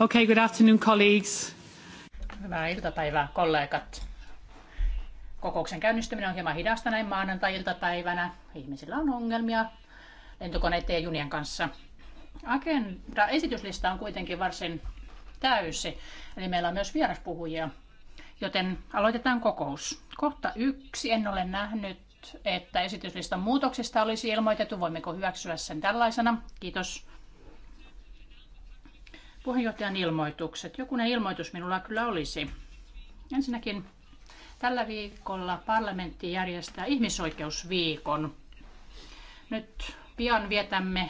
Okay, good afternoon, colleagues. Hyvää iltapäivää, kollegat. Kokouksen käynnistyminen on hieman hidasta näin maanantai-iltapäivänä. Ihmisillä on ongelmia lentokoneiden ja junien kanssa. Agenda, esityslista on kuitenkin varsin täysi, eli meillä on myös vieraspuhujia, joten aloitetaan kokous. Kohta yksi, en ole nähnyt että esityslistan muutoksista olisi ilmoitettu. Voimmeko hyväksyä sen tällaisena? Kiitos. Puheenjohtajan ilmoitukset. Jokunen ilmoitus minulla kyllä olisi. Ensinnäkin tällä viikolla parlamentti järjestää ihmisoikeusviikon. Nyt pian vietämme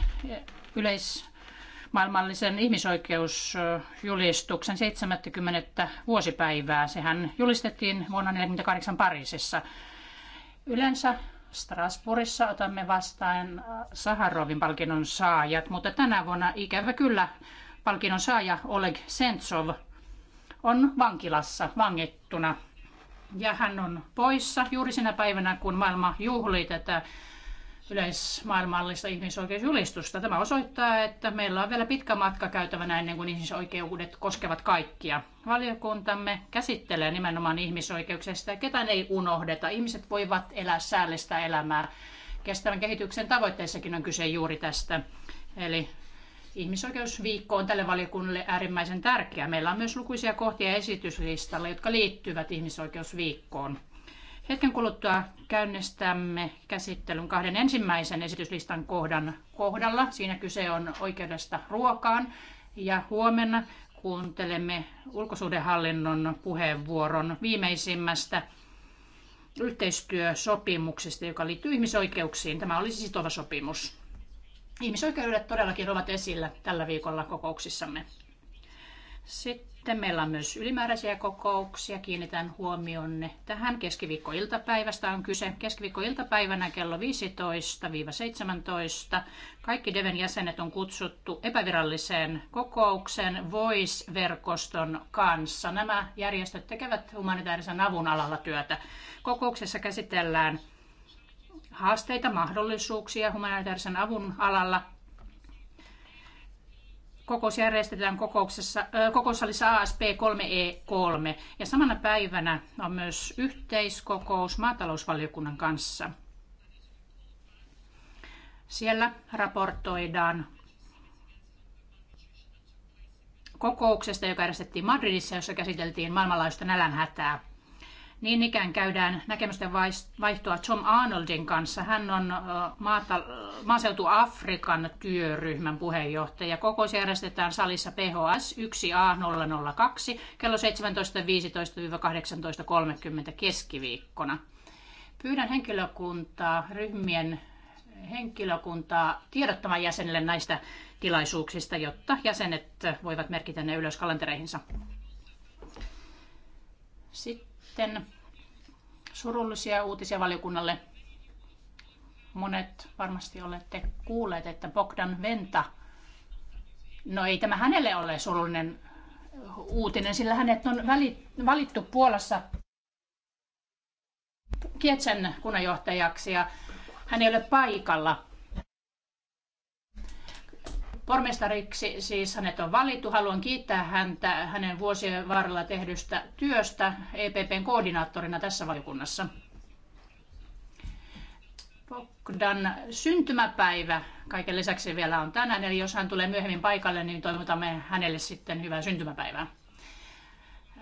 yleismaailmallisen ihmisoikeusjulistuksen 70. vuosipäivää. Sehän julistettiin vuonna 1948 Pariisissa. Yleensä Strasbourgissa otamme vastaan Saharovin palkinnon saajat, mutta tänä vuonna ikävä kyllä palkinnon saaja Oleg Sentsov on vankilassa vangittuna. Ja hän on poissa juuri sinä päivänä, kun maailma juhlii tätä yleismaailmallista ihmisoikeusjulistusta. Tämä osoittaa, että meillä on vielä pitkä matka käytävänä ennen kuin ihmisoikeudet koskevat kaikkia. Valiokuntamme käsittelee nimenomaan ihmisoikeuksista ja ketään ei unohdeta. Ihmiset voivat elää säällistä elämää. Kestävän kehityksen tavoitteissakin on kyse juuri tästä. Eli Ihmisoikeusviikko on tälle valiokunnalle äärimmäisen tärkeä. Meillä on myös lukuisia kohtia esityslistalla, jotka liittyvät ihmisoikeusviikkoon. Hetken kuluttua käynnistämme käsittelyn kahden ensimmäisen esityslistan kohdan kohdalla. Siinä kyse on oikeudesta ruokaan ja huomenna kuuntelemme ulkosuhdehallinnon puheenvuoron viimeisimmästä yhteistyösopimuksesta, joka liittyy ihmisoikeuksiin. Tämä olisi sitova sopimus. Ihmisoikeudet todellakin ovat esillä tällä viikolla kokouksissamme. Sitten meillä on myös ylimääräisiä kokouksia. Kiinnitän huomionne tähän keskiviikkoiltapäivästä on kyse. Keskiviikkoiltapäivänä kello 15-17 kaikki Deven jäsenet on kutsuttu epäviralliseen kokoukseen Voice-verkoston kanssa. Nämä järjestöt tekevät humanitaarisen avun alalla työtä. Kokouksessa käsitellään haasteita, mahdollisuuksia humanitaarisen avun alalla. Kokous järjestetään kokouksessa, kokoussalissa ASP 3E3 e ja samana päivänä on myös yhteiskokous maatalousvaliokunnan kanssa. Siellä raportoidaan kokouksesta, joka järjestettiin Madridissa, jossa käsiteltiin maailmanlaajuista nälänhätää. Niin ikään käydään näkemysten vaihtoa Tom Arnoldin kanssa. Hän on maata, maaseutu Afrikan työryhmän puheenjohtaja. Kokous järjestetään salissa PHS 1A002 kello 17.15-18.30 keskiviikkona. Pyydän henkilökuntaa, ryhmien henkilökuntaa tiedottamaan jäsenille näistä tilaisuuksista, jotta jäsenet voivat merkitä ne ylös kalentereihinsa. Sitten sitten surullisia uutisia valiokunnalle. Monet varmasti olette kuulleet, että Bogdan Venta, no ei tämä hänelle ole surullinen uutinen, sillä hänet on valittu Puolassa Kietsen kunnanjohtajaksi ja hän ei ole paikalla. Pormestariksi siis hänet on valittu. Haluan kiittää häntä hänen vuosien varrella tehdystä työstä EPPn koordinaattorina tässä valiokunnassa. Bogdan syntymäpäivä kaiken lisäksi vielä on tänään, eli jos hän tulee myöhemmin paikalle, niin toivotamme hänelle sitten hyvää syntymäpäivää.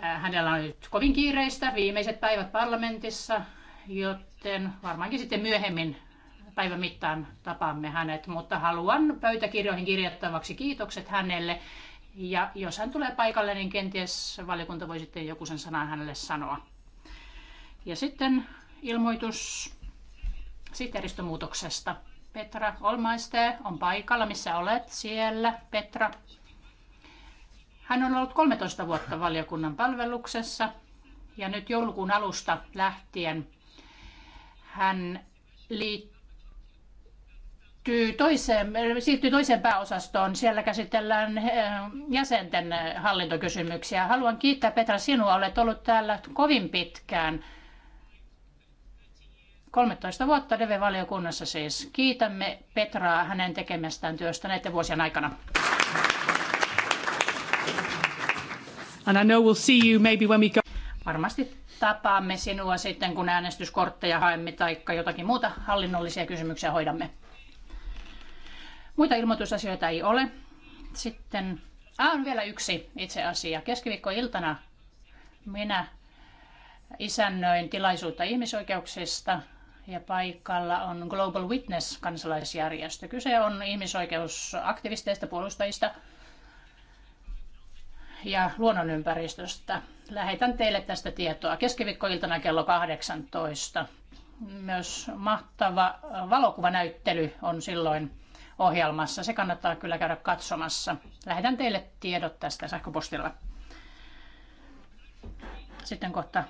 Äh, hänellä on nyt kovin kiireistä viimeiset päivät parlamentissa, joten varmaankin sitten myöhemmin päivän mittaan tapaamme hänet, mutta haluan pöytäkirjoihin kirjattavaksi kiitokset hänelle. Ja jos hän tulee paikalle, niin kenties valiokunta voi sitten joku sen sanan hänelle sanoa. Ja sitten ilmoitus sihteeristömuutoksesta. Petra Olmaiste on paikalla, missä olet siellä, Petra. Hän on ollut 13 vuotta valiokunnan palveluksessa ja nyt joulukuun alusta lähtien hän liittyy siirtyy toiseen, siirtyy toiseen pääosastoon. Siellä käsitellään eh, jäsenten eh, hallintokysymyksiä. Haluan kiittää Petra sinua. Olet ollut täällä kovin pitkään. 13 vuotta DV-valiokunnassa siis. Kiitämme Petraa hänen tekemästään työstä näiden vuosien aikana. And I know we'll see you maybe when we go. Varmasti tapaamme sinua sitten, kun äänestyskortteja haemme tai jotakin muuta hallinnollisia kysymyksiä hoidamme. Muita ilmoitusasioita ei ole. Sitten ah, on vielä yksi itse asia. Keskiviikkoiltana minä isännöin tilaisuutta ihmisoikeuksista ja paikalla on Global Witness-kansalaisjärjestö. Kyse on ihmisoikeusaktivisteista, puolustajista ja luonnonympäristöstä. Lähetän teille tästä tietoa keskiviikkoiltana kello 18. Myös mahtava valokuvanäyttely on silloin ohjelmassa. Se kannattaa kyllä käydä katsomassa. Lähetän teille tiedot tästä sähköpostilla. Sitten kohta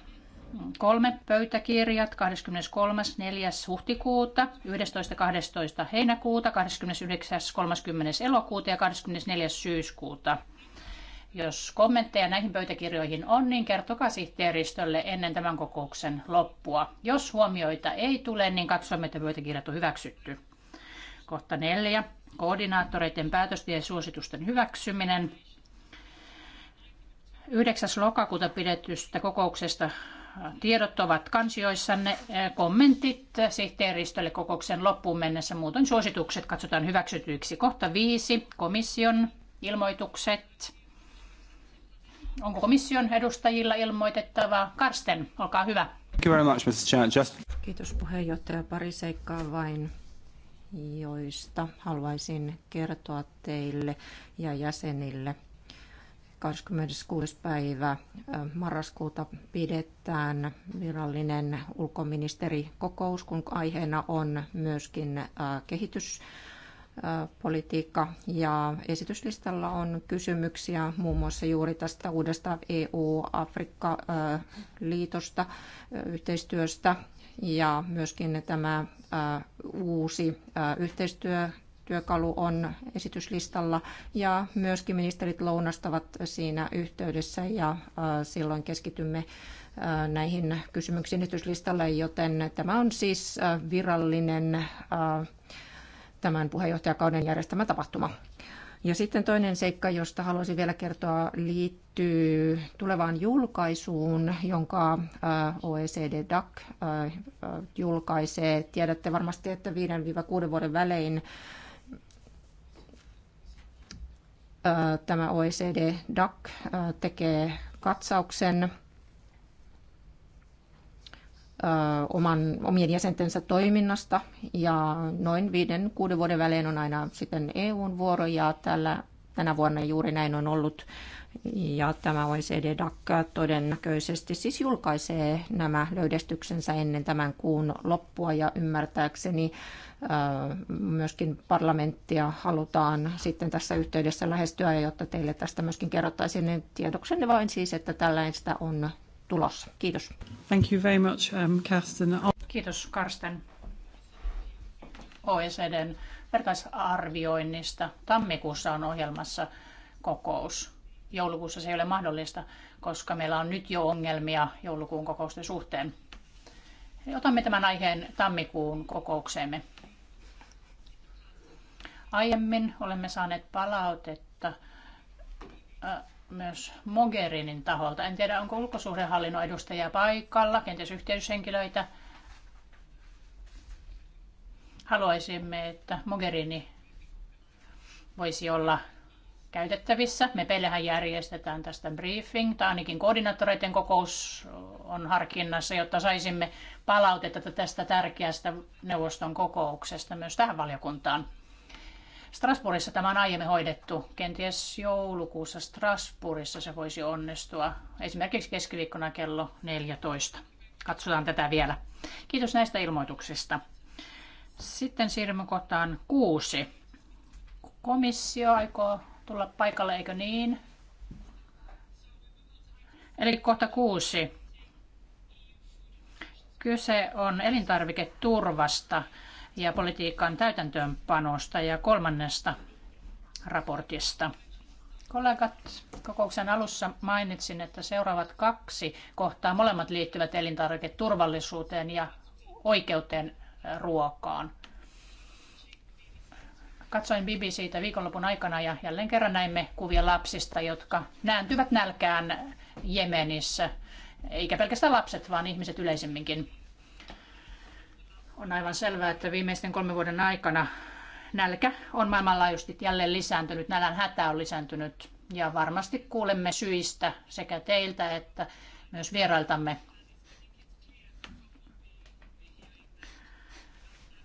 kolme pöytäkirjat 23.4. huhtikuuta, 11.12. heinäkuuta, 29.30. elokuuta ja 24. syyskuuta. Jos kommentteja näihin pöytäkirjoihin on, niin kertokaa sihteeristölle ennen tämän kokouksen loppua. Jos huomioita ei tule, niin katsomme, että pöytäkirjat on hyväksytty. Kohta neljä. Koordinaattoreiden päätösten suositusten hyväksyminen. 9. lokakuuta pidetystä kokouksesta tiedot ovat kansioissanne. Kommentit sihteeristölle kokouksen loppuun mennessä. Muutoin suositukset katsotaan hyväksytyiksi. Kohta viisi. Komission ilmoitukset. Onko komission edustajilla ilmoitettavaa? Karsten, olkaa hyvä. Thank you very much, Mr. Chair. Just... Kiitos puheenjohtaja. Pari seikkaa vain joista haluaisin kertoa teille ja jäsenille. 26. päivä marraskuuta pidetään virallinen ulkoministerikokous, kun aiheena on myöskin kehitys politiikka ja esityslistalla on kysymyksiä muun muassa juuri tästä uudesta EU-Afrikka-liitosta, yhteistyöstä ja myöskin tämä uusi yhteistyö työkalu on esityslistalla ja myöskin ministerit lounastavat siinä yhteydessä ja silloin keskitymme näihin kysymyksiin esityslistalle, joten tämä on siis virallinen tämän puheenjohtajakauden järjestämä tapahtuma. Ja sitten toinen seikka, josta haluaisin vielä kertoa, liittyy tulevaan julkaisuun, jonka äh, OECD DAC äh, äh, julkaisee. Tiedätte varmasti, että 5-6 vuoden välein tämä OECD DAC tekee katsauksen oman, omien jäsentensä toiminnasta ja noin viiden, kuuden vuoden välein on aina sitten EUn vuoro ja tällä, tänä vuonna juuri näin on ollut. Ja tämä OECD-DAC todennäköisesti siis julkaisee nämä löydestyksensä ennen tämän kuun loppua ja ymmärtääkseni myöskin parlamenttia halutaan sitten tässä yhteydessä lähestyä, jotta teille tästä myöskin kerrottaisiin niin tiedoksenne vain siis, että tällaista on tulossa. Kiitos. Thank you very much, um, Karsten. Kiitos, Karsten. OECDn vertaisarvioinnista. Tammikuussa on ohjelmassa kokous. Joulukuussa se ei ole mahdollista, koska meillä on nyt jo ongelmia joulukuun kokousten suhteen. Otamme tämän aiheen tammikuun kokoukseemme. Aiemmin olemme saaneet palautetta myös Mogherinin taholta. En tiedä, onko ulkosuhdehallinnon edustajia paikalla, kenties yhteyshenkilöitä. Haluaisimme, että Mogherini voisi olla käytettävissä. Me peillähän järjestetään tästä briefing, tai ainakin koordinaattoreiden kokous on harkinnassa, jotta saisimme palautetta tästä tärkeästä neuvoston kokouksesta myös tähän valiokuntaan. Strasbourgissa tämä on aiemmin hoidettu. Kenties joulukuussa Strasbourgissa se voisi onnistua. Esimerkiksi keskiviikkona kello 14. Katsotaan tätä vielä. Kiitos näistä ilmoituksista. Sitten siirrymme kohtaan kuusi. Komissio aikoo tulla paikalle, eikö niin? Eli kohta kuusi. Kyse on elintarviketurvasta ja politiikan täytäntöönpanosta ja kolmannesta raportista. Kollegat, kokouksen alussa mainitsin, että seuraavat kaksi kohtaa molemmat liittyvät elintarviketurvallisuuteen ja oikeuteen ruokaan. Katsoin Bibi siitä viikonlopun aikana ja jälleen kerran näimme kuvia lapsista, jotka nääntyvät nälkään Jemenissä. Eikä pelkästään lapset, vaan ihmiset yleisemminkin. On aivan selvää, että viimeisten kolmen vuoden aikana nälkä on maailmanlaajuisesti jälleen lisääntynyt, nälän hätä on lisääntynyt ja varmasti kuulemme syistä sekä teiltä että myös vierailtamme.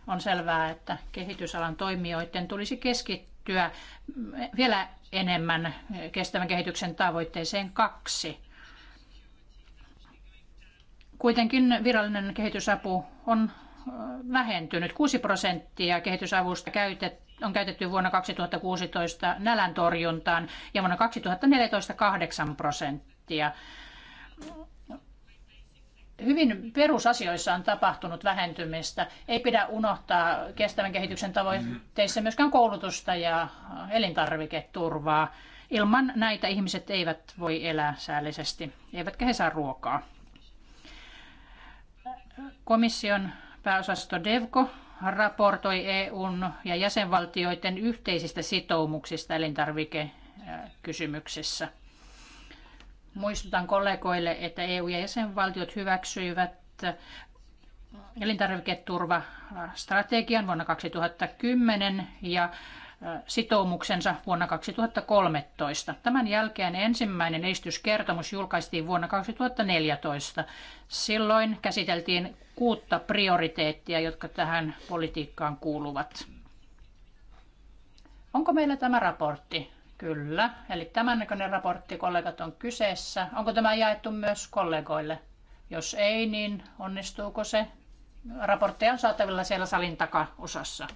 On selvää, että kehitysalan toimijoiden tulisi keskittyä vielä enemmän kestävän kehityksen tavoitteeseen kaksi. Kuitenkin virallinen kehitysapu on vähentynyt. 6 prosenttia kehitysavusta on käytetty vuonna 2016 nälän torjuntaan ja vuonna 2014 8 prosenttia. Hyvin perusasioissa on tapahtunut vähentymistä. Ei pidä unohtaa kestävän kehityksen tavoitteissa myöskään koulutusta ja elintarviketurvaa. Ilman näitä ihmiset eivät voi elää säällisesti, eivätkä he saa ruokaa komission pääosasto DEVCO raportoi EUn ja jäsenvaltioiden yhteisistä sitoumuksista elintarvikekysymyksessä. Muistutan kollegoille, että EU ja jäsenvaltiot hyväksyivät elintarviketurvastrategian vuonna 2010 ja sitoumuksensa vuonna 2013. Tämän jälkeen ensimmäinen edistyskertomus julkaistiin vuonna 2014. Silloin käsiteltiin kuutta prioriteettia, jotka tähän politiikkaan kuuluvat. Onko meillä tämä raportti? Kyllä. Eli tämän näköinen raportti, kollegat, on kyseessä. Onko tämä jaettu myös kollegoille? Jos ei, niin onnistuuko se? Raportteja on saatavilla siellä salin takaosassa.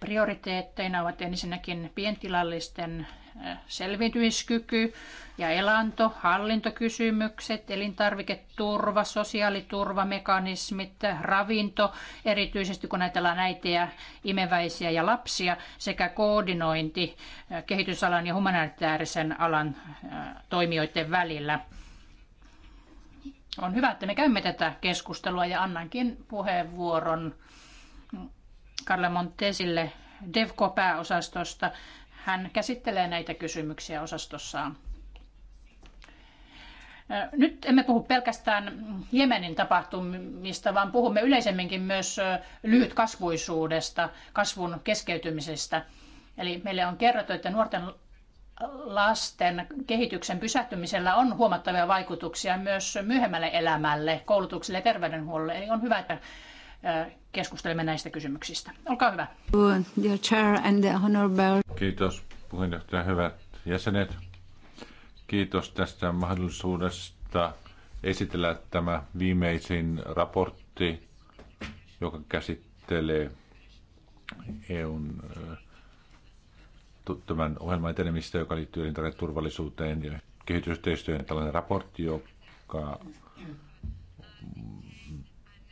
Prioriteetteina ovat ensinnäkin pientilallisten äh, selviytymiskyky ja elanto, hallintokysymykset, elintarviketurva, sosiaaliturvamekanismit, ravinto, erityisesti kun ajatellaan näitä imeväisiä ja lapsia, sekä koordinointi äh, kehitysalan ja humanitaarisen alan äh, toimijoiden välillä. On hyvä, että me käymme tätä keskustelua ja annankin puheenvuoron Karle Montesille DevCo-pääosastosta. Hän käsittelee näitä kysymyksiä osastossaan. Nyt emme puhu pelkästään Jemenin tapahtumista, vaan puhumme yleisemminkin myös lyhytkasvuisuudesta, kasvun keskeytymisestä. Eli meille on kerrottu, että nuorten lasten kehityksen pysähtymisellä on huomattavia vaikutuksia myös myöhemmälle elämälle, koulutukselle ja terveydenhuollolle. Eli on hyvä, että keskustelemme näistä kysymyksistä. Olkaa hyvä. Kiitos puheenjohtaja, hyvät jäsenet. Kiitos tästä mahdollisuudesta esitellä tämä viimeisin raportti, joka käsittelee EUn eh, tämän ohjelman etenemistä, joka liittyy elintarviketurvallisuuteen ja kehitysyhteistyöhön. Tällainen raportti, joka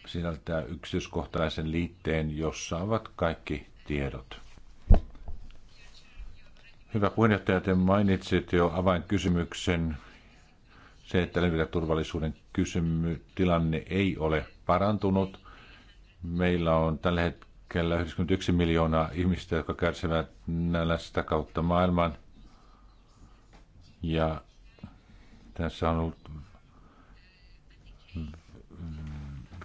sisältää yksityiskohtaisen liitteen, jossa ovat kaikki tiedot. Hyvä puheenjohtaja, te mainitsit jo avainkysymyksen. Se, että leviläturvallisuuden kysymy, tilanne ei ole parantunut. Meillä on tällä hetkellä 91 miljoonaa ihmistä, jotka kärsivät nälästä kautta maailman. Ja tässä on ollut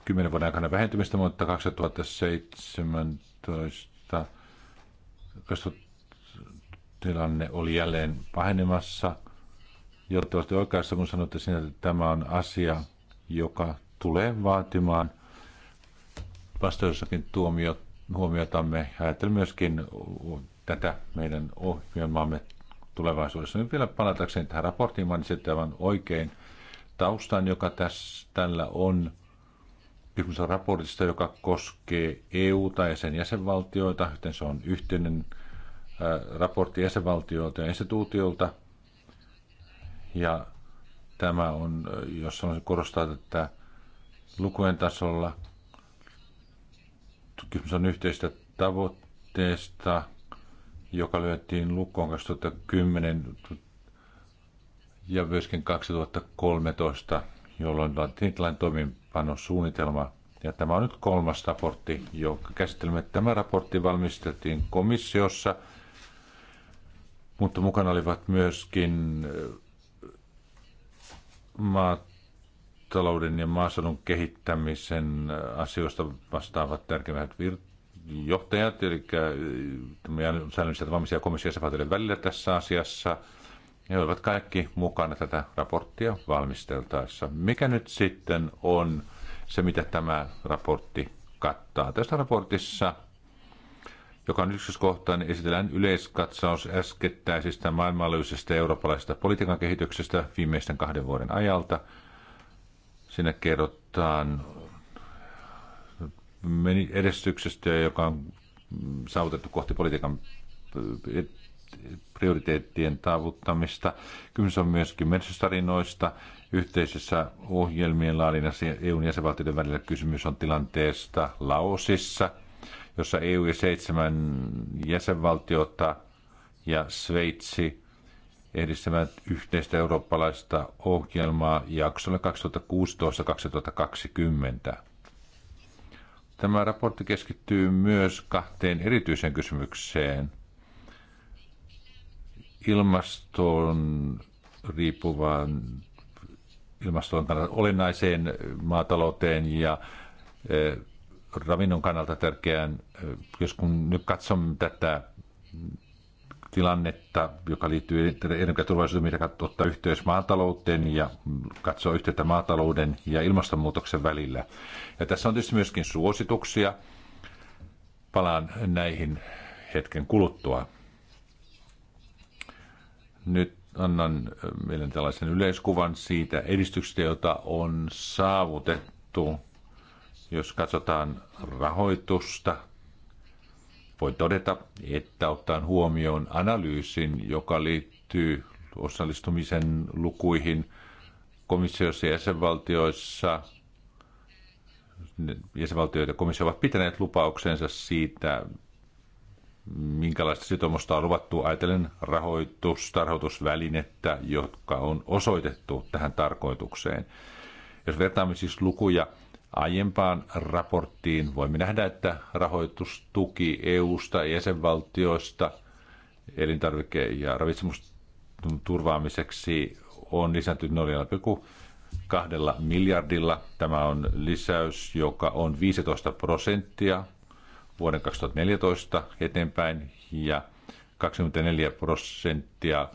kymmenen vuoden aikana vähentymistä, mutta 2017 tilanne oli jälleen pahenemassa. Jotta olette oikeassa, kun sanotte sinä, että tämä on asia, joka tulee vaatimaan vastaussakin tuomio, huomiotamme. Ajattelen myöskin tätä meidän ohjelmaamme tulevaisuudessa. Nyt vielä palatakseni tähän raporttiin, mainitsin tämän oikein taustan, joka tässä, tällä on kysymys on raportista, joka koskee EUta ja sen jäsenvaltioita, joten se on yhteinen raportti jäsenvaltioilta ja instituutiolta. Ja tämä on, jos on korostaa että lukujen tasolla. Kysymys on yhteistä tavoitteesta, joka lyötiin lukkoon 2010 ja myöskin 2013, jolloin Latinitlain toimin toimeenpanosuunnitelma. Ja tämä on nyt kolmas raportti, jonka käsittelemme. Tämä raportti valmisteltiin komissiossa, mutta mukana olivat myöskin äh, maatalouden ja maaseudun kehittämisen äh, asioista vastaavat tärkeimmät virt- johtajat, eli äh, säännöllisiä tavallisia ja välillä tässä asiassa – he olivat kaikki mukana tätä raporttia valmisteltaessa. Mikä nyt sitten on se, mitä tämä raportti kattaa? Tässä raportissa, joka on yksityiskohtainen, niin esitellään yleiskatsaus äskettäisistä maailmanlaajuisesta eurooppalaisesta politiikan kehityksestä viimeisten kahden vuoden ajalta. Siinä kerrotaan edistyksestä, joka on saavutettu kohti politiikan prioriteettien taavuttamista. Kysymys on myöskin menestystarinoista, yhteisessä ohjelmien laadinnassa EUn jäsenvaltioiden välillä kysymys on tilanteesta Laosissa, jossa EU ja seitsemän jäsenvaltiota ja Sveitsi edistävät yhteistä eurooppalaista ohjelmaa jaksolle 2016-2020. Tämä raportti keskittyy myös kahteen erityiseen kysymykseen – ilmastoon riippuvaan ilmastoon olennaiseen maatalouteen ja e, ravinnon kannalta tärkeään, e, jos kun nyt katsomme tätä tilannetta, joka liittyy energiaturvallisuuteen, mitä ottaa yhteys maatalouteen ja katsoo yhteyttä maatalouden ja ilmastonmuutoksen välillä. Ja tässä on tietysti myöskin suosituksia. Palaan näihin hetken kuluttua. Nyt annan meidän tällaisen yleiskuvan siitä edistyksestä, jota on saavutettu. Jos katsotaan rahoitusta, voi todeta, että ottaen huomioon analyysin, joka liittyy osallistumisen lukuihin komissiossa ja jäsenvaltioissa, jäsenvaltioita komissio ovat pitäneet lupauksensa siitä, minkälaista sitomusta on luvattu ajatellen rahoitus, tarhoitusvälinettä, jotka on osoitettu tähän tarkoitukseen. Jos vertaamme siis lukuja aiempaan raporttiin, voimme nähdä, että rahoitustuki EU-sta ja jäsenvaltioista elintarvike- ja ravitsemustun turvaamiseksi on lisääntynyt 0,2 miljardilla. Tämä on lisäys, joka on 15 prosenttia vuoden 2014 eteenpäin ja 24 prosenttia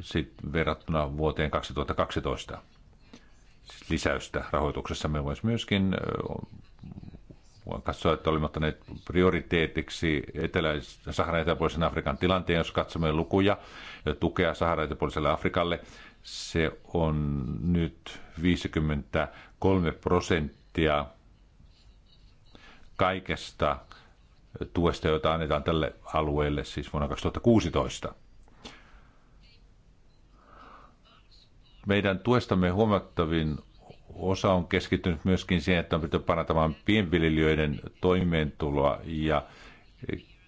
sit verrattuna vuoteen 2012 siis lisäystä rahoituksessa. Me voisi myöskin katsoa, että olemme ottaneet prioriteetiksi eteläis- Saharan eteläpuolisen Afrikan tilanteen, jos katsomme lukuja ja tukea Saharan eteläpuoliselle Afrikalle. Se on nyt 53 prosenttia kaikesta tuesta, jota annetaan tälle alueelle siis vuonna 2016. Meidän tuestamme huomattavin osa on keskittynyt myöskin siihen, että on pitänyt parantamaan pienviljelijöiden toimeentuloa ja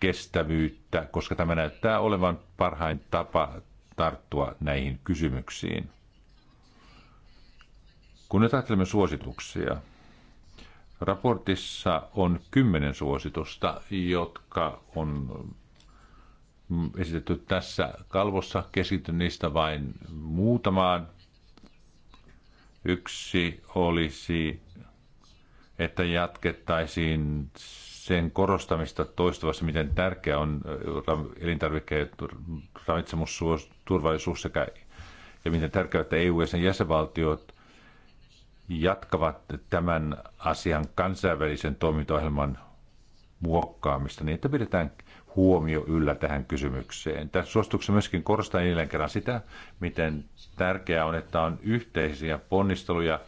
kestävyyttä, koska tämä näyttää olevan parhain tapa tarttua näihin kysymyksiin. Kun nyt ajattelemme suosituksia, Raportissa on kymmenen suositusta, jotka on esitetty tässä kalvossa. Keskityn niistä vain muutamaan. Yksi olisi, että jatkettaisiin sen korostamista toistuvasti, miten tärkeä on äh, elintarvikkeet, ravitsemusturvallisuus sekä ja miten tärkeää, että EU ja sen jäsenvaltiot jatkavat tämän asian kansainvälisen toimintaohjelman muokkaamista niin, että pidetään huomio yllä tähän kysymykseen. Tässä suosituksessa myöskin korostan jälleen kerran sitä, miten tärkeää on, että on yhteisiä ponnisteluja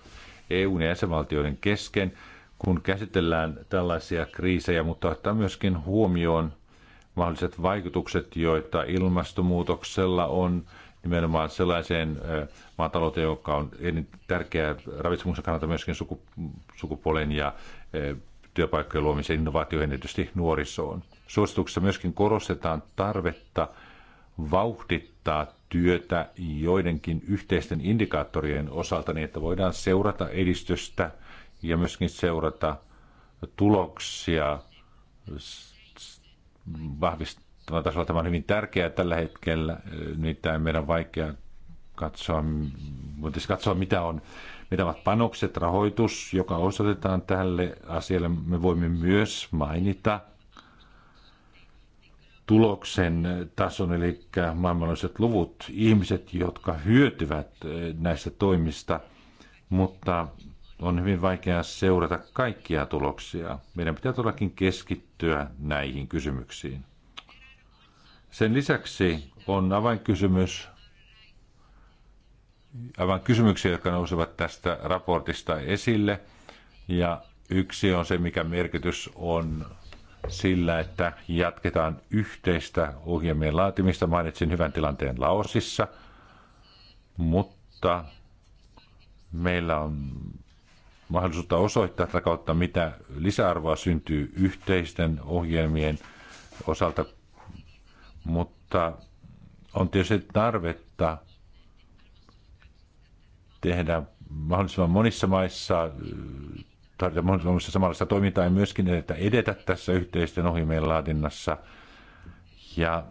EUn ja jäsenvaltioiden kesken, kun käsitellään tällaisia kriisejä, mutta ottaa myöskin huomioon mahdolliset vaikutukset, joita ilmastonmuutoksella on nimenomaan sellaiseen maatalouteen, joka on tärkeää ravitsemuksen kannalta myöskin sukupuolen ja työpaikkojen luomisen innovaatioihin tietysti nuorisoon. Suosituksessa myöskin korostetaan tarvetta vauhdittaa työtä joidenkin yhteisten indikaattorien osalta niin, että voidaan seurata edistystä ja myöskin seurata tuloksia, vahvistaa tasolla tämä on hyvin tärkeää tällä hetkellä, nimittäin meidän on vaikea katsoa, voitaisiin katsoa mitä on mitä ovat panokset, rahoitus, joka osoitetaan tälle asialle. Me voimme myös mainita tuloksen tason, eli maailmanlaiset luvut, ihmiset, jotka hyötyvät eh, näistä toimista, mutta on hyvin vaikea seurata kaikkia tuloksia. Meidän pitää todellakin keskittyä näihin kysymyksiin. Sen lisäksi on avainkysymys, aivan kysymyksiä, jotka nousevat tästä raportista esille. Ja yksi on se, mikä merkitys on sillä, että jatketaan yhteistä ohjelmien laatimista. Mainitsin hyvän tilanteen Laosissa, mutta meillä on mahdollisuutta osoittaa tätä kautta, mitä lisäarvoa syntyy yhteisten ohjelmien osalta mutta on tietysti tarvetta tehdä mahdollisimman monissa maissa tarvita mahdollisimman monissa samanlaista toimintaa ja myöskin että edetä tässä yhteisten ohjelmien laadinnassa ja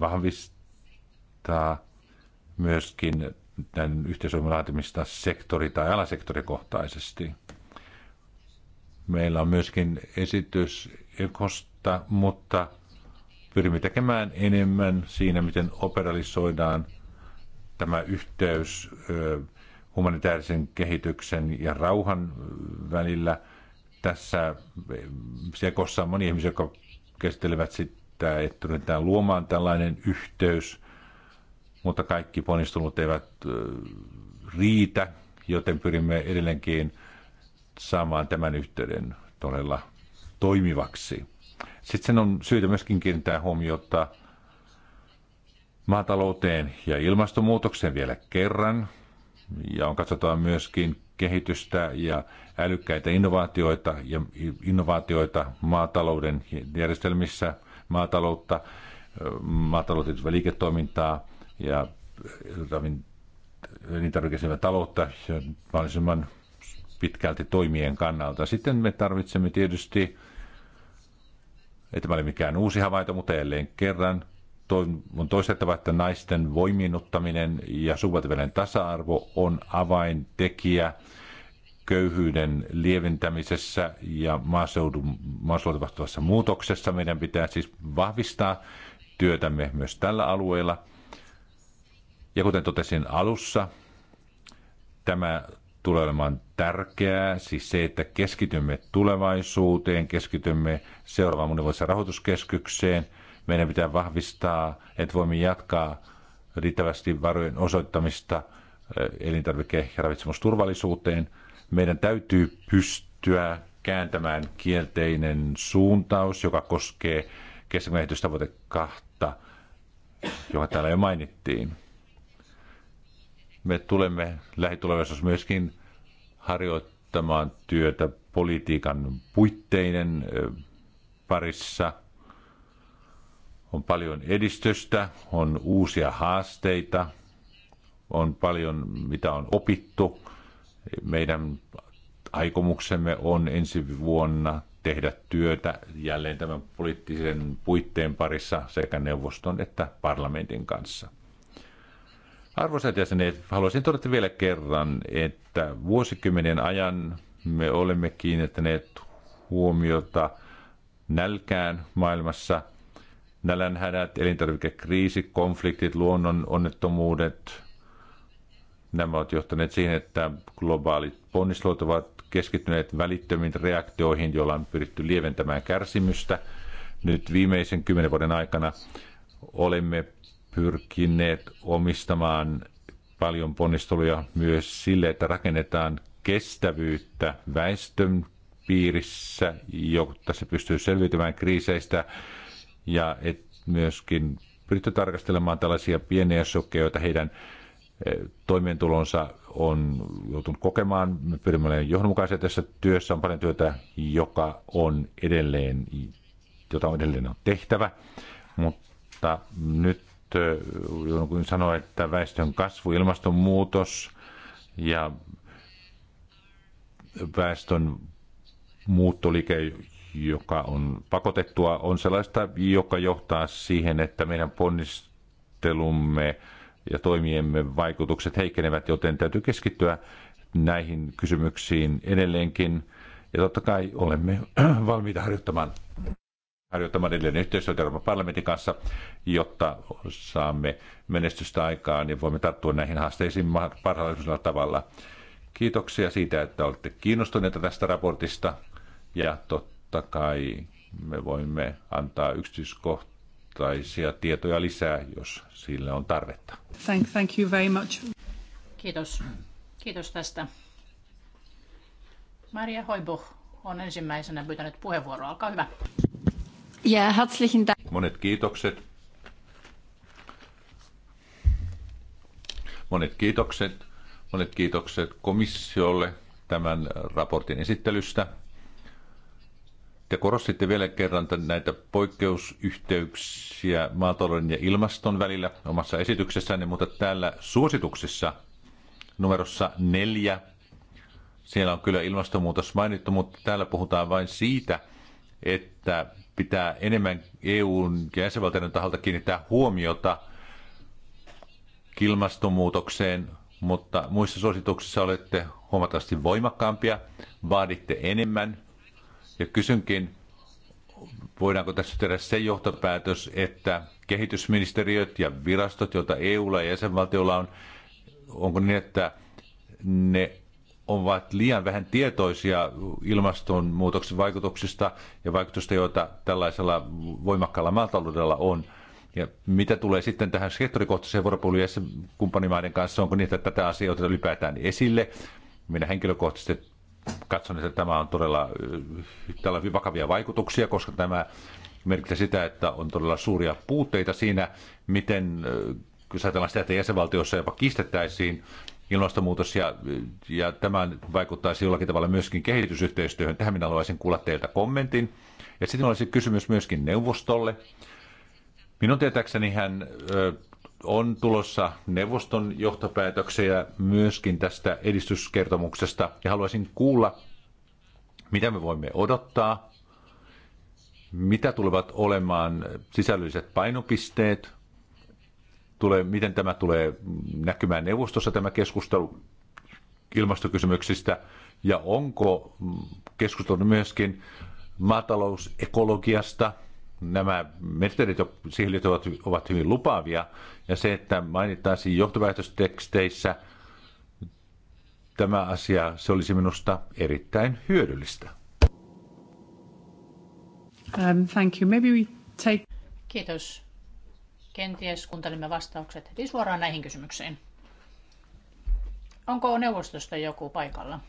vahvistaa myöskin tämän yhteisohjelman laatimista sektori- tai alasektorikohtaisesti. Meillä on myöskin esitys EKOsta, mutta pyrimme tekemään enemmän siinä, miten operalisoidaan tämä yhteys humanitaarisen kehityksen ja rauhan välillä. Tässä sekossa on moni ihmisiä, jotka käsittelevät sitä, että yritetään luomaan tällainen yhteys, mutta kaikki ponnistelut eivät riitä, joten pyrimme edelleenkin saamaan tämän yhteyden todella toimivaksi. Sitten on syytä myöskin kiinnittää huomiota maatalouteen ja ilmastonmuutokseen vielä kerran. Ja on katsotaan myöskin kehitystä ja älykkäitä innovaatioita ja innovaatioita maatalouden järjestelmissä, maataloutta, maatalouden liiketoimintaa ja elintarvikeisivä taloutta mahdollisimman pitkälti toimien kannalta. Sitten me tarvitsemme tietysti ei tämä ole mikään uusi havainto, mutta jälleen kerran on toistettava, että naisten voiminnuttaminen ja sukupuolten tasa-arvo on avaintekijä köyhyyden lieventämisessä ja maaseudun, maaseudun tapahtuvassa muutoksessa. Meidän pitää siis vahvistaa työtämme myös tällä alueella. Ja kuten totesin alussa, tämä tulee olemaan tärkeää, siis se, että keskitymme tulevaisuuteen, keskitymme seuraavaan monivuotiseen rahoituskeskykseen. Meidän pitää vahvistaa, että voimme jatkaa riittävästi varojen osoittamista eh, elintarvike- ja ravitsemusturvallisuuteen. Meidän täytyy pystyä kääntämään kielteinen suuntaus, joka koskee kestävän kehitystavoite kahta, joka täällä jo mainittiin. Me tulemme lähitulevaisuudessa myöskin harjoittamaan työtä politiikan puitteiden parissa. On paljon edistystä, on uusia haasteita, on paljon mitä on opittu. Meidän aikomuksemme on ensi vuonna tehdä työtä jälleen tämän poliittisen puitteen parissa sekä neuvoston että parlamentin kanssa. Arvoisat jäsenet, haluaisin todeta vielä kerran, että vuosikymmenien ajan me olemme kiinnittäneet huomiota nälkään maailmassa. Nälänhädät, elintarvikekriisi, konfliktit, luonnon onnettomuudet. Nämä ovat johtaneet siihen, että globaalit ponnistelut ovat keskittyneet välittömiin reaktioihin, joilla on pyritty lieventämään kärsimystä. Nyt viimeisen kymmenen vuoden aikana olemme pyrkineet omistamaan paljon ponnisteluja myös sille, että rakennetaan kestävyyttä väestön piirissä, jotta se pystyy selviytymään kriiseistä ja et myöskin pyritty tarkastelemaan tällaisia pieniä sokkeja, joita heidän eh, toimeentulonsa on joutunut kokemaan. Me pyrimme olemaan johdonmukaisia tässä työssä. On paljon työtä, joka on edelleen, jota on edelleen on tehtävä, mutta nyt kun sanoa, että väestön kasvu, ilmastonmuutos ja väestön muuttoliike, joka on pakotettua, on sellaista, joka johtaa siihen, että meidän ponnistelumme ja toimiemme vaikutukset heikkenevät, joten täytyy keskittyä näihin kysymyksiin edelleenkin. Ja totta kai olemme valmiita harjoittamaan harjoittamaan edelleen yhteistyötä Euroopan parlamentin kanssa, jotta saamme menestystä aikaan ja voimme tarttua näihin haasteisiin parhaalla tavalla. Kiitoksia siitä, että olette kiinnostuneita tästä raportista ja totta kai me voimme antaa yksityiskohtaisia tietoja lisää, jos sillä on tarvetta. Thank, thank you very much. Kiitos. Kiitos tästä. Maria Hoibuh on ensimmäisenä pyytänyt puheenvuoroa. Olkaa hyvä. Ja herzlichen Dank. Monet kiitokset. Monet kiitokset. Monet kiitokset komissiolle tämän raportin esittelystä. Te korostitte vielä kerran näitä poikkeusyhteyksiä maatalouden ja ilmaston välillä omassa esityksessänne, mutta täällä suosituksissa numerossa neljä, siellä on kyllä ilmastonmuutos mainittu, mutta täällä puhutaan vain siitä, että pitää enemmän EUn ja jäsenvaltioiden taholta kiinnittää huomiota ilmastonmuutokseen, mutta muissa suosituksissa olette huomattavasti voimakkaampia, vaaditte enemmän. Ja kysynkin, voidaanko tässä tehdä se johtopäätös, että kehitysministeriöt ja virastot, joita EUlla ja jäsenvaltiolla on, onko niin, että ne ovat liian vähän tietoisia ilmastonmuutoksen vaikutuksista ja vaikutusta, joita tällaisella voimakkaalla maataloudella on. Ja mitä tulee sitten tähän sektorikohtaiseen vuoropuoluun kumppanimaiden kanssa, onko niitä tätä asiaa otetaan ylipäätään esille? Minä henkilökohtaisesti katson, että tämä on todella tällä on vakavia vaikutuksia, koska tämä merkitsee sitä, että on todella suuria puutteita siinä, miten, jos äh, ajatellaan sitä, että jäsenvaltiossa jopa kistettäisiin ilmastonmuutos ja, ja tämä vaikuttaisi jollakin tavalla myöskin kehitysyhteistyöhön. Tähän minä haluaisin kuulla teiltä kommentin. Ja sitten olisi kysymys myöskin neuvostolle. Minun tietääkseni hän on tulossa neuvoston johtopäätöksiä myöskin tästä edistyskertomuksesta ja haluaisin kuulla, mitä me voimme odottaa, mitä tulevat olemaan sisällölliset painopisteet, tulee, miten tämä tulee näkymään neuvostossa tämä keskustelu ilmastokysymyksistä ja onko mm, keskustelu myöskin maatalousekologiasta. Nämä metodit siihen liittyvät ovat hyvin lupaavia ja se, että mainittaisiin johtopäätösteksteissä tämä asia, se olisi minusta erittäin hyödyllistä. Um, thank you. Maybe we take... Kiitos. Kenties kuuntelimme vastaukset heti suoraan näihin kysymyksiin. Onko neuvostosta joku paikalla?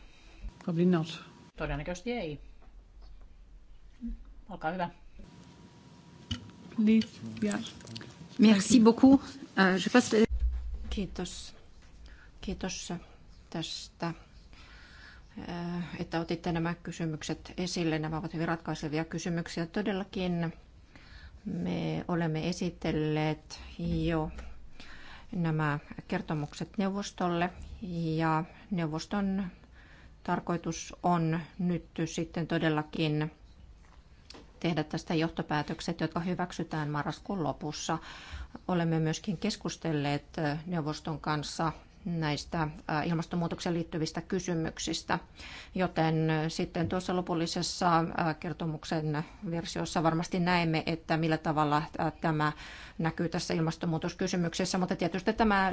Probably not. Todennäköisesti ei. Olkaa hyvä. Merci beaucoup. Euh, je passe... Kiitos. Kiitos tästä, äh, että otitte nämä kysymykset esille. Nämä ovat hyvin ratkaisevia kysymyksiä todellakin. Me olemme esitelleet jo nämä kertomukset neuvostolle ja neuvoston tarkoitus on nyt sitten todellakin tehdä tästä johtopäätökset, jotka hyväksytään marraskuun lopussa. Olemme myöskin keskustelleet neuvoston kanssa näistä ilmastonmuutokseen liittyvistä kysymyksistä. Joten sitten tuossa lopullisessa kertomuksen versiossa varmasti näemme, että millä tavalla tämä näkyy tässä ilmastonmuutoskysymyksessä, mutta tietysti tämä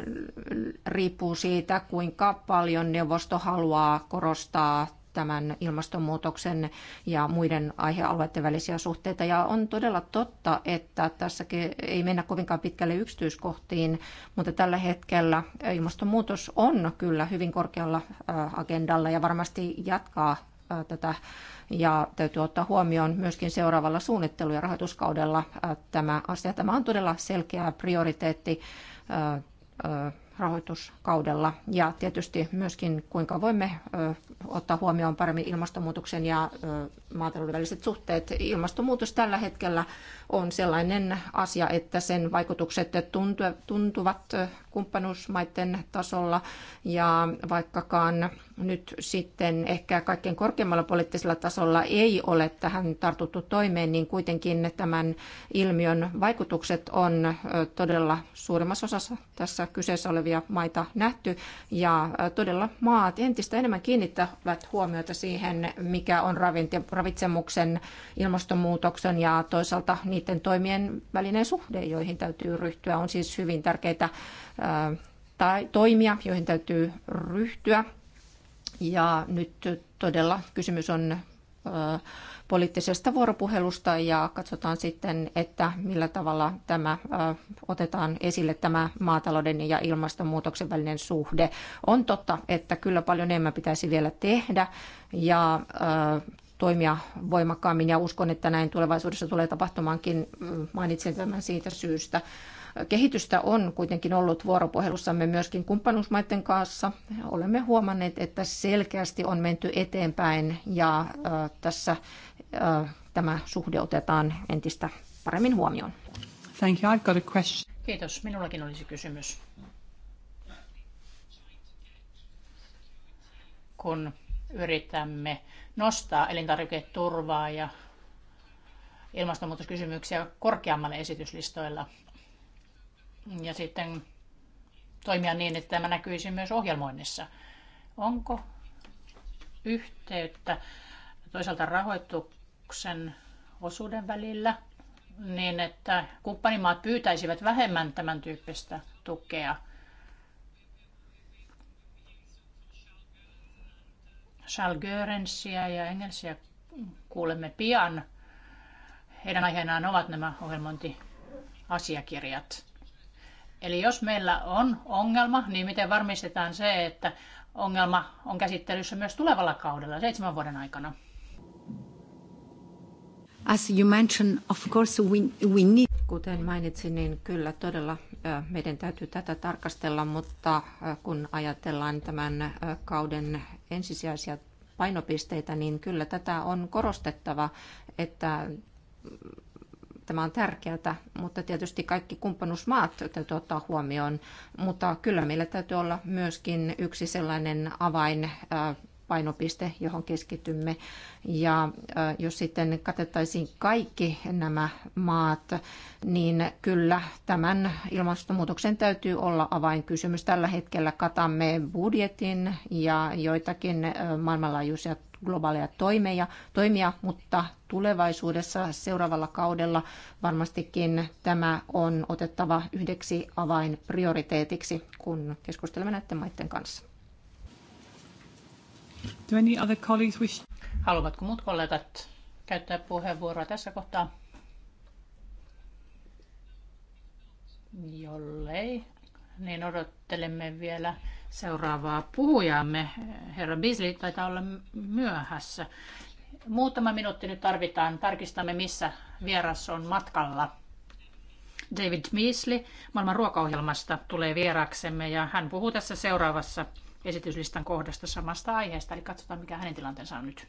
riippuu siitä, kuinka paljon neuvosto haluaa korostaa tämän ilmastonmuutoksen ja muiden aihealueiden välisiä suhteita. Ja on todella totta, että tässä ei mennä kovinkaan pitkälle yksityiskohtiin, mutta tällä hetkellä ilmastonmuutos on kyllä hyvin korkealla agendalla ja varmasti jatkaa tätä ja täytyy ottaa huomioon myöskin seuraavalla suunnittelu- ja rahoituskaudella tämä asia. Tämä on todella selkeä prioriteetti rahoituskaudella ja tietysti myöskin kuinka voimme ottaa huomioon paremmin ilmastonmuutoksen ja maatalouden väliset suhteet. Ilmastonmuutos tällä hetkellä on sellainen asia, että sen vaikutukset tuntuvat kumppanuusmaiden tasolla ja vaikkakaan nyt sitten ehkä kaikkein korkeimmalla poliittisella tasolla ei ole tähän tartuttu toimeen, niin kuitenkin tämän ilmiön vaikutukset on todella suurimmassa osassa tässä kyseessä olevia maita nähty ja todella maat entistä enemmän kiinnittävät huomiota siihen, mikä on ravitsemuksen, ilmastonmuutoksen ja toisaalta niiden toimien välinen suhde, joihin täytyy ryhtyä, on siis hyvin tärkeitä tai toimia, joihin täytyy ryhtyä. Ja nyt todella kysymys on poliittisesta vuoropuhelusta ja katsotaan sitten, että millä tavalla tämä otetaan esille tämä maatalouden ja ilmastonmuutoksen välinen suhde. On totta, että kyllä paljon enemmän pitäisi vielä tehdä ja toimia voimakkaammin ja uskon, että näin tulevaisuudessa tulee tapahtumaankin. Mainitsen tämän siitä syystä. Kehitystä on kuitenkin ollut vuoropuhelussamme myöskin kumppanuusmaiden kanssa. Olemme huomanneet, että selkeästi on menty eteenpäin ja tässä tämä suhde otetaan entistä paremmin huomioon. Thank you. I've got a question. Kiitos. Minullakin olisi kysymys. Kun yritämme nostaa elintarviketurvaa ja ilmastonmuutoskysymyksiä korkeammalle esityslistoilla, ja sitten toimia niin, että tämä näkyisi myös ohjelmoinnissa. Onko yhteyttä toisaalta rahoituksen osuuden välillä niin, että kumppanimaat pyytäisivät vähemmän tämän tyyppistä tukea? Charles Görensia ja Engelsiä kuulemme pian. Heidän aiheenaan ovat nämä ohjelmointiasiakirjat. Eli jos meillä on ongelma, niin miten varmistetaan se, että ongelma on käsittelyssä myös tulevalla kaudella, seitsemän vuoden aikana? As you mentioned, of course we, we need... Kuten mainitsin, niin kyllä todella meidän täytyy tätä tarkastella, mutta kun ajatellaan tämän kauden ensisijaisia painopisteitä, niin kyllä tätä on korostettava, että Tämä on tärkeää, mutta tietysti kaikki kumppanuusmaat täytyy ottaa huomioon. Mutta kyllä meillä täytyy olla myöskin yksi sellainen avain äh, painopiste, johon keskitymme. Ja äh, jos sitten katettaisiin kaikki nämä maat, niin kyllä tämän ilmastonmuutoksen täytyy olla avainkysymys. Tällä hetkellä katamme budjetin ja joitakin äh, maailmanlaajuisia globaaleja toimeja, toimia, mutta tulevaisuudessa seuraavalla kaudella varmastikin tämä on otettava yhdeksi avainprioriteetiksi, kun keskustelemme näiden maiden kanssa. Do any other colleagues wish... Haluavatko muut kollegat käyttää puheenvuoroa tässä kohtaa? Jollei, niin odottelemme vielä seuraavaa puhujamme. Herra Bisli, taitaa olla myöhässä. Muutama minuutti nyt tarvitaan. Tarkistamme, missä vieras on matkalla. David Measley maailman ruokaohjelmasta tulee vieraksemme ja hän puhuu tässä seuraavassa esityslistan kohdasta samasta aiheesta, eli katsotaan mikä hänen tilanteensa on nyt.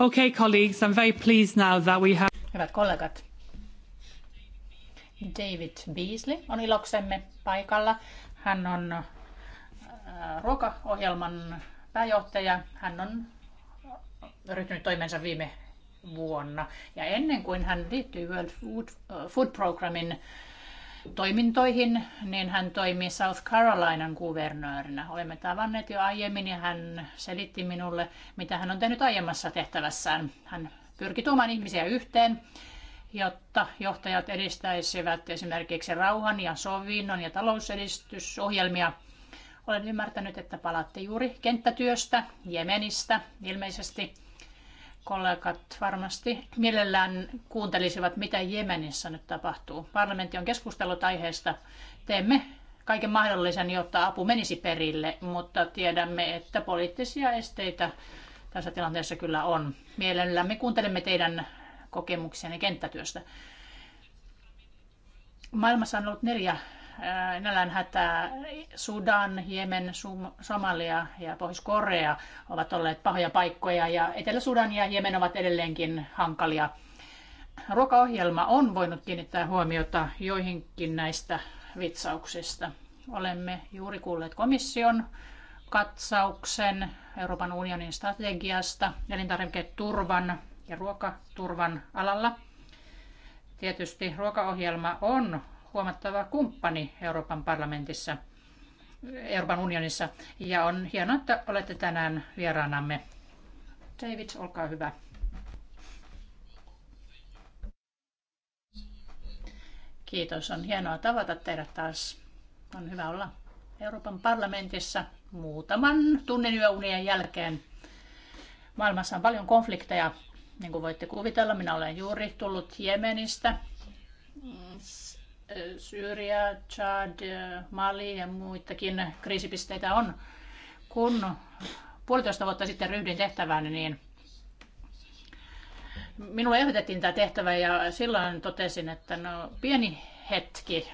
Okay, colleagues, I'm very pleased now that we have... Hyvät kollegat, David Beasley on iloksemme paikalla. Hän on äh, ruokaohjelman pääjohtaja. Hän on ryhtynyt toimensa viime vuonna. Ja ennen kuin hän liittyi World Food äh, Programmin toimintoihin, niin hän toimi South Carolinan kuvernöörinä. Olemme tavanneet jo aiemmin ja hän selitti minulle, mitä hän on tehnyt aiemmassa tehtävässään. Hän pyrki tuomaan ihmisiä yhteen, jotta johtajat edistäisivät esimerkiksi rauhan ja sovinnon ja talousedistysohjelmia. Olen ymmärtänyt, että palaatte juuri kenttätyöstä Jemenistä ilmeisesti kollegat varmasti mielellään kuuntelisivat, mitä Jemenissä nyt tapahtuu. Parlamentti on keskustellut aiheesta. Teemme kaiken mahdollisen, jotta apu menisi perille, mutta tiedämme, että poliittisia esteitä tässä tilanteessa kyllä on. Mielellämme kuuntelemme teidän kokemuksianne kenttätyöstä. Maailmassa on ollut neljä nälänhätä, Sudan, Jemen, Somalia ja Pohjois-Korea ovat olleet pahoja paikkoja ja Etelä-Sudan ja Jemen ovat edelleenkin hankalia. Ruokaohjelma on voinut kiinnittää huomiota joihinkin näistä vitsauksista. Olemme juuri kuulleet komission katsauksen Euroopan unionin strategiasta elintarviketurvan ja ruokaturvan alalla. Tietysti ruokaohjelma on huomattava kumppani Euroopan parlamentissa, Euroopan unionissa. Ja on hienoa, että olette tänään vieraanamme. David, olkaa hyvä. Kiitos, on hienoa tavata teidät taas. On hyvä olla Euroopan parlamentissa muutaman tunnin yöunien jälkeen. Maailmassa on paljon konflikteja, niin kuin voitte kuvitella. Minä olen juuri tullut Jemenistä. Syyria, Chad, Mali ja muitakin kriisipisteitä on. Kun puolitoista vuotta sitten ryhdyin tehtävään, niin minulle ehdotettiin tämä tehtävä ja silloin totesin, että no, pieni hetki.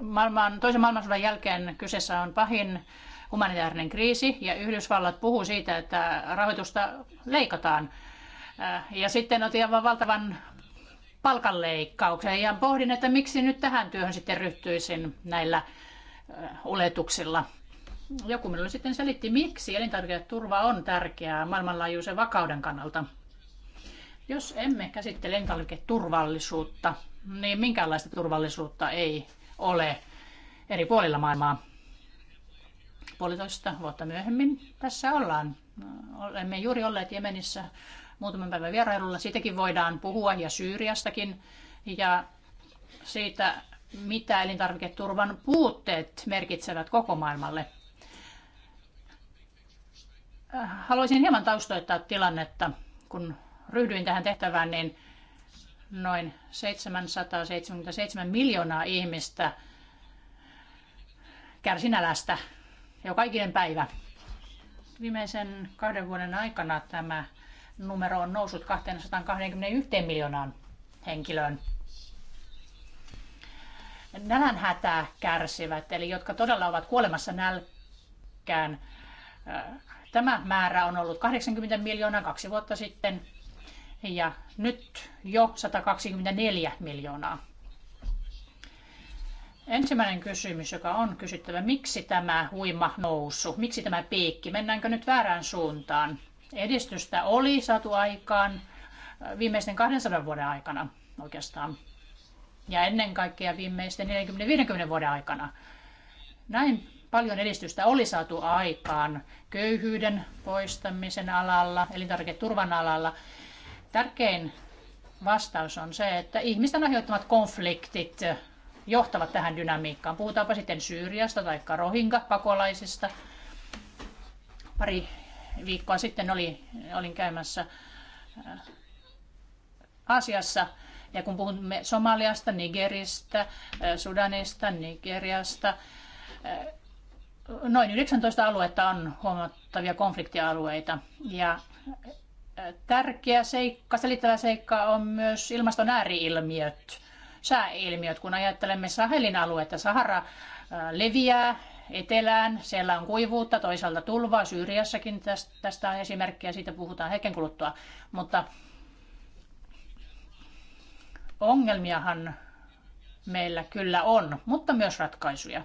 Maailman, toisen maailmansodan jälkeen kyseessä on pahin humanitaarinen kriisi ja Yhdysvallat puhuu siitä, että rahoitusta leikataan. Ja sitten otin aivan valtavan palkanleikkaukseen ja pohdin, että miksi nyt tähän työhön sitten ryhtyisin näillä oletuksilla. Joku minulle sitten selitti, miksi elintarviketurva on tärkeää maailmanlaajuisen vakauden kannalta. Jos emme käsittele elintarviketurvallisuutta, niin minkäänlaista turvallisuutta ei ole eri puolilla maailmaa. Puolitoista vuotta myöhemmin tässä ollaan. Olemme juuri olleet Jemenissä muutaman päivän vierailulla. Siitäkin voidaan puhua ja Syyriastakin ja siitä, mitä elintarviketurvan puutteet merkitsevät koko maailmalle. Haluaisin hieman taustoittaa tilannetta. Kun ryhdyin tähän tehtävään, niin noin 777 miljoonaa ihmistä kärsi nälästä joka ikinen päivä. Viimeisen kahden vuoden aikana tämä numero on noussut 221 miljoonaan henkilöön. hätää kärsivät, eli jotka todella ovat kuolemassa nälkään. Äh, tämä määrä on ollut 80 miljoonaa kaksi vuotta sitten ja nyt jo 124 miljoonaa. Ensimmäinen kysymys, joka on kysyttävä, miksi tämä huima nousu, miksi tämä piikki, mennäänkö nyt väärään suuntaan? Edistystä oli saatu aikaan äh, viimeisten 200 vuoden aikana oikeastaan. Ja ennen kaikkea viimeisten 40-50 vuoden aikana. Näin paljon edistystä oli saatu aikaan köyhyyden poistamisen alalla, elintarviketurvan alalla. Tärkein vastaus on se, että ihmisten aiheuttamat konfliktit johtavat tähän dynamiikkaan. Puhutaanpa sitten Syyriasta tai Rohingya pakolaisista. Pari viikkoa sitten oli, olin käymässä äh, Aasiassa. Ja kun puhumme Somaliasta, Nigeristä, äh, Sudanista, Nigeriasta, äh, noin 19 aluetta on huomattavia konfliktialueita. Ja tärkeä seikka, selittävä seikka on myös ilmaston ääriilmiöt, sääilmiöt. Kun ajattelemme Sahelin aluetta, Sahara leviää etelään. Siellä on kuivuutta, toisaalta tulvaa. Syyriassakin tästä on esimerkkiä, siitä puhutaan hetken kuluttua. Mutta ongelmiahan meillä kyllä on, mutta myös ratkaisuja.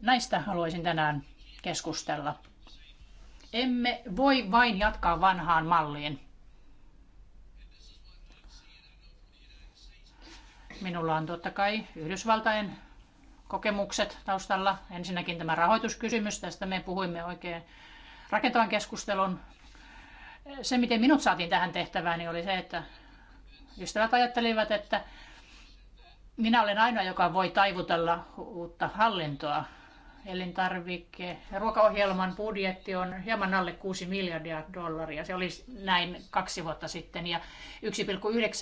Näistä haluaisin tänään keskustella. Emme voi vain jatkaa vanhaan malliin. Minulla on totta kai Yhdysvaltain kokemukset taustalla. Ensinnäkin tämä rahoituskysymys, tästä me puhuimme oikein rakentavan keskustelun. Se, miten minut saatiin tähän tehtävään, niin oli se, että ystävät ajattelivat, että minä olen ainoa, joka voi taivutella uutta hallintoa. Elintarvike- ja ruokaohjelman budjetti on hieman alle 6 miljardia dollaria. Se oli näin kaksi vuotta sitten ja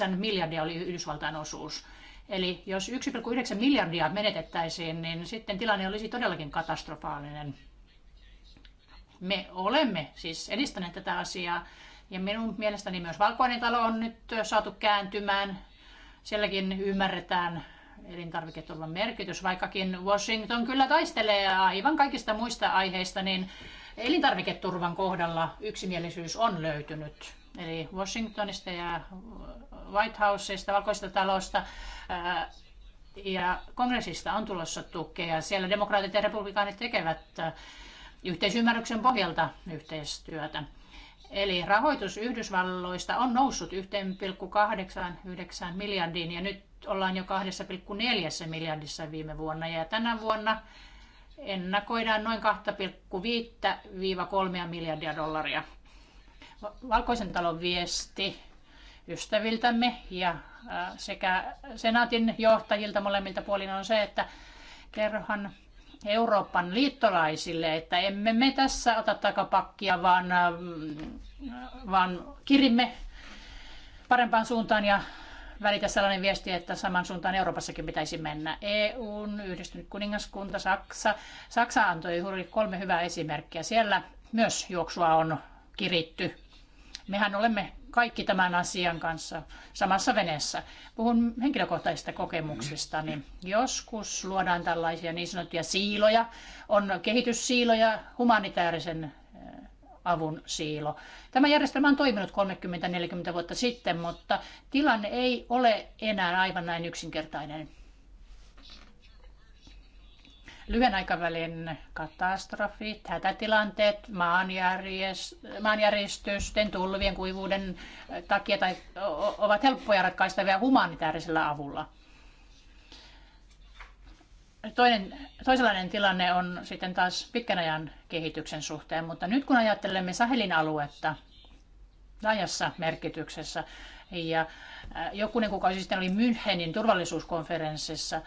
1,9 miljardia oli Yhdysvaltain osuus. Eli jos 1,9 miljardia menetettäisiin, niin sitten tilanne olisi todellakin katastrofaalinen. Me olemme siis edistäneet tätä asiaa ja minun mielestäni myös Valkoinen talo on nyt saatu kääntymään. Sielläkin ymmärretään elintarviketurvan merkitys, vaikkakin Washington kyllä taistelee aivan kaikista muista aiheista, niin elintarviketurvan kohdalla yksimielisyys on löytynyt eli Washingtonista ja White Houseista, Valkoista talosta ja kongressista on tulossa tukea. Siellä demokraatit ja republikaanit tekevät yhteisymmärryksen pohjalta yhteistyötä. Eli rahoitus Yhdysvalloista on noussut 1,89 miljardiin ja nyt ollaan jo 2,4 miljardissa viime vuonna. Ja tänä vuonna ennakoidaan noin 2,5-3 miljardia dollaria. Valkoisen talon viesti ystäviltämme ja äh, sekä senaatin johtajilta molemmilta puolin on se, että kerrohan Euroopan liittolaisille, että emme me tässä ota takapakkia, vaan, äh, vaan kirimme parempaan suuntaan ja välitä sellainen viesti, että saman suuntaan Euroopassakin pitäisi mennä. EUn, yhdistynyt kuningaskunta, Saksa. Saksa antoi juuri kolme hyvää esimerkkiä. Siellä myös juoksua on kiritty Mehän olemme kaikki tämän asian kanssa samassa veneessä. Puhun henkilökohtaisista kokemuksista. Niin joskus luodaan tällaisia niin sanottuja siiloja. On kehityssiiloja, humanitaarisen avun siilo. Tämä järjestelmä on toiminut 30-40 vuotta sitten, mutta tilanne ei ole enää aivan näin yksinkertainen lyhyen aikavälin katastrofit, hätätilanteet, maanjäristysten, tulvien, kuivuuden takia tai ovat helppoja ratkaistavia humanitaarisella avulla. Toinen, toisenlainen tilanne on sitten taas pitkän ajan kehityksen suhteen, mutta nyt kun ajattelemme Sahelin aluetta laajassa merkityksessä, ja jokunen kuukausi sitten oli Münchenin turvallisuuskonferenssissa,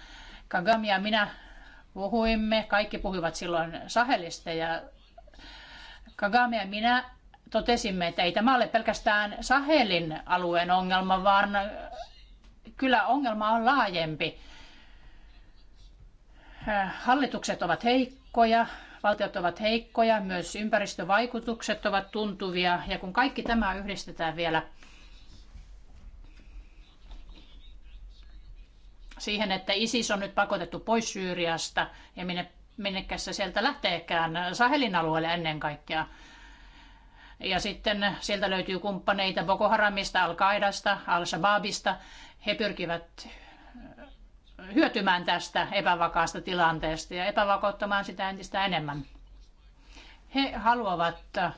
Kagami ja minä puhuimme. Kaikki puhuivat silloin Sahelista ja Kagame ja minä totesimme, että ei tämä ole pelkästään Sahelin alueen ongelma, vaan kyllä ongelma on laajempi. Hallitukset ovat heikkoja, valtiot ovat heikkoja, myös ympäristövaikutukset ovat tuntuvia ja kun kaikki tämä yhdistetään vielä siihen, että ISIS on nyt pakotettu pois Syyriasta ja minne, minnekäs se sieltä lähteekään, Sahelin alueelle ennen kaikkea. Ja sitten sieltä löytyy kumppaneita Boko Haramista, Al-Qaidasta, Al-Shabaabista. He pyrkivät eh, hyötymään tästä epävakaasta tilanteesta ja epävakauttamaan sitä entistä enemmän. He haluavat eh,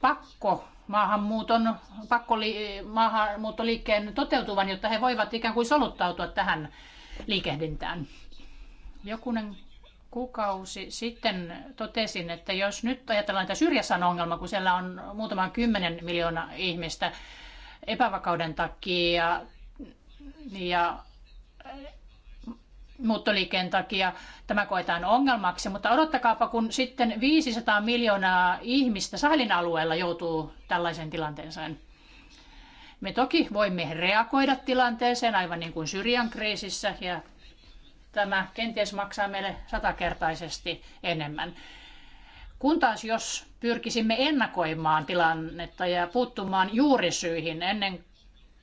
pakko maahanmuuton, pakkoli, maahanmuuttoliikkeen toteutuvan, jotta he voivat ikään kuin soluttautua tähän liikehdintään. Jokunen kuukausi sitten totesin, että jos nyt ajatellaan, tätä syrjässä ongelma, kun siellä on muutama kymmenen miljoonaa ihmistä epävakauden takia ja, ja muuttoliikkeen takia tämä koetaan ongelmaksi, mutta odottakaapa, kun sitten 500 miljoonaa ihmistä Sahelin alueella joutuu tällaisen tilanteeseen. Me toki voimme reagoida tilanteeseen aivan niin kuin Syrian kriisissä ja tämä kenties maksaa meille satakertaisesti enemmän. Kun taas jos pyrkisimme ennakoimaan tilannetta ja puuttumaan juurisyihin ennen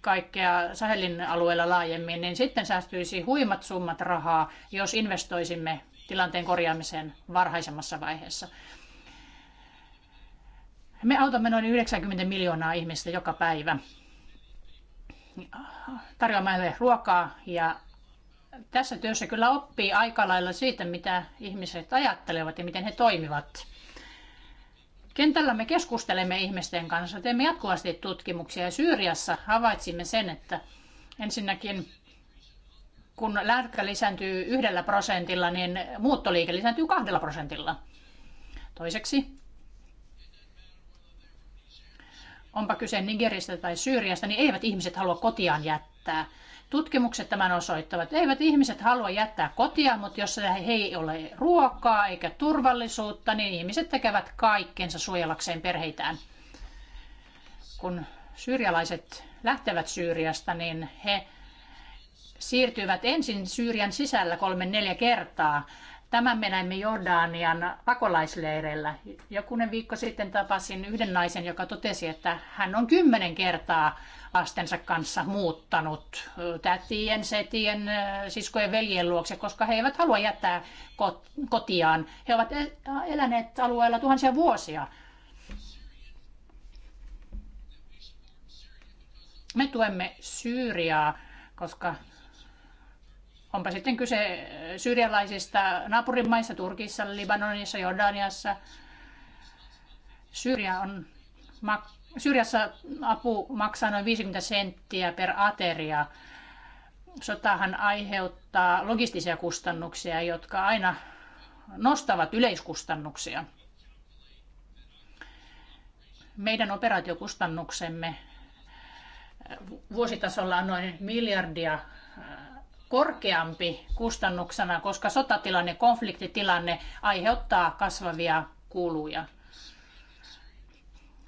kaikkea Sahelin alueella laajemmin, niin sitten säästyisi huimat summat rahaa, jos investoisimme tilanteen korjaamiseen varhaisemmassa vaiheessa. Me autamme noin 90 miljoonaa ihmistä joka päivä tarjoamaan heille ruokaa ja tässä työssä kyllä oppii aika lailla siitä, mitä ihmiset ajattelevat ja miten he toimivat. Kentällä me keskustelemme ihmisten kanssa, teemme jatkuvasti tutkimuksia ja Syyriassa havaitsimme sen, että ensinnäkin kun lääkkä lisääntyy yhdellä prosentilla, niin muuttoliike lisääntyy kahdella prosentilla. Toiseksi, onpa kyse Nigeristä tai Syyriasta, niin eivät ihmiset halua kotiaan jättää. Tutkimukset tämän osoittavat. Eivät ihmiset halua jättää kotia, mutta jos he ei ole ruokaa eikä turvallisuutta, niin ihmiset tekevät kaikkensa suojellakseen perheitään. Kun syyrialaiset lähtevät Syyriasta, niin he siirtyvät ensin Syyrian sisällä kolme neljä kertaa Tämän me näimme Jordanian pakolaisleireillä. Jokunen viikko sitten tapasin yhden naisen, joka totesi, että hän on kymmenen kertaa lastensa kanssa muuttanut tätien, setien, siskojen, veljen luokse, koska he eivät halua jättää kotiaan. He ovat e-, eläneet alueella tuhansia vuosia. Me tuemme Syyriaa, koska Onpa sitten kyse eh, syyrialaisista naapurimaissa, Turkissa, Libanonissa, Jordaniassa. Syyria on, Syyriassa apu maksaa noin 50 senttiä per ateria. Sotahan aiheuttaa logistisia kustannuksia, jotka aina nostavat yleiskustannuksia. Meidän operaatiokustannuksemme eh, vuositasolla on noin miljardia eh, korkeampi kustannuksena, koska sotatilanne, konfliktitilanne aiheuttaa kasvavia kuluja.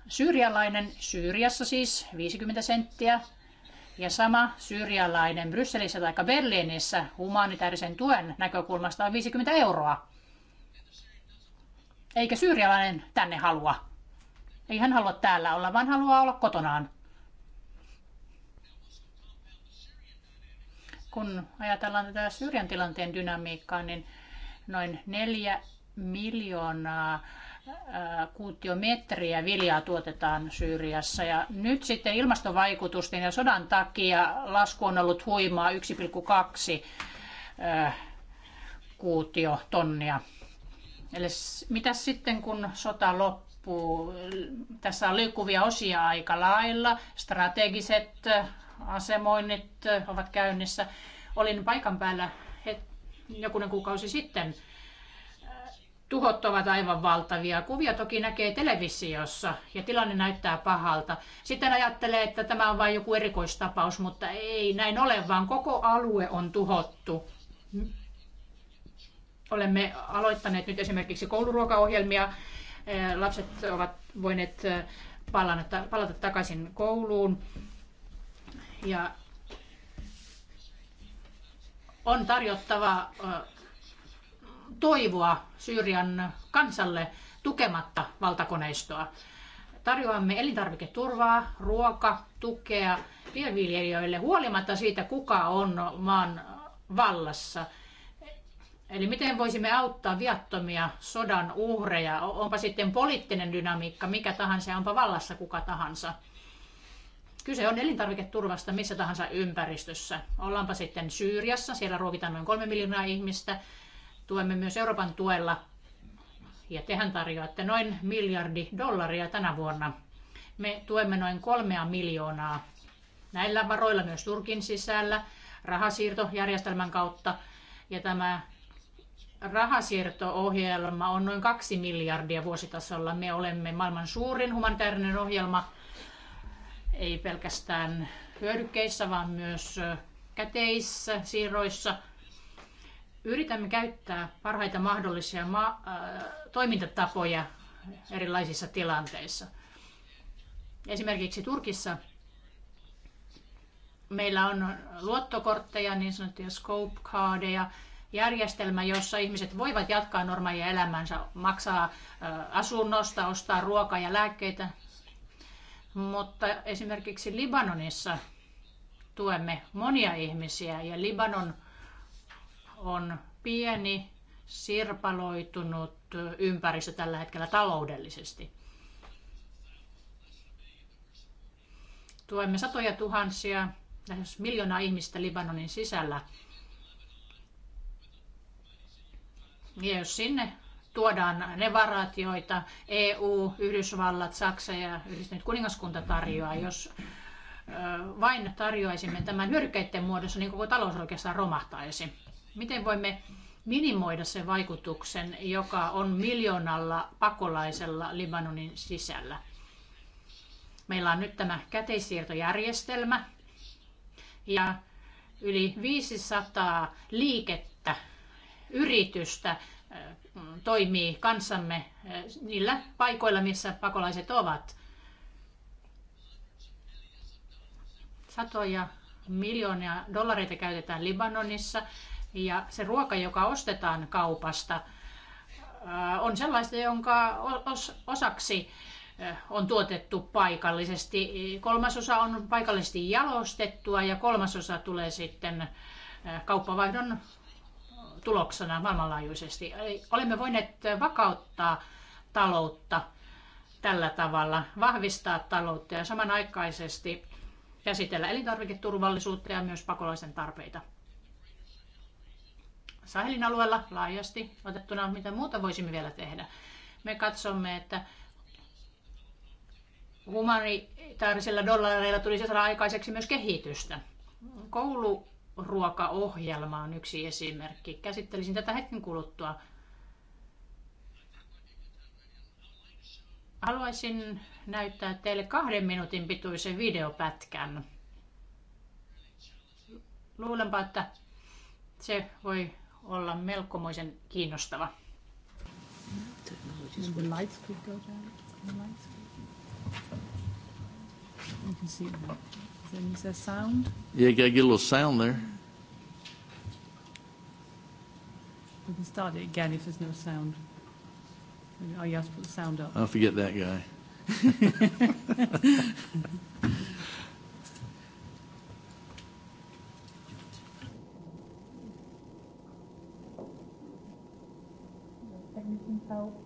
Syyrialainen Syyriassa siis 50 senttiä ja sama syyrialainen Brysselissä tai Berliinissä humanitaarisen tuen näkökulmasta on 50 euroa. Eikä syyrialainen tänne halua. Ei hän halua täällä olla, vaan haluaa olla kotonaan. Kun ajatellaan tätä Syyrian tilanteen dynamiikkaa, niin noin neljä miljoonaa kuutiometriä viljaa tuotetaan Syyriassa. Ja nyt sitten ilmastovaikutusten ja sodan takia lasku on ollut huimaa 1,2 kuutiotonnia. Eli mitä sitten kun sota loppuu? Tässä on liikkuvia osia aika lailla. Strategiset asemoinnit äh, ovat käynnissä. Olin paikan päällä jokunen kuukausi sitten. Tuhot ovat aivan valtavia. Kuvia toki näkee televisiossa ja tilanne näyttää pahalta. Sitten ajattelee, että tämä on vain joku erikoistapaus, mutta ei näin ole, vaan koko alue on tuhottu. Olemme aloittaneet nyt esimerkiksi kouluruokaohjelmia. Äh, lapset ovat voineet äh, palata takaisin kouluun ja on tarjottava toivoa Syyrian kansalle tukematta valtakoneistoa. Tarjoamme elintarviketurvaa, ruoka, tukea pienviljelijöille huolimatta siitä, kuka on maan vallassa. Eli miten voisimme auttaa viattomia sodan uhreja, onpa sitten poliittinen dynamiikka, mikä tahansa, onpa vallassa kuka tahansa. Kyse on elintarviketurvasta missä tahansa ympäristössä. Ollaanpa sitten Syyriassa, siellä ruokitaan noin kolme miljoonaa ihmistä. Tuemme myös Euroopan tuella ja tehän tarjoatte noin miljardi dollaria tänä vuonna. Me tuemme noin kolmea miljoonaa näillä varoilla myös Turkin sisällä rahasiirtojärjestelmän kautta. Ja tämä rahasiirto-ohjelma on noin kaksi miljardia vuositasolla. Me olemme maailman suurin humanitaarinen ohjelma ei pelkästään hyödykkeissä, vaan myös käteissä, siirroissa. Yritämme käyttää parhaita mahdollisia ma- toimintatapoja erilaisissa tilanteissa. Esimerkiksi Turkissa meillä on luottokortteja, niin sanottuja scope cardeja, järjestelmä, jossa ihmiset voivat jatkaa normaalia elämäänsä, maksaa asunnosta, ostaa ruokaa ja lääkkeitä mutta esimerkiksi Libanonissa tuemme monia ihmisiä ja Libanon on pieni, sirpaloitunut ympäristö tällä hetkellä taloudellisesti. Tuemme satoja tuhansia, lähes miljoonaa ihmistä Libanonin sisällä. Ja jos sinne tuodaan ne varat, joita EU, Yhdysvallat, Saksa ja Yhdistynyt kuningaskunta tarjoaa. Jos vain tarjoaisimme tämän hyödykkeiden muodossa, niin koko talous oikeastaan romahtaisi. Miten voimme minimoida sen vaikutuksen, joka on miljoonalla pakolaisella Libanonin sisällä? Meillä on nyt tämä käteissiirtojärjestelmä ja yli 500 liikettä, yritystä toimii kanssamme eh, niillä paikoilla, missä pakolaiset ovat. Satoja miljoonia dollareita käytetään Libanonissa ja se ruoka, joka ostetaan kaupasta, eh, on sellaista, jonka osaksi eh, on tuotettu paikallisesti. Kolmasosa on paikallisesti jalostettua ja kolmasosa tulee sitten kauppavaihdon tuloksena maailmanlaajuisesti. Eli olemme voineet vakauttaa taloutta tällä tavalla, vahvistaa taloutta ja samanaikaisesti käsitellä elintarviketurvallisuutta ja myös pakolaisen tarpeita. Sahelin alueella laajasti otettuna, mitä muuta voisimme vielä tehdä. Me katsomme, että humanitaarisilla dollareilla tulisi saada aikaiseksi myös kehitystä. Koulu ruokaohjelma on yksi esimerkki. Käsittelisin tätä hetken kuluttua. Haluaisin näyttää teille kahden minuutin pituisen videopätkän. Luulenpa, että se voi olla melkomoisen kiinnostava. The lights could go down. The lights could... You can see Then he says sound? Yeah, you gotta get a little sound there. We can start it again if there's no sound. Oh, you have to put the sound up. I'll forget that guy. Anything help?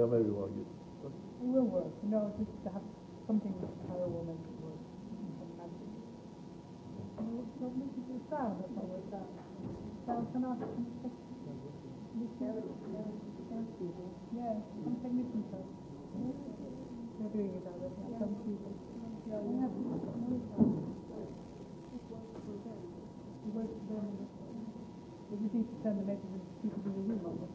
Well, maybe we'll get. Will work. No, just to have something with power will make it work. Fantastic. Well, it's not making it sound, that's what it sounds. Sound can ask Yeah, some technicians are. They're doing it already. Some people. Yeah, we have. It works for them. We just need to send the message to people in the room.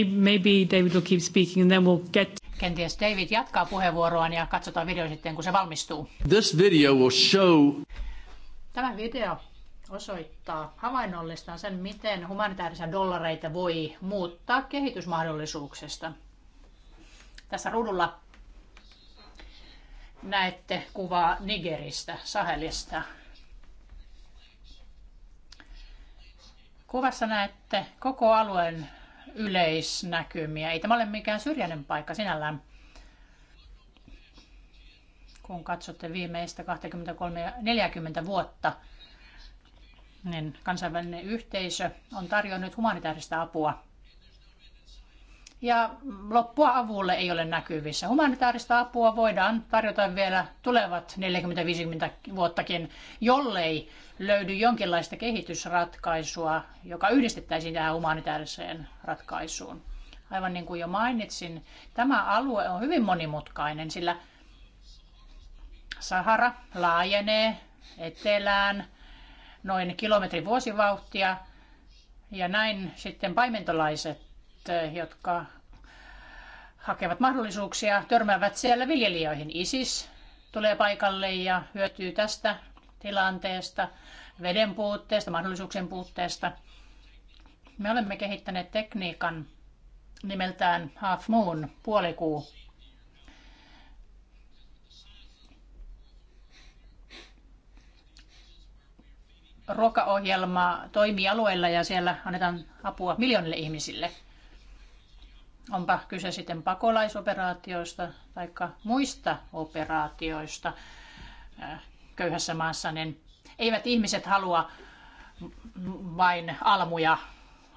Maybe David will keep speaking and then we'll get... Kenties David jatkaa puheenvuoroaan ja katsotaan video sitten, kun se valmistuu. This video will show... Tämä video osoittaa, havainnollistaa sen, miten humanitaarisia dollareita voi muuttaa kehitysmahdollisuuksista. Tässä ruudulla näette kuvaa Nigeristä, Sahelista. Kuvassa näette koko alueen yleisnäkymiä. Ei tämä ole mikään syrjäinen paikka sinällään. Kun katsotte viimeistä 23-40 vuotta, niin kansainvälinen yhteisö on tarjonnut humanitaarista apua ja loppua avulle ei ole näkyvissä. Humanitaarista apua voidaan tarjota vielä tulevat 40-50 vuottakin, jollei löydy jonkinlaista kehitysratkaisua, joka yhdistettäisiin tähän humanitaariseen ratkaisuun. Aivan niin kuin jo mainitsin, tämä alue on hyvin monimutkainen, sillä Sahara laajenee etelään noin kilometri vuosivauhtia ja näin sitten paimentolaiset Eh, jotka hakevat mahdollisuuksia, törmäävät siellä viljelijöihin. ISIS tulee paikalle ja hyötyy tästä tilanteesta, veden puutteesta, mahdollisuuksien puutteesta. Me olemme kehittäneet tekniikan nimeltään Half Moon, puolikuu. Ruokaohjelma toimii alueella ja siellä annetaan apua miljoonille ihmisille – Onpa kyse sitten pakolaisoperaatioista tai muista operaatioista äh, köyhässä maassa, niin eivät ihmiset halua vain almuja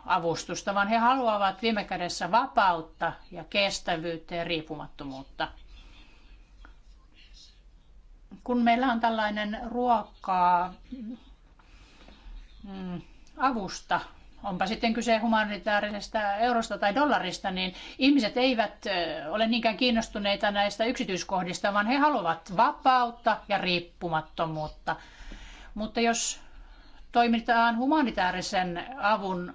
avustusta, vaan he haluavat viime kädessä vapautta ja kestävyyttä ja riippumattomuutta. Kun meillä on tällainen ruokaa mm, avusta onpa sitten kyse humanitaarisesta eurosta tai dollarista, niin ihmiset eivät ole niinkään kiinnostuneita näistä yksityiskohdista, vaan he haluavat vapautta ja riippumattomuutta. Mutta jos toimitaan humanitaarisen avun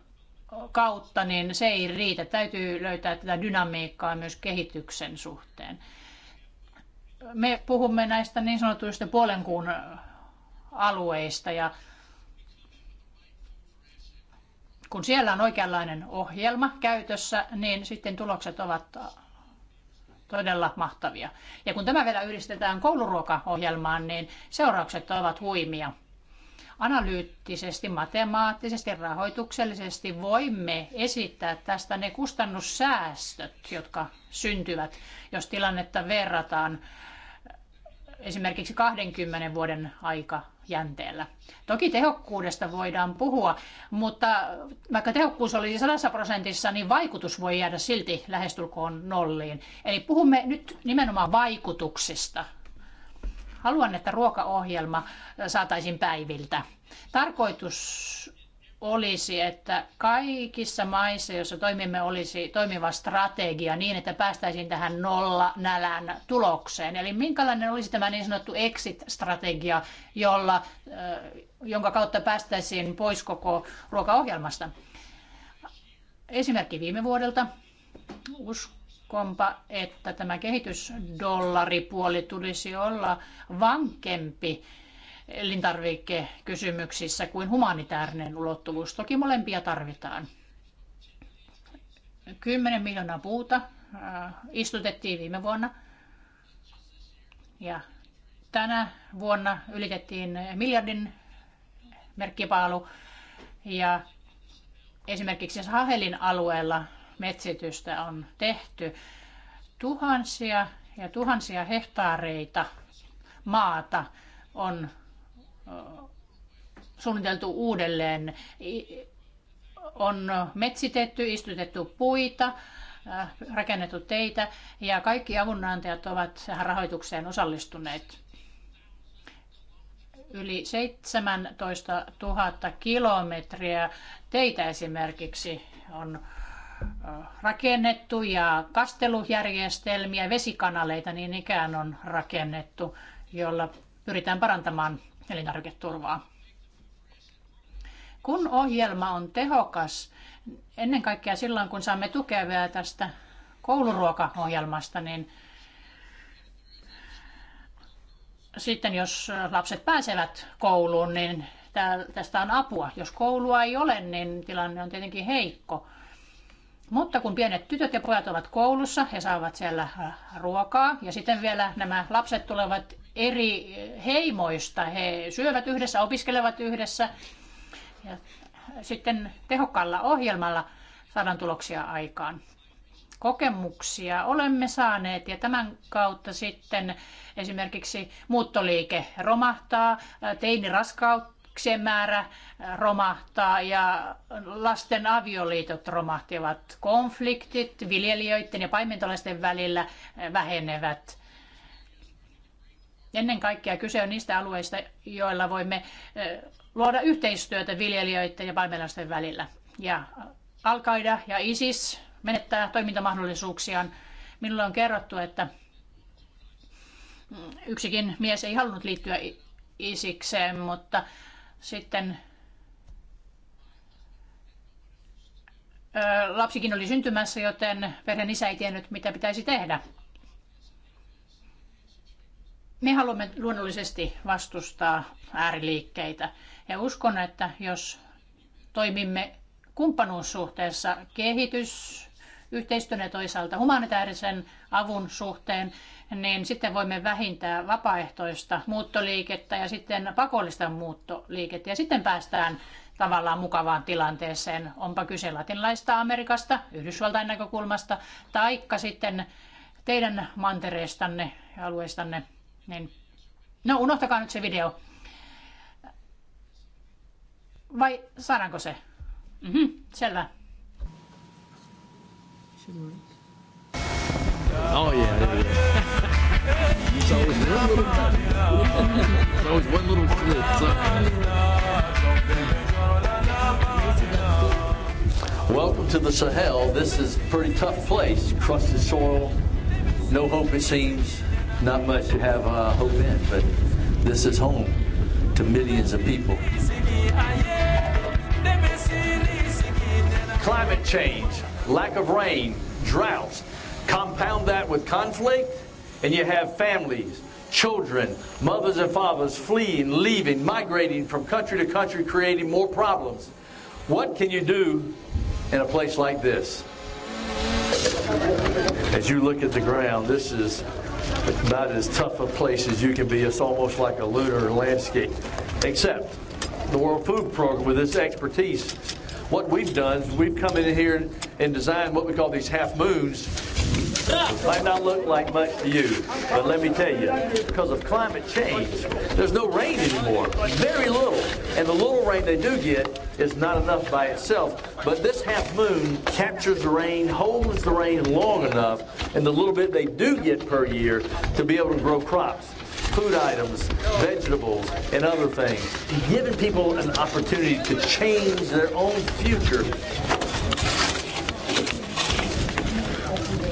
kautta, niin se ei riitä. Täytyy löytää tätä dynamiikkaa myös kehityksen suhteen. Me puhumme näistä niin sanotuista puolen kuun alueista ja kun siellä on oikeanlainen ohjelma käytössä, niin sitten tulokset ovat todella mahtavia. Ja kun tämä vielä yhdistetään kouluruokaohjelmaan, niin seuraukset ovat huimia. Analyyttisesti, matemaattisesti, rahoituksellisesti voimme esittää tästä ne kustannussäästöt, jotka syntyvät, jos tilannetta verrataan esimerkiksi 20 vuoden aika jänteellä. Toki tehokkuudesta voidaan puhua, mutta vaikka tehokkuus olisi 100 prosentissa, niin vaikutus voi jäädä silti lähestulkoon nolliin. Eli puhumme nyt nimenomaan vaikutuksista. Haluan, että ruokaohjelma saataisiin päiviltä. Tarkoitus olisi, että kaikissa maissa, joissa toimimme, olisi toimiva strategia niin, että päästäisiin tähän nolla nälän tulokseen. Eli minkälainen olisi tämä niin sanottu exit-strategia, jolla, jonka kautta päästäisiin pois koko ruokaohjelmasta? Esimerkki viime vuodelta. Uskonpa, että tämä kehitysdollaripuoli tulisi olla vankempi elintarvikekysymyksissä kuin humanitaarinen ulottuvuus. Toki molempia tarvitaan. 10 miljoonaa puuta äh, istutettiin viime vuonna ja tänä vuonna ylitettiin miljardin merkkipaalu ja esimerkiksi Sahelin alueella metsitystä on tehty tuhansia ja tuhansia hehtaareita maata on suunniteltu uudelleen. On metsitetty, istutettu puita, äh, rakennettu teitä ja kaikki avunantajat ovat tähän rahoitukseen osallistuneet. Yli 17 000 kilometriä teitä esimerkiksi on äh, rakennettu ja kastelujärjestelmiä, vesikanaleita niin ikään on rakennettu, jolla pyritään parantamaan elintarviketurvaa. Kun ohjelma on tehokas, ennen kaikkea silloin kun saamme tukea vielä tästä kouluruokaohjelmasta, niin sitten jos lapset pääsevät kouluun, niin tästä on apua. Jos koulua ei ole, niin tilanne on tietenkin heikko. Mutta kun pienet tytöt ja pojat ovat koulussa, he saavat siellä äh, ruokaa ja sitten vielä nämä lapset tulevat eri äh, heimoista. He syövät yhdessä, opiskelevat yhdessä ja sitten tehokkaalla ohjelmalla saadaan tuloksia aikaan. Kokemuksia olemme saaneet ja tämän kautta sitten esimerkiksi muuttoliike romahtaa, äh, teini raskautta lapsien määrä romahtaa ja lasten avioliitot romahtivat. Konfliktit viljelijöiden ja paimentolaisten välillä eh, vähenevät. Ennen kaikkea kyse on niistä alueista, joilla voimme eh, luoda yhteistyötä viljelijöiden ja paimentolaisten välillä. Ja al ja ISIS menettää toimintamahdollisuuksiaan. Minulle on kerrottu, että yksikin mies ei halunnut liittyä isikseen, mutta sitten lapsikin oli syntymässä, joten perheen isä ei tiennyt, mitä pitäisi tehdä. Me haluamme luonnollisesti vastustaa ääriliikkeitä ja uskon, että jos toimimme kumppanuussuhteessa kehitys, yhteistyön ja toisaalta humanitaarisen avun suhteen, niin sitten voimme vähintää vapaaehtoista muuttoliikettä ja sitten pakollista muuttoliikettä. Ja sitten päästään tavallaan mukavaan tilanteeseen, onpa kyse latinlaista Amerikasta, Yhdysvaltain näkökulmasta, taikka sitten teidän mantereestanne ja alueestanne. Niin... No unohtakaa nyt se video. Vai saadaanko se? Mm-hmm, selvä. Oh yeah, yeah, yeah. So it's one little so it's one little clip. So. Welcome to the Sahel. This is a pretty tough place. Crusted soil, no hope it seems. Not much to have uh, hope in, but this is home to millions of people. Climate change, lack of rain, droughts. Compound that with conflict, and you have families children mothers and fathers fleeing leaving migrating from country to country creating more problems what can you do in a place like this as you look at the ground this is about as tough a place as you can be it's almost like a lunar landscape except the world food program with its expertise what we've done is we've come in here and designed what we call these half moons Might not look like much to you, but let me tell you, because of climate change, there's no rain anymore. Very little. And the little rain they do get is not enough by itself. But this half moon captures the rain, holds the rain long enough, and the little bit they do get per year to be able to grow crops food items, vegetables, and other things, giving people an opportunity to change their own future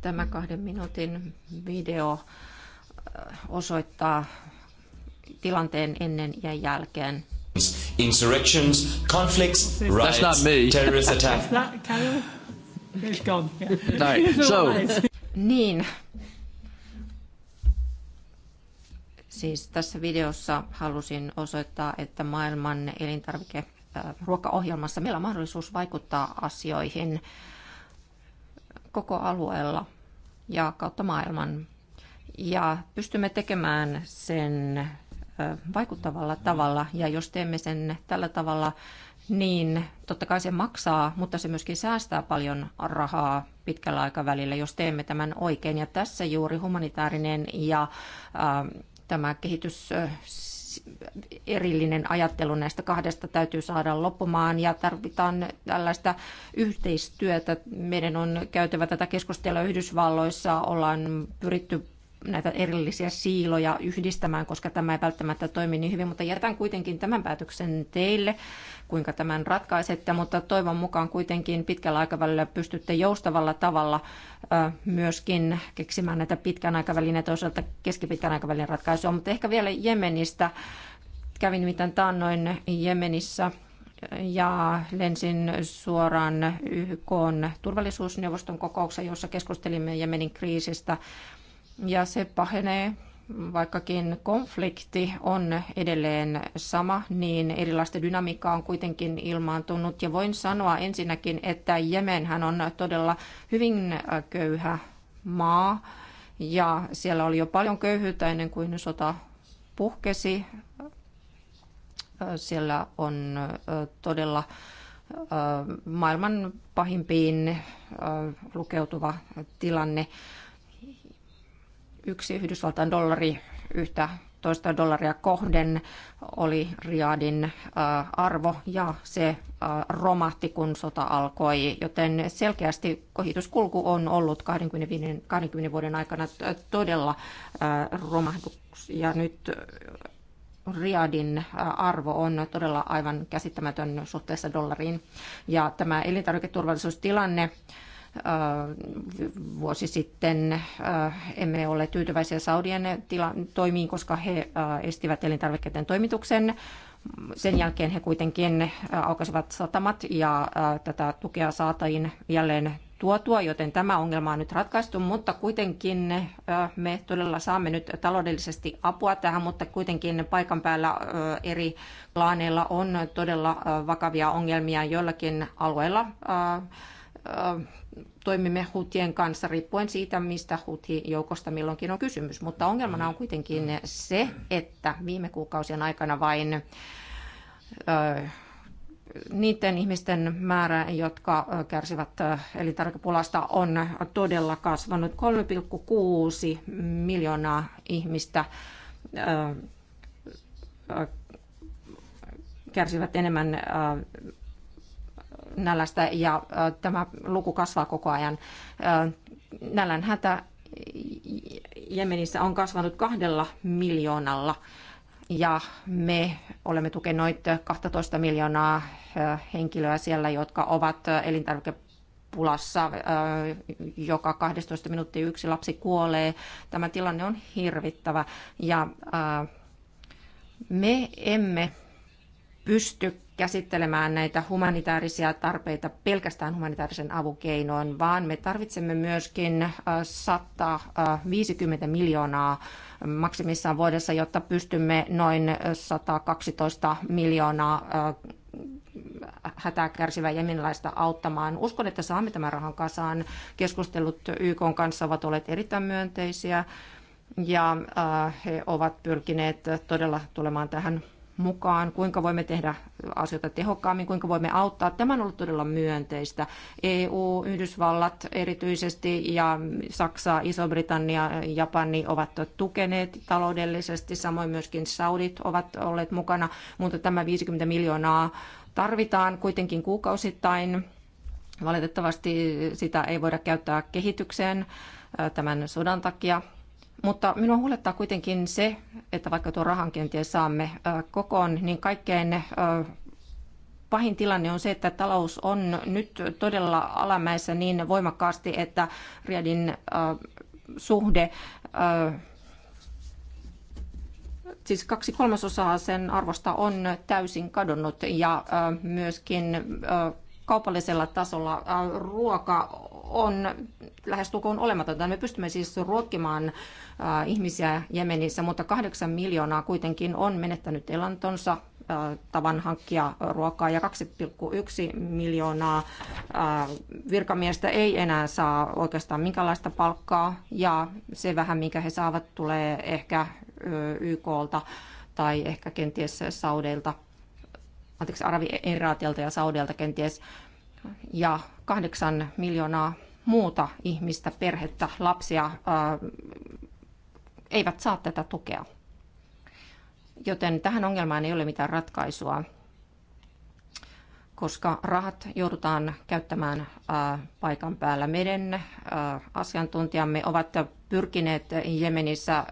Tämä kahden minuutin video osoittaa tilanteen ennen ja jälkeen. Insurrections, conflicts, riots, That's not me. terrorist attack. Yeah. So. Niin. Siis tässä videossa halusin osoittaa, että maailman elintarvike ruokaohjelmassa meillä on mahdollisuus vaikuttaa asioihin koko alueella ja kautta maailman. Ja pystymme tekemään sen vaikuttavalla tavalla. Ja jos teemme sen tällä tavalla, niin totta kai se maksaa, mutta se myöskin säästää paljon rahaa pitkällä aikavälillä, jos teemme tämän oikein. Ja tässä juuri humanitaarinen ja äh, tämä kehitys erillinen ajattelu näistä kahdesta täytyy saada loppumaan ja tarvitaan tällaista yhteistyötä. Meidän on käytävä tätä keskustelua Yhdysvalloissa, ollaan pyritty näitä erillisiä siiloja yhdistämään, koska tämä ei välttämättä toimi niin hyvin, mutta jätän kuitenkin tämän päätöksen teille, kuinka tämän ratkaisette, mutta toivon mukaan kuitenkin pitkällä aikavälillä pystytte joustavalla tavalla myöskin keksimään näitä pitkän aikavälin ja toisaalta keskipitkän aikavälin ratkaisuja, mutta ehkä vielä Jemenistä. Kävin nimittäin taannoin Jemenissä ja lensin suoraan YK turvallisuusneuvoston kokouksen, jossa keskustelimme Jemenin kriisistä ja se pahenee vaikkakin konflikti on edelleen sama, niin erilaista dynamiikkaa on kuitenkin ilmaantunut. Ja voin sanoa ensinnäkin, että Jemenhän on todella hyvin äh, köyhä maa. Ja siellä oli jo paljon köyhyyttä ennen kuin sota puhkesi. Äh, siellä on äh, todella maailman pahimpiin lukeutuva tilanne yksi Yhdysvaltain dollari yhtä toista dollaria kohden oli Riadin äh, arvo ja se äh, romahti, kun sota alkoi, joten selkeästi kohituskulku on ollut 25, 20 vuoden aikana todella äh, romahdus ja nyt Riadin arvo on todella aivan käsittämätön suhteessa dollariin. Ja tämä elintarviketurvallisuustilanne Äh, vuosi sitten äh, emme ole tyytyväisiä Saudien tila- toimiin, koska he äh, estivät elintarvikkeiden toimituksen. Sen jälkeen he kuitenkin aukasivat satamat ja tätä tukea saatiin jälleen tuotua, joten tämä ongelma on nyt ratkaistu, mutta kuitenkin me todella saamme nyt taloudellisesti apua tähän, mutta kuitenkin paikan päällä eri klaaneilla on todella vakavia ongelmia joillakin alueilla toimimme hutien kanssa riippuen siitä, mistä huti-joukosta milloinkin on kysymys. Mutta ongelmana on kuitenkin se, että viime kuukausien aikana vain ö, niiden ihmisten määrä, jotka kärsivät elintarvikepulasta, on todella kasvanut. 3,6 miljoonaa ihmistä ö, ö, kärsivät enemmän nälästä ja tämä luku kasvaa koko ajan. Nälän hätä Jemenissä on kasvanut kahdella miljoonalla ja me olemme tukeneet 12 miljoonaa henkilöä siellä, jotka ovat pulassa, Joka 12 minuuttia yksi lapsi kuolee. Tämä tilanne on hirvittävä ja me emme pysty käsittelemään näitä humanitaarisia tarpeita pelkästään humanitaarisen avun keinoin, vaan me tarvitsemme myöskin 150 äh, äh, miljoonaa maksimissaan vuodessa, jotta pystymme noin 112 äh, miljoonaa hätää kärsivää jemenilaista auttamaan. Uskon, että saamme tämän rahan kasaan. Keskustelut YK kanssa ovat olleet erittäin myönteisiä ja he ovat pyrkineet todella tulemaan tähän mukaan, kuinka voimme tehdä asioita tehokkaammin, kuinka voimme auttaa. Tämä on ollut todella myönteistä. EU, Yhdysvallat erityisesti ja Saksa, Iso-Britannia, Japani ovat tukeneet taloudellisesti, samoin myöskin Saudit ovat olleet mukana, mutta tämä 50 miljoonaa tarvitaan kuitenkin kuukausittain. Valitettavasti sitä ei voida käyttää kehitykseen tämän sodan takia mutta minua huolettaa kuitenkin se, että vaikka tuo rahan kenties saamme kokoon, niin kaikkein pahin tilanne on se, että talous on nyt todella alamäessä niin voimakkaasti, että Riadin suhde siis kaksi kolmasosaa sen arvosta on täysin kadonnut ja myöskin kaupallisella tasolla ruoka on lähestulkoon olematonta. Me pystymme siis ruokkimaan äh, ihmisiä Jemenissä, mutta kahdeksan miljoonaa kuitenkin on menettänyt elantonsa äh, tavan hankkia äh, ruokaa ja 2,1 miljoonaa virkamiestä ei enää saa oikeastaan minkälaista palkkaa ja se vähän, minkä he saavat, tulee ehkä YKlta tai ehkä kenties Saudeilta, anteeksi Arabi-Emiraatilta ja Saudeilta kenties ja kahdeksan miljoonaa muuta ihmistä, perhettä, lapsia äh, eivät saa tätä tukea. Joten tähän ongelmaan ei ole mitään ratkaisua, koska rahat joudutaan käyttämään äh, paikan päällä. Meidän äh, asiantuntijamme ovat pyrkineet Jemenissä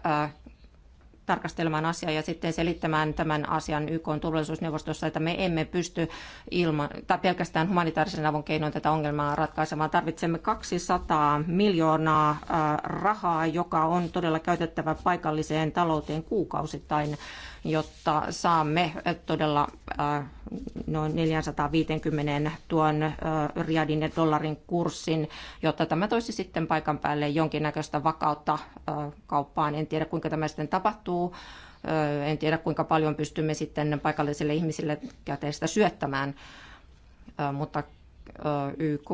tarkastelemaan asiaa ja sitten selittämään tämän asian YK turvallisuusneuvostossa, että me emme pysty ilman, tai pelkästään humanitaarisen avun keinoin tätä ongelmaa ratkaisemaan. Tarvitsemme 200 miljoonaa äh, rahaa, joka on todella käytettävä paikalliseen talouteen kuukausittain jotta saamme todella äh, noin 450 tuon äh, riadin ja dollarin kurssin, jotta tämä toisi sitten paikan päälle jonkinnäköistä vakautta äh, kauppaan. En tiedä, kuinka tämä sitten tapahtuu. En tiedä, kuinka paljon pystymme sitten paikallisille ihmisille käteistä syöttämään, mutta YK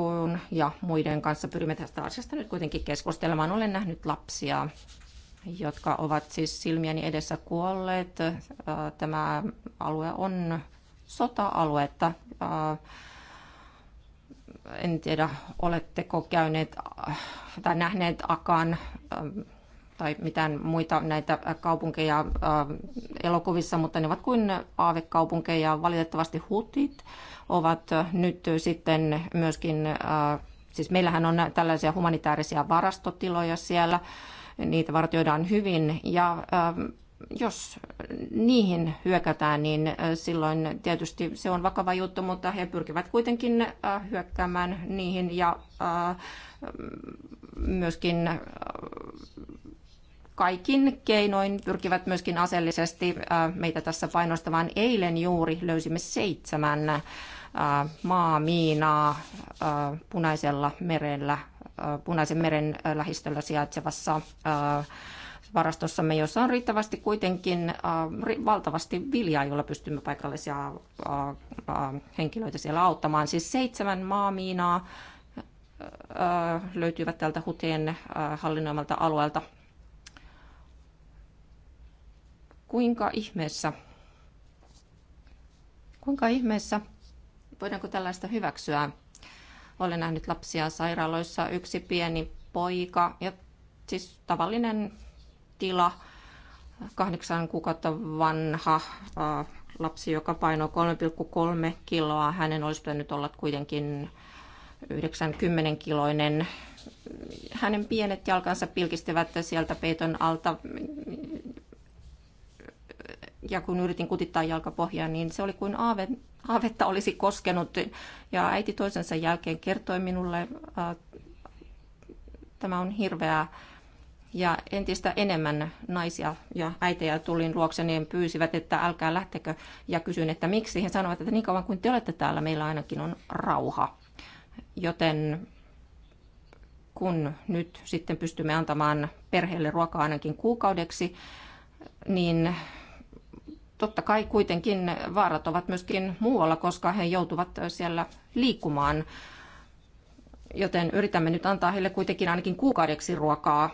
ja muiden kanssa pyrimme tästä asiasta nyt kuitenkin keskustelemaan. Olen nähnyt lapsia, jotka ovat siis silmieni edessä kuolleet. Äh, tämä alue on sota-aluetta. Äh, en tiedä, oletteko käyneet äh, tai nähneet Akan ähm, tai mitään muita näitä kaupunkeja elokuvissa, mutta ne ovat kuin aavekaupunkeja. Valitettavasti hutit ovat nyt sitten myöskin, siis meillähän on tällaisia humanitaarisia varastotiloja siellä, niitä vartioidaan hyvin ja ähm, jos niihin hyökätään, niin äh, silloin tietysti se on vakava juttu, mutta he pyrkivät kuitenkin äh, hyökkäämään niihin ja äh, myöskin kaikin keinoin pyrkivät myöskin aseellisesti meitä tässä painostamaan. Eilen juuri löysimme seitsemän maamiinaa punaisella merellä Punaisen meren lähistöllä sijaitsevassa varastossamme, jossa on riittävästi kuitenkin valtavasti viljaa, jolla pystymme paikallisia henkilöitä siellä auttamaan. Siis seitsemän maamiinaa äh, löytyvät tältä Huteen hallinnoimalta alueelta. Kuinka ihmeessä? Kuinka ihmeessä? Voidaanko tällaista hyväksyä? Olen nähnyt lapsia sairaaloissa, yksi pieni poika ja siis tavallinen tila, kahdeksan kuukautta vanha äh, lapsi, joka painoi 3,3 kiloa. Hänen olisi pitänyt olla kuitenkin 90 kiloinen. Hänen pienet jalkansa pilkistivät sieltä peiton alta. Ja kun yritin kutittaa jalkapohjaa, niin se oli kuin aave haavetta olisi koskenut. Ja äiti toisensa jälkeen kertoi minulle, äh, tämä on hirveää. Ja entistä enemmän naisia ja äitejä tulin luokseni niin ja pyysivät, että älkää lähtekö. Ja kysyin, että miksi. He sanoivat, että niin kauan kuin te olette täällä, meillä ainakin on rauha. Joten kun nyt sitten pystymme antamaan perheelle ruokaa ainakin kuukaudeksi, niin totta kai kuitenkin vaarat ovat myöskin muualla, koska he joutuvat siellä liikkumaan. Joten yritämme nyt antaa heille kuitenkin ainakin kuukaudeksi ruokaa.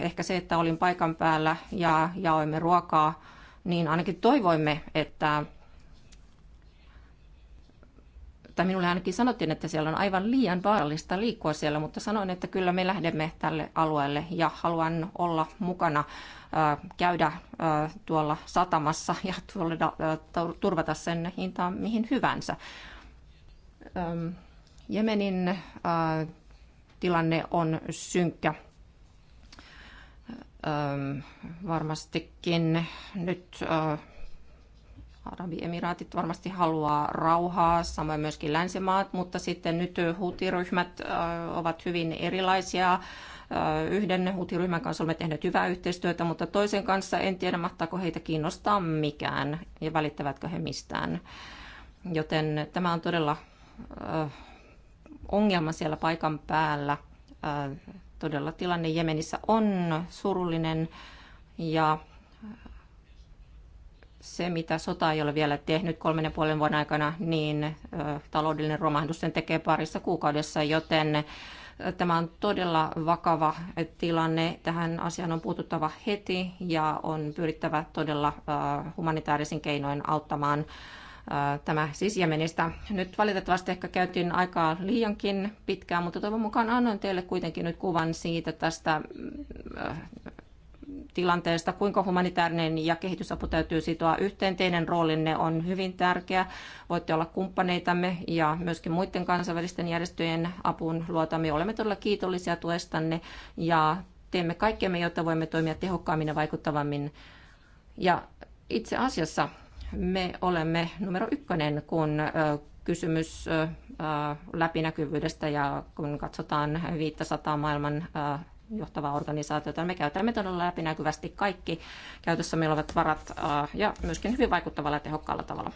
Ehkä se, että olin paikan päällä ja jaoimme ruokaa, niin ainakin toivoimme, että tai minulle ainakin sanottiin, että siellä on aivan liian vaarallista liikkua siellä, mutta sanoin, että kyllä me lähdemme tälle alueelle ja haluan olla mukana äh, käydä äh, tuolla satamassa ja tuolla, äh, turvata sen hintaan mihin hyvänsä. Ähm, Jemenin tilanne on synkkä ähm, varmastikin nyt Arabiemiraatit varmasti haluaa rauhaa, samoin myöskin länsimaat, mutta sitten nyt huutiryhmät ovat hyvin erilaisia. Yhden huutiryhmän kanssa olemme tehneet hyvää yhteistyötä, mutta toisen kanssa en tiedä, mahtaako heitä kiinnostaa mikään ja välittävätkö he mistään. Joten tämä on todella ongelma siellä paikan päällä. Todella tilanne Jemenissä on surullinen ja se, mitä sota ei ole vielä tehnyt kolmen ja puolen vuoden aikana, niin taloudellinen romahdus sen tekee parissa kuukaudessa, joten tämä on todella vakava tilanne. Tähän asiaan on puututtava heti ja on pyrittävä todella humanitaarisin keinoin auttamaan tämä siis Nyt valitettavasti ehkä käytiin aikaa liiankin pitkään, mutta toivon mukaan annoin teille kuitenkin nyt kuvan siitä tästä tilanteesta, kuinka humanitaarinen ja kehitysapu täytyy sitoa yhteen. Teidän roolinne on hyvin tärkeä. Voitte olla kumppaneitamme ja myöskin muiden kansainvälisten järjestöjen apuun luotamme. Olemme todella kiitollisia tuestanne ja teemme kaikkemme, jotta voimme toimia tehokkaammin ja vaikuttavammin. Ja itse asiassa me olemme numero ykkönen, kun kysymys läpinäkyvyydestä ja kun katsotaan 500 maailman johtavaa organisaatiota. Me käytämme todella läpinäkyvästi kaikki käytössä meillä olevat varat ja myöskin hyvin vaikuttavalla ja tehokkaalla tavalla.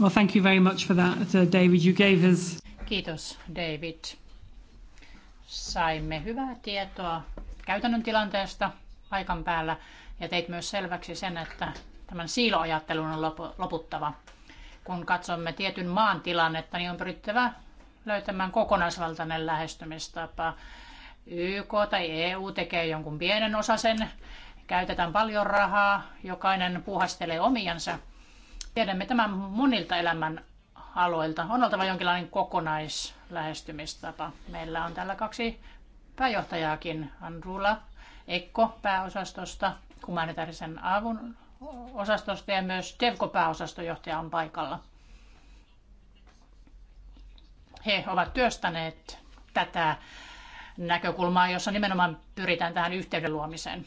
Well, thank you very much for that, uh, David. You gave us... Kiitos, David. Saimme hyvää tietoa käytännön tilanteesta paikan päällä ja teit myös selväksi sen, että tämän siiloajattelun on loputtava. Kun katsomme tietyn maan tilannetta, niin on pyrittävä löytämään kokonaisvaltainen lähestymistapa. YK tai EU tekee jonkun pienen osasen, käytetään paljon rahaa, jokainen puhastelee omiansa. Tiedämme tämän monilta elämän aloilta. On oltava jonkinlainen kokonaislähestymistapa. Meillä on täällä kaksi pääjohtajaakin, Andrula Ekko pääosastosta, humanitaarisen avun osastosta ja myös Devko pääosastojohtaja on paikalla. He ovat työstäneet tätä näkökulmaa, jossa nimenomaan pyritään tähän yhteyden luomiseen.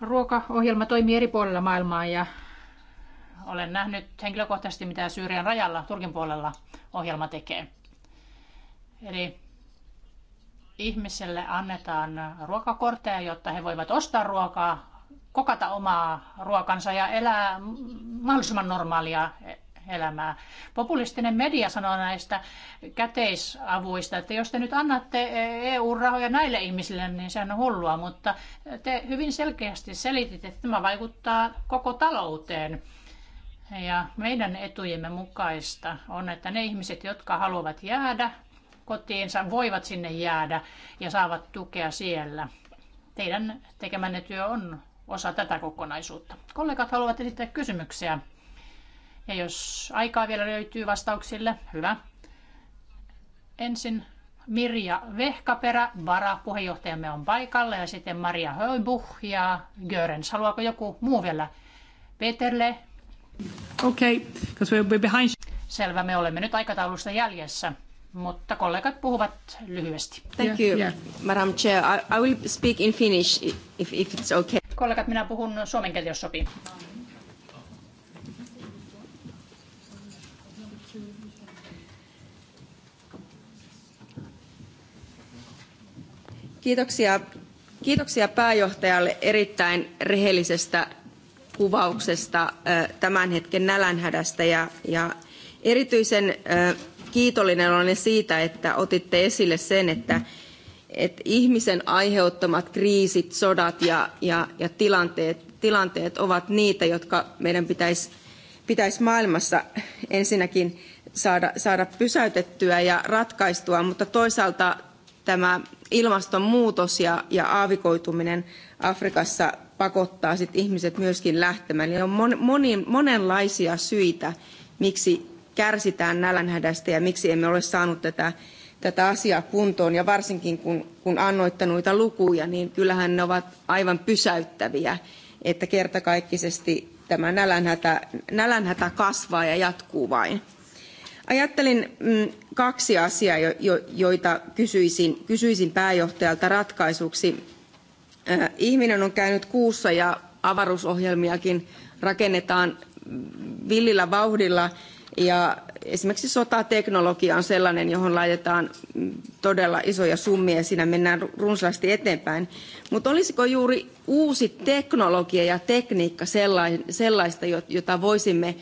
Ruokaohjelma toimii eri puolilla maailmaa ja olen nähnyt henkilökohtaisesti, mitä Syyrian rajalla, Turkin puolella ohjelma tekee. Eli ihmiselle annetaan ruokakortteja, jotta he voivat ostaa ruokaa, kokata omaa ruokansa ja elää mahdollisimman normaalia elämää. Populistinen media sanoo näistä käteisavuista, että jos te nyt annatte EU-rahoja näille ihmisille, niin sehän on hullua, mutta te hyvin selkeästi selititte, että tämä vaikuttaa koko talouteen. Ja meidän etujemme mukaista on, että ne ihmiset, jotka haluavat jäädä kotiinsa, voivat sinne jäädä ja saavat tukea siellä. Teidän tekemänne työ on osa tätä kokonaisuutta. Kollegat haluavat esittää kysymyksiä. Ja jos aikaa vielä löytyy vastauksille, hyvä. Ensin Mirja Vehkaperä, varapuheenjohtajamme on paikalla, ja sitten Maria Höybuch ja Görens. Haluaako joku muu vielä? Peterle? Okei, okay, we'll be behind. Selvä, me olemme nyt aikataulusta jäljessä, mutta kollegat puhuvat lyhyesti. Thank you, yeah. Madam Chair. I, I will speak in Finnish if, if it's okay. Kollegat, minä puhun suomen kieltä, jos sopii. Kiitoksia, kiitoksia pääjohtajalle erittäin rehellisestä kuvauksesta tämän hetken nälänhädästä ja, ja erityisen kiitollinen olen siitä, että otitte esille sen, että, että ihmisen aiheuttamat kriisit, sodat ja, ja, ja tilanteet, tilanteet ovat niitä, jotka meidän pitäisi pitäisi maailmassa ensinnäkin saada, saada pysäytettyä ja ratkaistua, mutta toisaalta tämä ilmastonmuutos ja, ja aavikoituminen Afrikassa pakottaa sit ihmiset myöskin lähtemään. Eli on mon, moni, monenlaisia syitä, miksi kärsitään nälänhädästä ja miksi emme ole saanut tätä, tätä asiaa kuntoon. Ja varsinkin kun, kun annoitte noita lukuja, niin kyllähän ne ovat aivan pysäyttäviä, että kertakaikkisesti tämä nälänhätä, nälänhätä kasvaa ja jatkuu vain. Ajattelin mm, kaksi asiaa, joita kysyisin, kysyisin pääjohtajalta ratkaisuksi. Äh, ihminen on käynyt kuussa ja avaruusohjelmiakin rakennetaan mm, villillä vauhdilla. Ja esimerkiksi sotateknologia on sellainen, johon laitetaan mm, todella isoja summia ja siinä mennään runsaasti eteenpäin. Mutta olisiko juuri uusi teknologia ja tekniikka sellaista, jota voisimme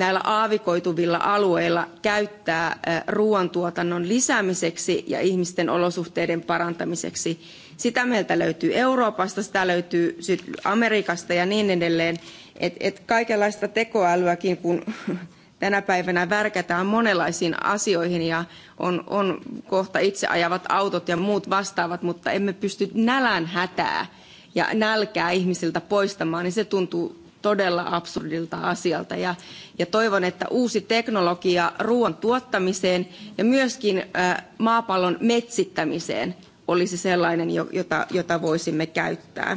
näillä aavikoituvilla alueilla käyttää äh, ruoantuotannon lisäämiseksi ja ihmisten olosuhteiden parantamiseksi. Sitä meiltä löytyy Euroopasta, sitä löytyy Amerikasta ja niin edelleen. Et, et kaikenlaista tekoälyäkin, kun tänä päivänä värkätään monenlaisiin asioihin ja on, on kohta itse ajavat autot ja muut vastaavat, mutta emme pysty nälän hätää ja nälkää ihmisiltä poistamaan, niin se tuntuu todella absurdilta asialta. Ja, ja toivon, että uusi teknologia ruoan tuottamiseen ja myöskin ää, äh, maapallon metsittämiseen olisi sellainen, jota, jota voisimme käyttää.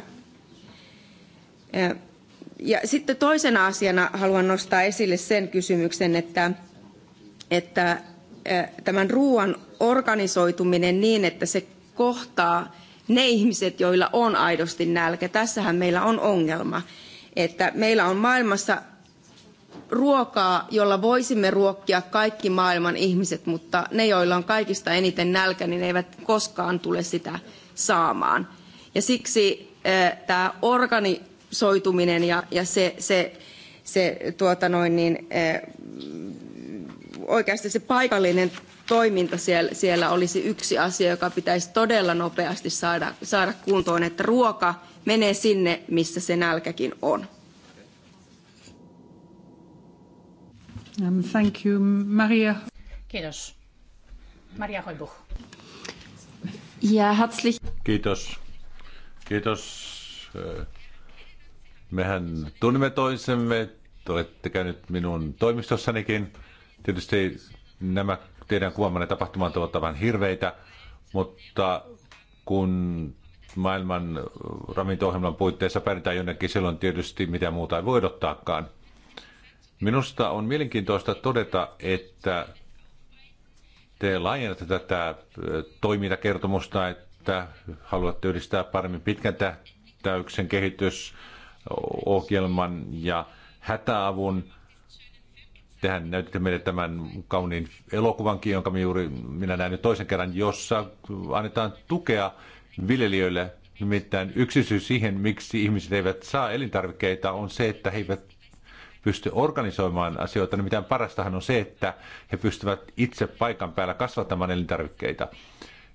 Äh, ja sitten toisena asiana haluan nostaa esille sen kysymyksen, että, että äh, tämän ruoan organisoituminen niin, että se kohtaa ne ihmiset, joilla on aidosti nälkä. Tässähän meillä on ongelma että meillä on maailmassa ruokaa, jolla voisimme ruokkia kaikki maailman ihmiset, mutta ne, joilla on kaikista eniten nälkä, niin eivät koskaan tule sitä saamaan. Ja siksi eh, tämä organisoituminen ja, ja se, se, se tuota noin niin, eh, oikeasti se paikallinen toiminta siellä, siellä olisi yksi asia, joka pitäisi todella nopeasti saada, saada kuntoon, että ruoka – menee sinne, missä se nälkäkin on. Um, thank you, Maria. Kiitos. Maria Hoibuch. Ja herzlich. Kiitos. Kiitos. Mehän tunnemme toisemme. Te olette käynyt minun toimistossanikin. Tietysti nämä teidän kuvaamanne tapahtumat ovat aivan hirveitä, mutta kun maailman ravinto-ohjelman puitteissa pärjätään jonnekin silloin tietysti mitä muuta ei voidottaakaan. Minusta on mielenkiintoista todeta, että te laajennatte tätä toimintakertomusta, että haluatte yhdistää paremmin pitkän tähtäyksen kehitysohjelman ja hätäavun. Tehän näytitte meille tämän kauniin elokuvankin, jonka minä juuri minä näin nyt toisen kerran, jossa annetaan tukea viljelijöille. Nimittäin yksi syy siihen, miksi ihmiset eivät saa elintarvikkeita, on se, että he eivät pysty organisoimaan asioita. Nimittäin parastahan on se, että he pystyvät itse paikan päällä kasvattamaan elintarvikkeita.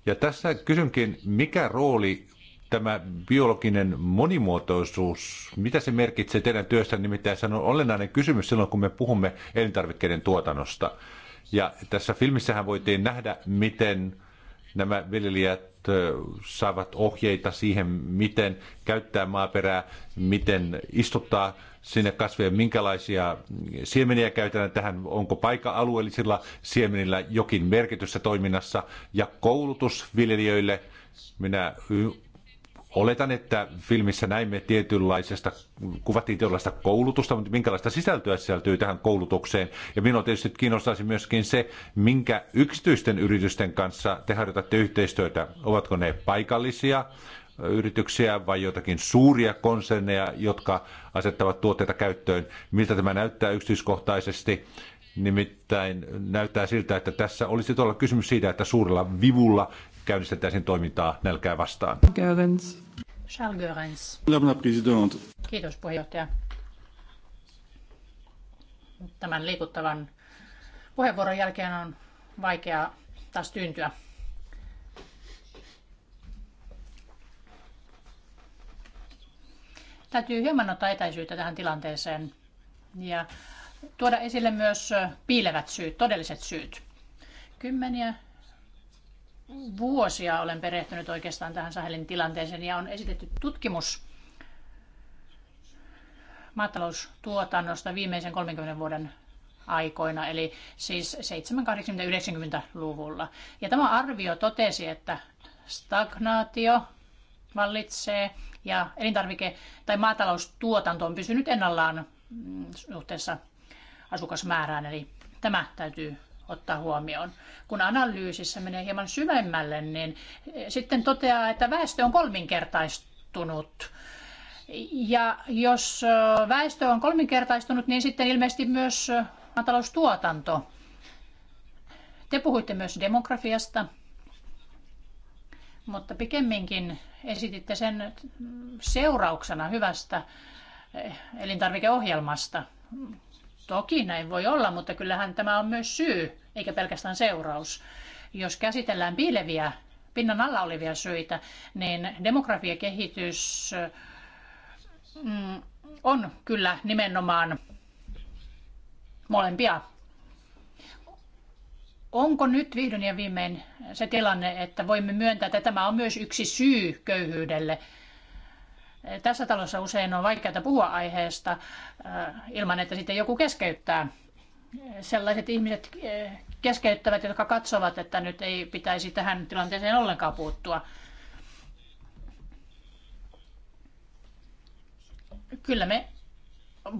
Ja tässä kysynkin, mikä rooli tämä biologinen monimuotoisuus, mitä se merkitsee teidän työssä? Nimittäin se on olennainen kysymys silloin, kun me puhumme elintarvikkeiden tuotannosta. Ja tässä filmissähän voitiin nähdä, miten nämä viljelijät saavat ohjeita siihen, miten käyttää maaperää, miten istuttaa sinne kasveja, minkälaisia siemeniä käytetään tähän, onko paikka alueellisilla siemenillä jokin merkitystä toiminnassa ja koulutus viljelijöille. Minä Oletan, että filmissä näimme tietynlaisesta, kuvattiin tietynlaista koulutusta, mutta minkälaista sisältöä sisältyy tähän koulutukseen. Ja minua tietysti kiinnostaisi myöskin se, minkä yksityisten yritysten kanssa te harjoitatte yhteistyötä. Ovatko ne paikallisia yrityksiä vai jotakin suuria konserneja, jotka asettavat tuotteita käyttöön? Miltä tämä näyttää yksityiskohtaisesti? Nimittäin näyttää siltä, että tässä olisi todella kysymys siitä, että suurella vivulla käynnistettäisiin toimintaa nälkää vastaan. Görens. Charles Görens. Kiitos puheenjohtaja. Tämän liikuttavan puheenvuoron jälkeen on vaikea taas tyyntyä. Täytyy hieman ottaa etäisyyttä tähän tilanteeseen ja tuoda esille myös piilevät syyt, todelliset syyt. Kymmeniä vuosia olen perehtynyt oikeastaan tähän Sahelin tilanteeseen ja on esitetty tutkimus maataloustuotannosta viimeisen 30 vuoden aikoina, eli siis 70 80, 90-luvulla. Ja tämä arvio totesi, että stagnaatio vallitsee ja elintarvike- tai maataloustuotanto on pysynyt ennallaan mm, suhteessa asukasmäärään, eli tämä täytyy ottaa huomioon. Kun analyysissä menee hieman syvemmälle, niin sitten toteaa, että väestö on kolminkertaistunut. Ja jos väestö on kolminkertaistunut, niin sitten ilmeisesti myös maataloustuotanto. Te puhuitte myös demografiasta, mutta pikemminkin esititte sen seurauksena hyvästä eh, elintarvikeohjelmasta. Toki näin voi olla, mutta kyllähän tämä on myös syy, eikä pelkästään seuraus. Jos käsitellään piileviä, pinnan alla olevia syitä, niin demografiakehitys mm, on kyllä nimenomaan molempia. Onko nyt vihdoin ja viimein se tilanne, että voimme myöntää, että tämä on myös yksi syy köyhyydelle – tässä talossa usein on vaikeaa puhua aiheesta äh, ilman, että sitten joku keskeyttää. Sellaiset ihmiset äh, keskeyttävät, jotka katsovat, että nyt ei pitäisi tähän tilanteeseen ollenkaan puuttua. Kyllä me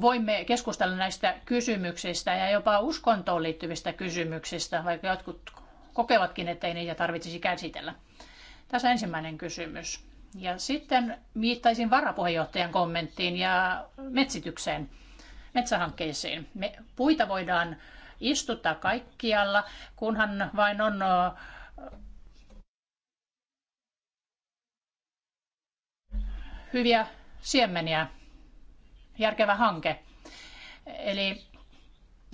voimme keskustella näistä kysymyksistä ja jopa uskontoon liittyvistä kysymyksistä, vaikka jotkut kokevatkin, ettei niitä tarvitsisi käsitellä. Tässä ensimmäinen kysymys. Ja sitten viittaisin varapuheenjohtajan kommenttiin ja metsitykseen, metsähankkeisiin. Me, puita voidaan istuttaa kaikkialla, kunhan vain on hyviä siemeniä, järkevä hanke. Eli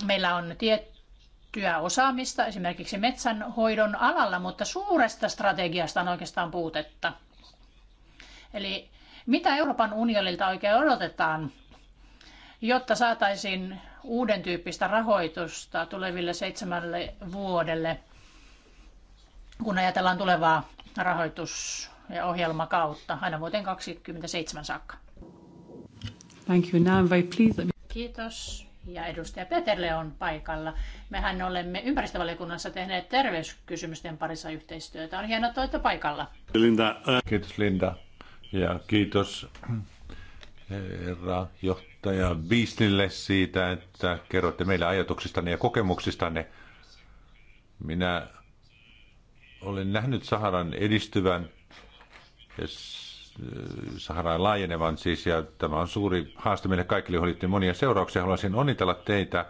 meillä on tiettyä osaamista esimerkiksi metsänhoidon alalla, mutta suuresta strategiasta on oikeastaan puutetta – Eli mitä Euroopan unionilta oikein odotetaan, jotta saataisiin uuden tyyppistä rahoitusta tuleville seitsemälle vuodelle, kun ajatellaan tulevaa rahoitus- ja ohjelmakautta aina vuoteen 2027 saakka? Thank you. Now I'm very pleased. Kiitos. Ja edustaja Peterle on paikalla. Mehän olemme ympäristövaliokunnassa tehneet terveyskysymysten parissa yhteistyötä. On hienoa, että olette paikalla. Linda. Äh. Kiitos Linda. Ja kiitos herra johtaja Biislille siitä, että kerrotte meille ajatuksistanne ja kokemuksistanne. Minä olen nähnyt Saharan edistyvän ja Saharan laajenevan siis, ja tämä on suuri haaste meille kaikille, johon liittyy monia seurauksia. Haluaisin onnitella teitä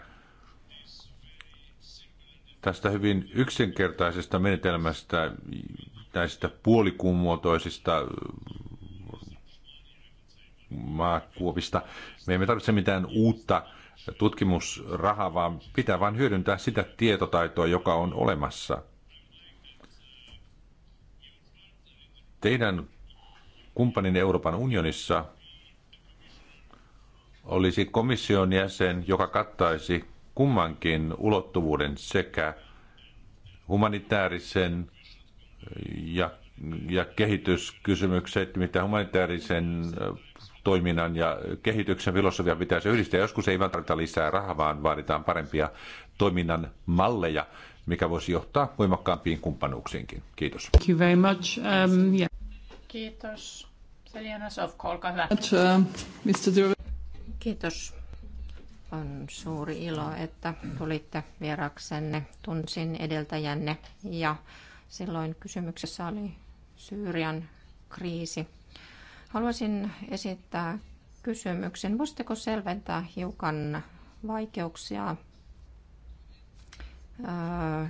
tästä hyvin yksinkertaisesta menetelmästä, näistä puolikuumuotoisista maakuopista. Me emme tarvitse mitään uutta tutkimusrahaa, vaan pitää vain hyödyntää sitä tietotaitoa, joka on olemassa. Teidän kumppanin Euroopan unionissa olisi komission jäsen, joka kattaisi kummankin ulottuvuuden sekä humanitaarisen ja, ja kehityskysymykset, mitä humanitaarisen toiminnan ja kehityksen filosofia pitäisi yhdistää. Joskus ei välttämättä lisää rahaa, vaan vaaditaan parempia toiminnan malleja, mikä voisi johtaa voimakkaampiin kumppanuuksiinkin. Kiitos. Thank you very much. Um, yeah. Kiitos. Selena Sofko, olkaa hyvä. Uh, Kiitos. On suuri ilo, että tulitte vieraksenne. Tunsin edeltäjänne ja silloin kysymyksessä oli Syyrian kriisi Haluaisin esittää kysymyksen. Voisitteko selventää hiukan vaikeuksia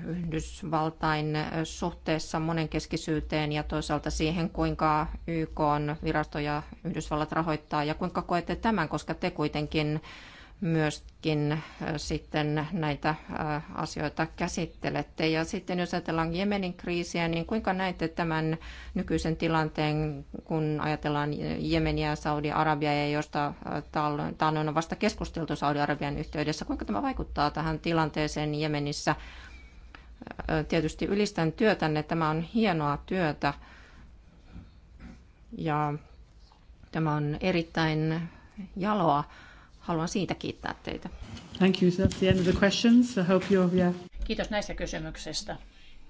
Yhdysvaltain suhteessa monenkeskisyyteen ja toisaalta siihen, kuinka YK on virastoja Yhdysvallat rahoittaa ja kuinka koette tämän, koska te kuitenkin myöskin äh, sitten näitä äh, asioita käsittelette. Ja sitten jos ajatellaan Jemenin kriisiä, niin kuinka näette tämän nykyisen tilanteen, kun ajatellaan Jemeniä ja Saudi-Arabia, ja josta äh, taannoin on vasta keskusteltu Saudi-Arabian yhteydessä, kuinka tämä vaikuttaa tähän tilanteeseen Jemenissä? Tietysti ylistän työtänne, tämä on hienoa työtä, ja tämä on erittäin jaloa haluan siitä kiittää teitä. Thank you. That's the end of the questions. I hope you yeah. Kiitos näistä kysymyksistä.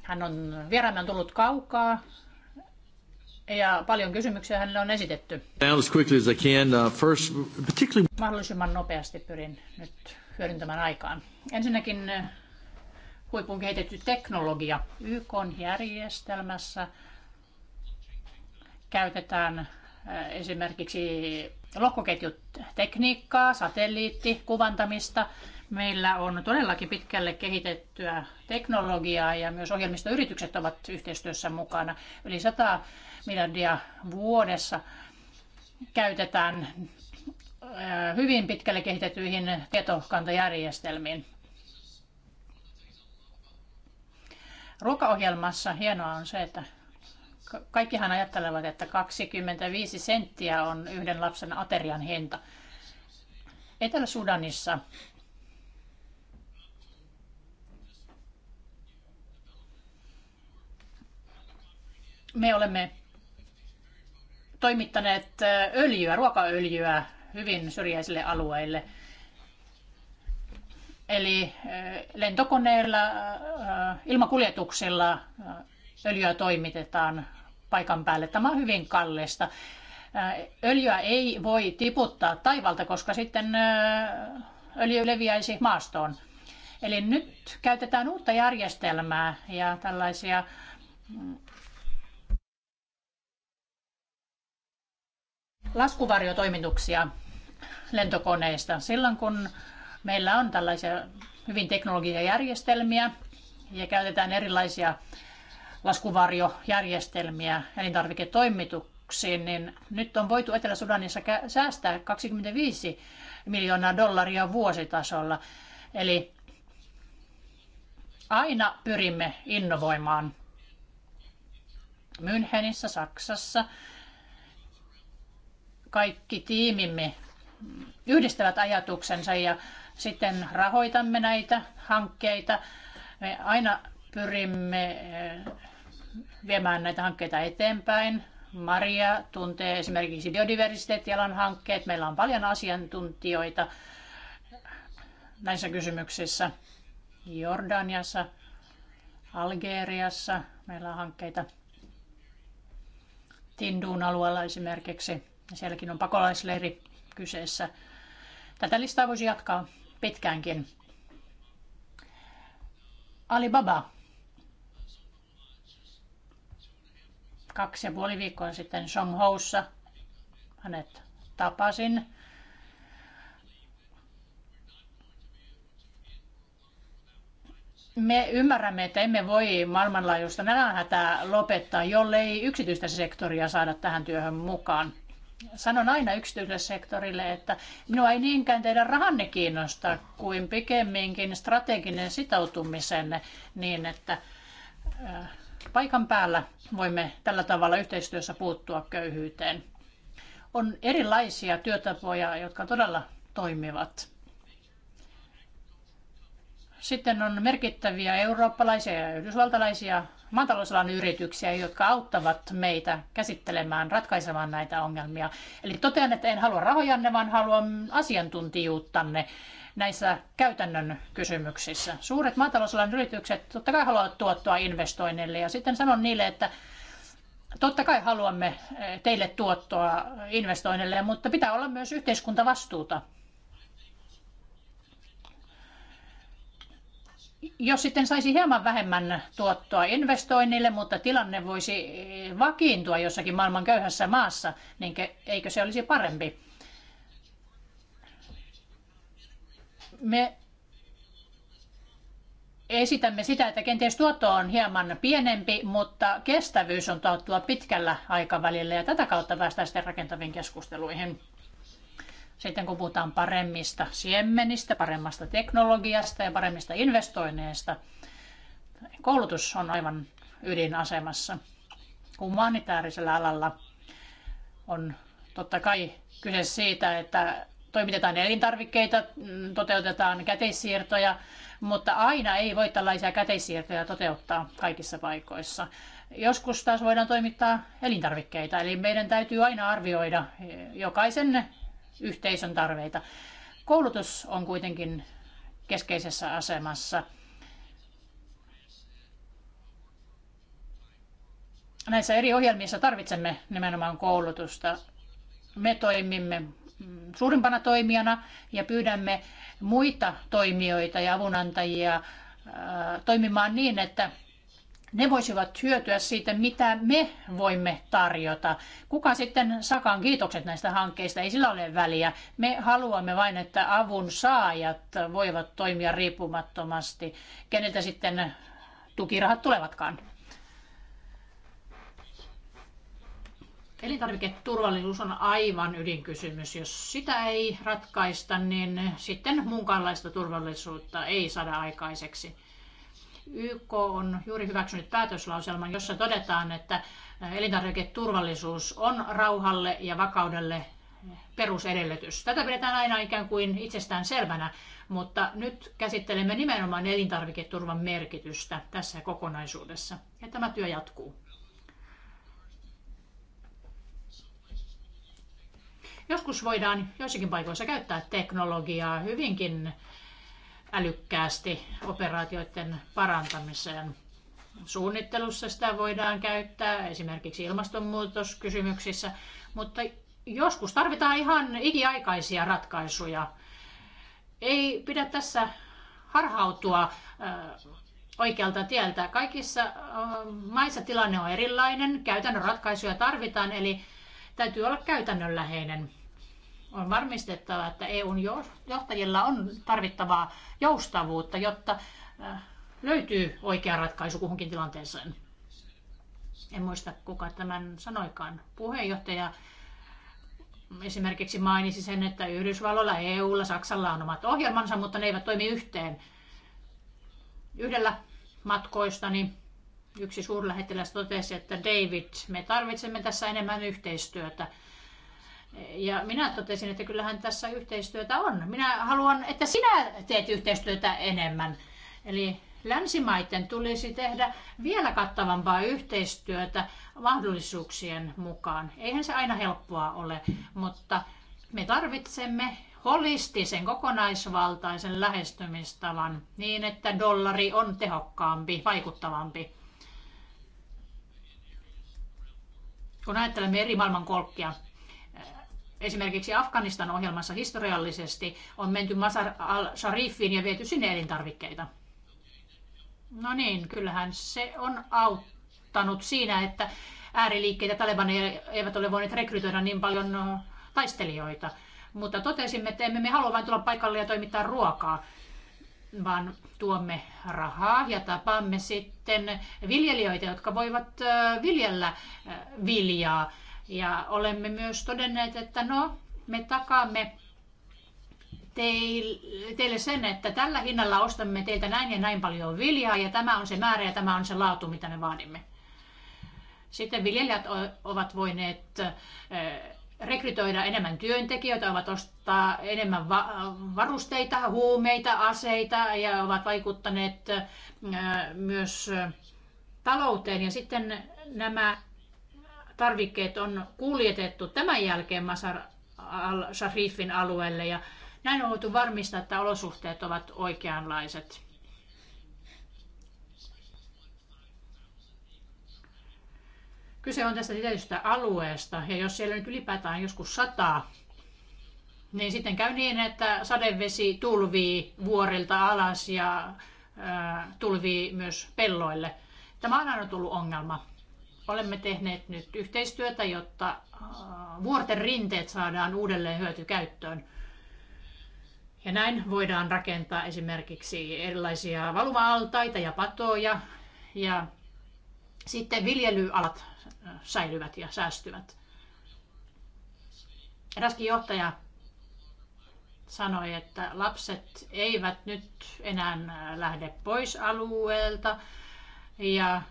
Hän on vieraamme on tullut kaukaa ja paljon kysymyksiä hänelle on esitetty. As quickly as I can, uh, first, particularly... Mahdollisimman nopeasti pyrin nyt hyödyntämään aikaan. Ensinnäkin eh, huipun kehitetty teknologia YK järjestelmässä käytetään Äh, esimerkiksi lohkoketjut tekniikkaa, satelliitti, kuvantamista. Meillä on todellakin pitkälle kehitettyä teknologiaa ja myös ohjelmistoyritykset ovat yhteistyössä mukana. Yli 100 miljardia vuodessa käytetään äh, hyvin pitkälle kehitettyihin tietokantajärjestelmiin. Ruokaohjelmassa hienoa on se, että Kaikkihan ajattelevat, että 25 senttiä on yhden lapsen aterian hinta. Etelä-Sudanissa me olemme toimittaneet öljyä, ruokaöljyä hyvin syrjäisille alueille. Eli lentokoneilla, ilmakuljetuksilla öljyä toimitetaan paikan päälle. Tämä on hyvin kallista. Öljyä ei voi tiputtaa taivalta, koska sitten öljy leviäisi maastoon. Eli nyt käytetään uutta järjestelmää ja tällaisia mm, laskuvarjotoimituksia lentokoneista. Silloin kun meillä on tällaisia hyvin teknologisia järjestelmiä ja käytetään erilaisia laskuvarjojärjestelmiä elintarviketoimituksiin, niin nyt on voitu Etelä-Sudanissa säästää 25 miljoonaa dollaria vuositasolla. Eli aina pyrimme innovoimaan. Münchenissä, Saksassa kaikki tiimimme yhdistävät ajatuksensa ja sitten rahoitamme näitä hankkeita. Me aina pyrimme viemään näitä hankkeita eteenpäin. Maria tuntee esimerkiksi biodiversiteettialan hankkeet. Meillä on paljon asiantuntijoita näissä kysymyksissä. Jordaniassa, Algeriassa meillä on hankkeita. Tinduun alueella esimerkiksi. Sielläkin on pakolaisleiri kyseessä. Tätä listaa voisi jatkaa pitkäänkin. Alibaba Kaksi ja puoli viikkoa sitten Somhoussa hänet tapasin. Me ymmärrämme, että emme voi maailmanlaajuista nälänhätää lopettaa, jollei yksityistä sektoria saada tähän työhön mukaan. Sanon aina yksityiselle sektorille, että minua ei niinkään teidän rahanne kiinnosta kuin pikemminkin strateginen sitoutumisenne niin, että äh, Paikan päällä voimme tällä tavalla yhteistyössä puuttua köyhyyteen. On erilaisia työtapoja, jotka todella toimivat. Sitten on merkittäviä eurooppalaisia ja yhdysvaltalaisia maatalousalan yrityksiä, jotka auttavat meitä käsittelemään, ratkaisemaan näitä ongelmia. Eli totean, että en halua rahojanne, vaan haluan asiantuntijuuttanne näissä käytännön kysymyksissä. Suuret maatalousalan yritykset totta kai haluavat tuottoa investoinneille ja sitten sanon niille, että totta kai haluamme eh, teille tuottoa investoinneille, mutta pitää olla myös yhteiskuntavastuuta. Jos sitten saisi hieman vähemmän tuottoa investoinnille, mutta tilanne voisi eh, vakiintua jossakin maailman köyhässä maassa, niin eikö se olisi parempi? Me esitämme sitä, että kenties tuotto on hieman pienempi, mutta kestävyys on taattua pitkällä aikavälillä ja tätä kautta päästään sitten rakentaviin keskusteluihin. Sitten kun puhutaan paremmista siemenistä, paremmasta teknologiasta ja paremmista investoinneista, koulutus on aivan ydinasemassa. Humanitaarisella alalla on totta kai kyse siitä, että toimitetaan elintarvikkeita, mm, toteutetaan käteissiirtoja, mutta aina ei voi tällaisia käteissiirtoja toteuttaa kaikissa paikoissa. Joskus taas voidaan toimittaa elintarvikkeita, eli meidän täytyy aina arvioida eh, jokaisen yhteisön tarveita. Koulutus on kuitenkin keskeisessä asemassa. Näissä eri ohjelmissa tarvitsemme nimenomaan koulutusta. Me toimimme Mm, suurimpana toimijana ja pyydämme muita toimijoita ja avunantajia äh, toimimaan niin, että ne voisivat hyötyä siitä, mitä me voimme tarjota. Kuka sitten sakaan kiitokset näistä hankkeista, ei sillä ole väliä. Me haluamme vain, että avun saajat voivat toimia riippumattomasti, keneltä sitten tukirahat tulevatkaan. Elintarviketurvallisuus on aivan ydinkysymys. Jos sitä ei ratkaista, niin sitten muunkaanlaista turvallisuutta ei saada aikaiseksi. YK on juuri hyväksynyt päätöslauselman, jossa todetaan, että elintarviketurvallisuus on rauhalle ja vakaudelle perusedellytys. Tätä pidetään aina ikään kuin itsestään selvänä, mutta nyt käsittelemme nimenomaan elintarviketurvan merkitystä tässä kokonaisuudessa. Ja tämä työ jatkuu. Joskus voidaan joissakin paikoissa käyttää teknologiaa hyvinkin älykkäästi operaatioiden parantamiseen. Suunnittelussa sitä voidaan käyttää esimerkiksi ilmastonmuutoskysymyksissä, mutta joskus tarvitaan ihan ikiaikaisia ratkaisuja. Ei pidä tässä harhautua äh, oikealta tieltä. Kaikissa äh, maissa tilanne on erilainen, käytännön ratkaisuja tarvitaan, eli täytyy olla käytännönläheinen. On varmistettava, että EUn johtajilla on tarvittavaa joustavuutta, jotta äh, löytyy oikea ratkaisu kuhunkin tilanteeseen. En muista, kuka tämän sanoikaan. Puheenjohtaja esimerkiksi mainitsi sen, että Yhdysvalloilla, EUlla, Saksalla on omat ohjelmansa, mutta ne eivät toimi yhteen. Yhdellä matkoistani niin yksi suurlähettiläs totesi, että David, me tarvitsemme tässä enemmän yhteistyötä. Ja minä totesin, että kyllähän tässä yhteistyötä on. Minä haluan, että sinä teet yhteistyötä enemmän. Eli länsimaiden tulisi tehdä vielä kattavampaa yhteistyötä mahdollisuuksien mukaan. Eihän se aina helppoa ole, mutta me tarvitsemme holistisen kokonaisvaltaisen lähestymistavan niin, että dollari on tehokkaampi, vaikuttavampi. Kun ajattelemme eri maailmankolkkia, Esimerkiksi Afganistan ohjelmassa historiallisesti on menty Masar al-Sharifiin ja viety sinne elintarvikkeita. No niin, kyllähän se on auttanut siinä, että ääriliikkeitä talebaneja eivät ole voineet rekrytoida niin paljon no, taistelijoita. Mutta totesimme, että emme me halua vain tulla paikalle ja toimittaa ruokaa, vaan tuomme rahaa ja tapaamme sitten viljelijöitä, jotka voivat viljellä viljaa ja olemme myös todenneet, että no, me takaamme teille sen, että tällä hinnalla ostamme teiltä näin ja näin paljon viljaa ja tämä on se määrä ja tämä on se laatu, mitä me vaadimme. Sitten viljelijät ovat voineet rekrytoida enemmän työntekijöitä, ovat ostaa enemmän varusteita, huumeita, aseita ja ovat vaikuttaneet myös talouteen. Ja sitten nämä tarvikkeet on kuljetettu tämän jälkeen Masar al-Sharifin alueelle ja näin on voitu varmistaa, että olosuhteet ovat oikeanlaiset. Kyse on tästä tietystä alueesta ja jos siellä nyt ylipäätään joskus sataa, niin sitten käy niin, että sadevesi tulvii vuorilta alas ja tulvii myös pelloille. Tämä on aina tullut ongelma. Olemme tehneet nyt yhteistyötä, jotta vuorten rinteet saadaan uudelleen hyötykäyttöön. Ja näin voidaan rakentaa esimerkiksi erilaisia valuma-altaita ja patoja ja sitten viljelyalat säilyvät ja säästyvät. Eräskin johtaja sanoi, että lapset eivät nyt enää lähde pois alueelta ja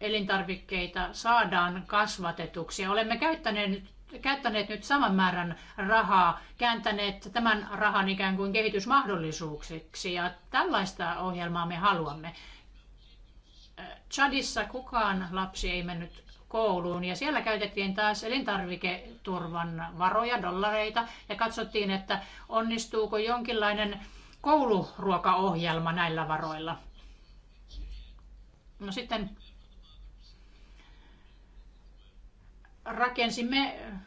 elintarvikkeita saadaan kasvatetuksi. Olemme käyttäneet, käyttäneet nyt saman määrän rahaa, kääntäneet tämän rahan ikään kuin kehitysmahdollisuuksiksi ja tällaista ohjelmaa me haluamme. Chadissa kukaan lapsi ei mennyt kouluun ja siellä käytettiin taas elintarviketurvan varoja, dollareita ja katsottiin, että onnistuuko jonkinlainen kouluruokaohjelma näillä varoilla. No sitten rakensimme äh,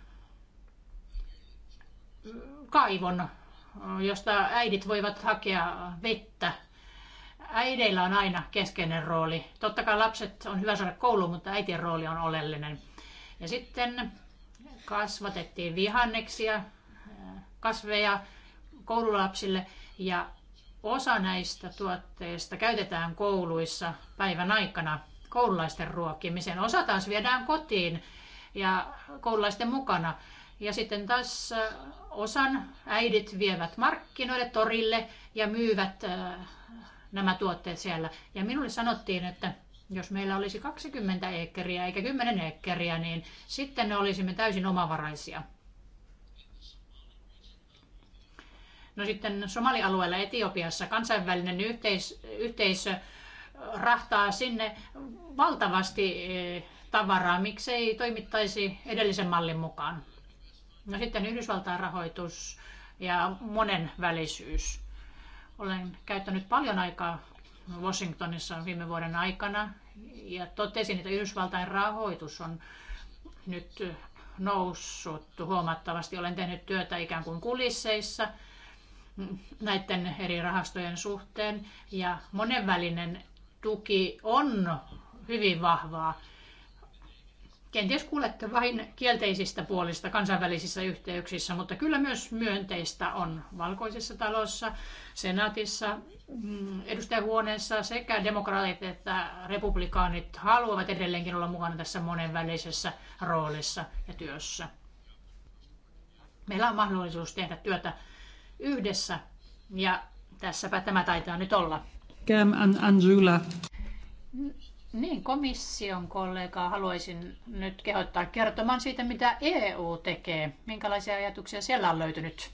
kaivon, äh, josta äidit voivat hakea vettä. Äideillä on aina keskeinen rooli. Totta kai lapset on hyvä saada kouluun, mutta äitien rooli on oleellinen. Ja sitten kasvatettiin vihanneksia, äh, kasveja koululapsille ja osa näistä tuotteista käytetään kouluissa päivän aikana koululaisten ruokkimiseen. Osa taas viedään kotiin ja koululaisten mukana. Ja sitten taas osan äidit vievät markkinoille, torille ja myyvät nämä tuotteet siellä. Ja minulle sanottiin, että jos meillä olisi 20 eekkeriä eikä 10 eekkeriä, niin sitten ne olisimme täysin omavaraisia. No sitten Somalialueella Etiopiassa kansainvälinen yhteis, yhteisö rahtaa sinne valtavasti tavaraa. Miksei toimittaisi edellisen mallin mukaan? No sitten Yhdysvaltain rahoitus ja monenvälisyys. Olen käyttänyt paljon aikaa Washingtonissa viime vuoden aikana ja totesin, että Yhdysvaltain rahoitus on nyt noussut huomattavasti. Olen tehnyt työtä ikään kuin kulisseissa näiden eri rahastojen suhteen ja monenvälinen tuki on hyvin vahvaa. Kenties kuulette vain kielteisistä puolista kansainvälisissä yhteyksissä, mutta kyllä myös myönteistä on valkoisessa talossa, senaatissa, mm, edustajahuoneessa sekä demokraatit että republikaanit haluavat edelleenkin olla mukana tässä monenvälisessä roolissa ja työssä. Meillä on mahdollisuus tehdä työtä yhdessä ja tässäpä tämä taitaa nyt olla. Cam and Angela. Niin, komission kollegaa haluaisin nyt kehottaa kertomaan siitä, mitä EU tekee. Minkälaisia ajatuksia siellä on löytynyt?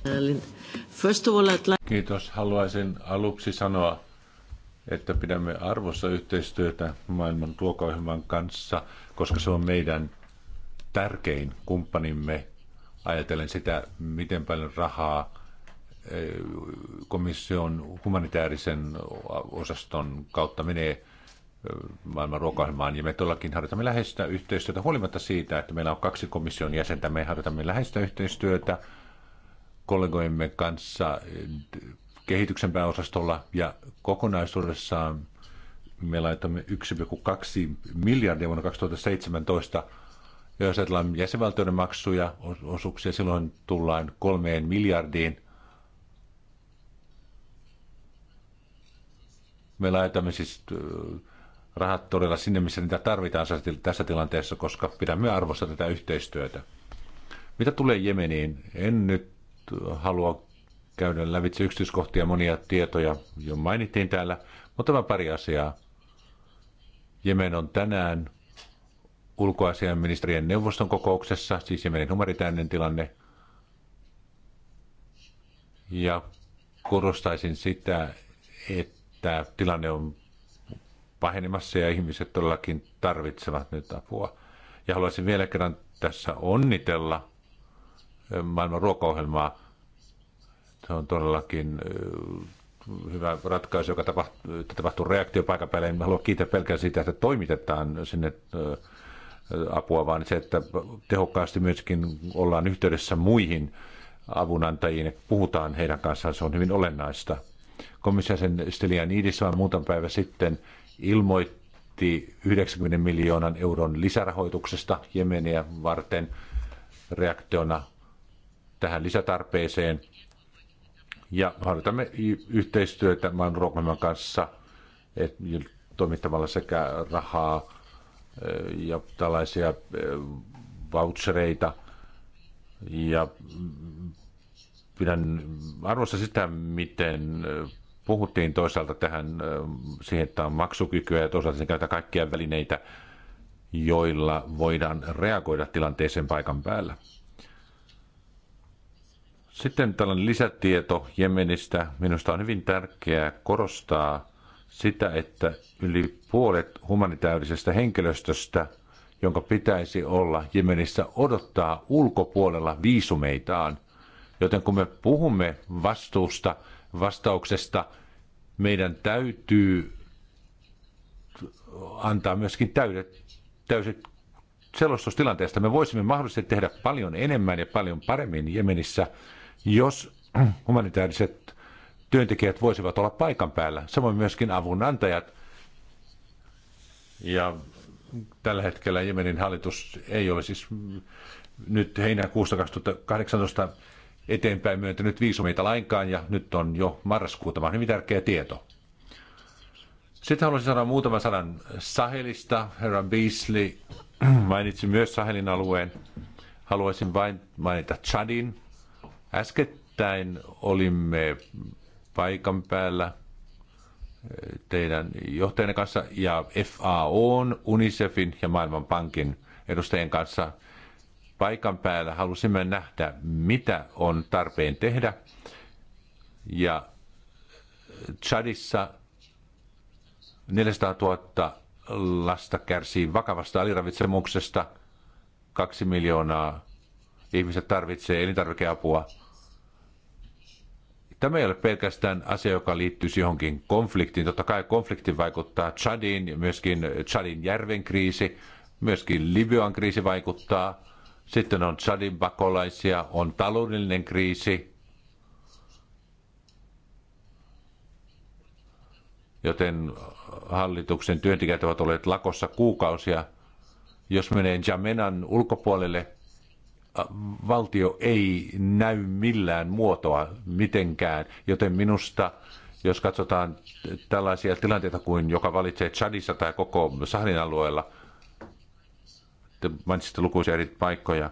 Kiitos. Haluaisin aluksi sanoa, että pidämme arvossa yhteistyötä maailman ruokaohjelman kanssa, koska se on meidän tärkein kumppanimme. Ajatellen sitä, miten paljon rahaa eh, komission humanitaarisen osaston kautta menee maailman ruokaohjelmaan, niin ja me todellakin harjoitamme läheistä yhteistyötä, huolimatta siitä, että meillä on kaksi komission jäsentä, me harjoitamme läheistä yhteistyötä kollegoimme kanssa eh, kehityksen pääosastolla, ja kokonaisuudessaan me laitamme 1,2 miljardia vuonna 2017, ja jos ajatellaan jäsenvaltioiden maksuja, osuuksia, silloin tullaan kolmeen miljardiin, me laitamme siis eh, rahat todella sinne, missä niitä tarvitaan tässä tilanteessa, koska pidämme arvossa tätä yhteistyötä. Mitä tulee Jemeniin? En nyt halua käydä lävitse yksityiskohtia, monia tietoja jo mainittiin täällä, mutta vain pari asiaa. Jemen on tänään ulkoasiainministerien neuvoston kokouksessa, siis Jemenin humanitäinen tilanne. Ja korostaisin sitä, että tilanne on pahenemassa ja ihmiset todellakin tarvitsevat nyt apua. Ja haluaisin vielä kerran tässä onnitella maailman ruokaohjelmaa. Se on todellakin hyvä ratkaisu, joka tapahtuu, tapahtuu reaktio päälle. En halua kiittää pelkään siitä, että toimitetaan sinne apua, vaan se, että tehokkaasti myöskin ollaan yhteydessä muihin avunantajiin että puhutaan heidän kanssaan, se on hyvin olennaista. Komissaisen Stelian Idis on muutama päivä sitten – ilmoitti 90 miljoonan euron lisärahoituksesta Jemeniä varten reaktiona tähän lisätarpeeseen. Ja harjoitamme yhteistyötä maailman ruokailman kanssa et, toimittamalla sekä rahaa ja tällaisia vouchereita. Ja mm, pidän arvossa sitä, miten puhuttiin toisaalta tähän siihen, että on maksukykyä ja toisaalta sen käytetään kaikkia välineitä, joilla voidaan reagoida tilanteeseen paikan päällä. Sitten tällainen lisätieto Jemenistä. Minusta on hyvin tärkeää korostaa sitä, että yli puolet humanitaarisesta henkilöstöstä, jonka pitäisi olla Jemenissä, odottaa ulkopuolella viisumeitaan. Joten kun me puhumme vastuusta, vastauksesta. Meidän täytyy antaa myöskin täydet, täyset selostustilanteesta. Me voisimme mahdollisesti tehdä paljon enemmän ja paljon paremmin Jemenissä, jos humanitaariset työntekijät voisivat olla paikan päällä, samoin myöskin avunantajat. Ja tällä hetkellä Jemenin hallitus ei ole siis nyt heinäkuussa 2018 eteenpäin myöntänyt viisumita lainkaan ja nyt on jo marraskuu. Tämä on hyvin tärkeä tieto. Sitten haluaisin sanoa muutaman sanan Sahelista. Herra Beasley mainitsi myös Sahelin alueen. Haluaisin vain mainita Chadin. Äskettäin olimme paikan päällä eh, teidän johtajanne kanssa ja FAOn, UNICEFin ja Maailmanpankin edustajien kanssa – paikan päällä. Halusimme nähdä, mitä on tarpeen tehdä. Ja Chadissa 400 000 lasta kärsii vakavasta aliravitsemuksesta. Kaksi miljoonaa ihmiset tarvitsee elintarvikeapua. Tämä ei ole pelkästään asia, joka liittyy johonkin konfliktiin. Totta kai konflikti vaikuttaa Chadin ja myöskin Chadin järven kriisi. Myöskin Libyan kriisi vaikuttaa. Sitten on Chadin pakolaisia, on taloudellinen kriisi. Joten hallituksen työntekijät ovat olleet lakossa kuukausia. Jos menee Jamenan ulkopuolelle, valtio ei näy millään muotoa mitenkään. Joten minusta, jos katsotaan tällaisia tilanteita kuin joka valitsee Chadissa tai koko Sahelin alueella, sitten mainitsitte lukuisia eri paikkoja.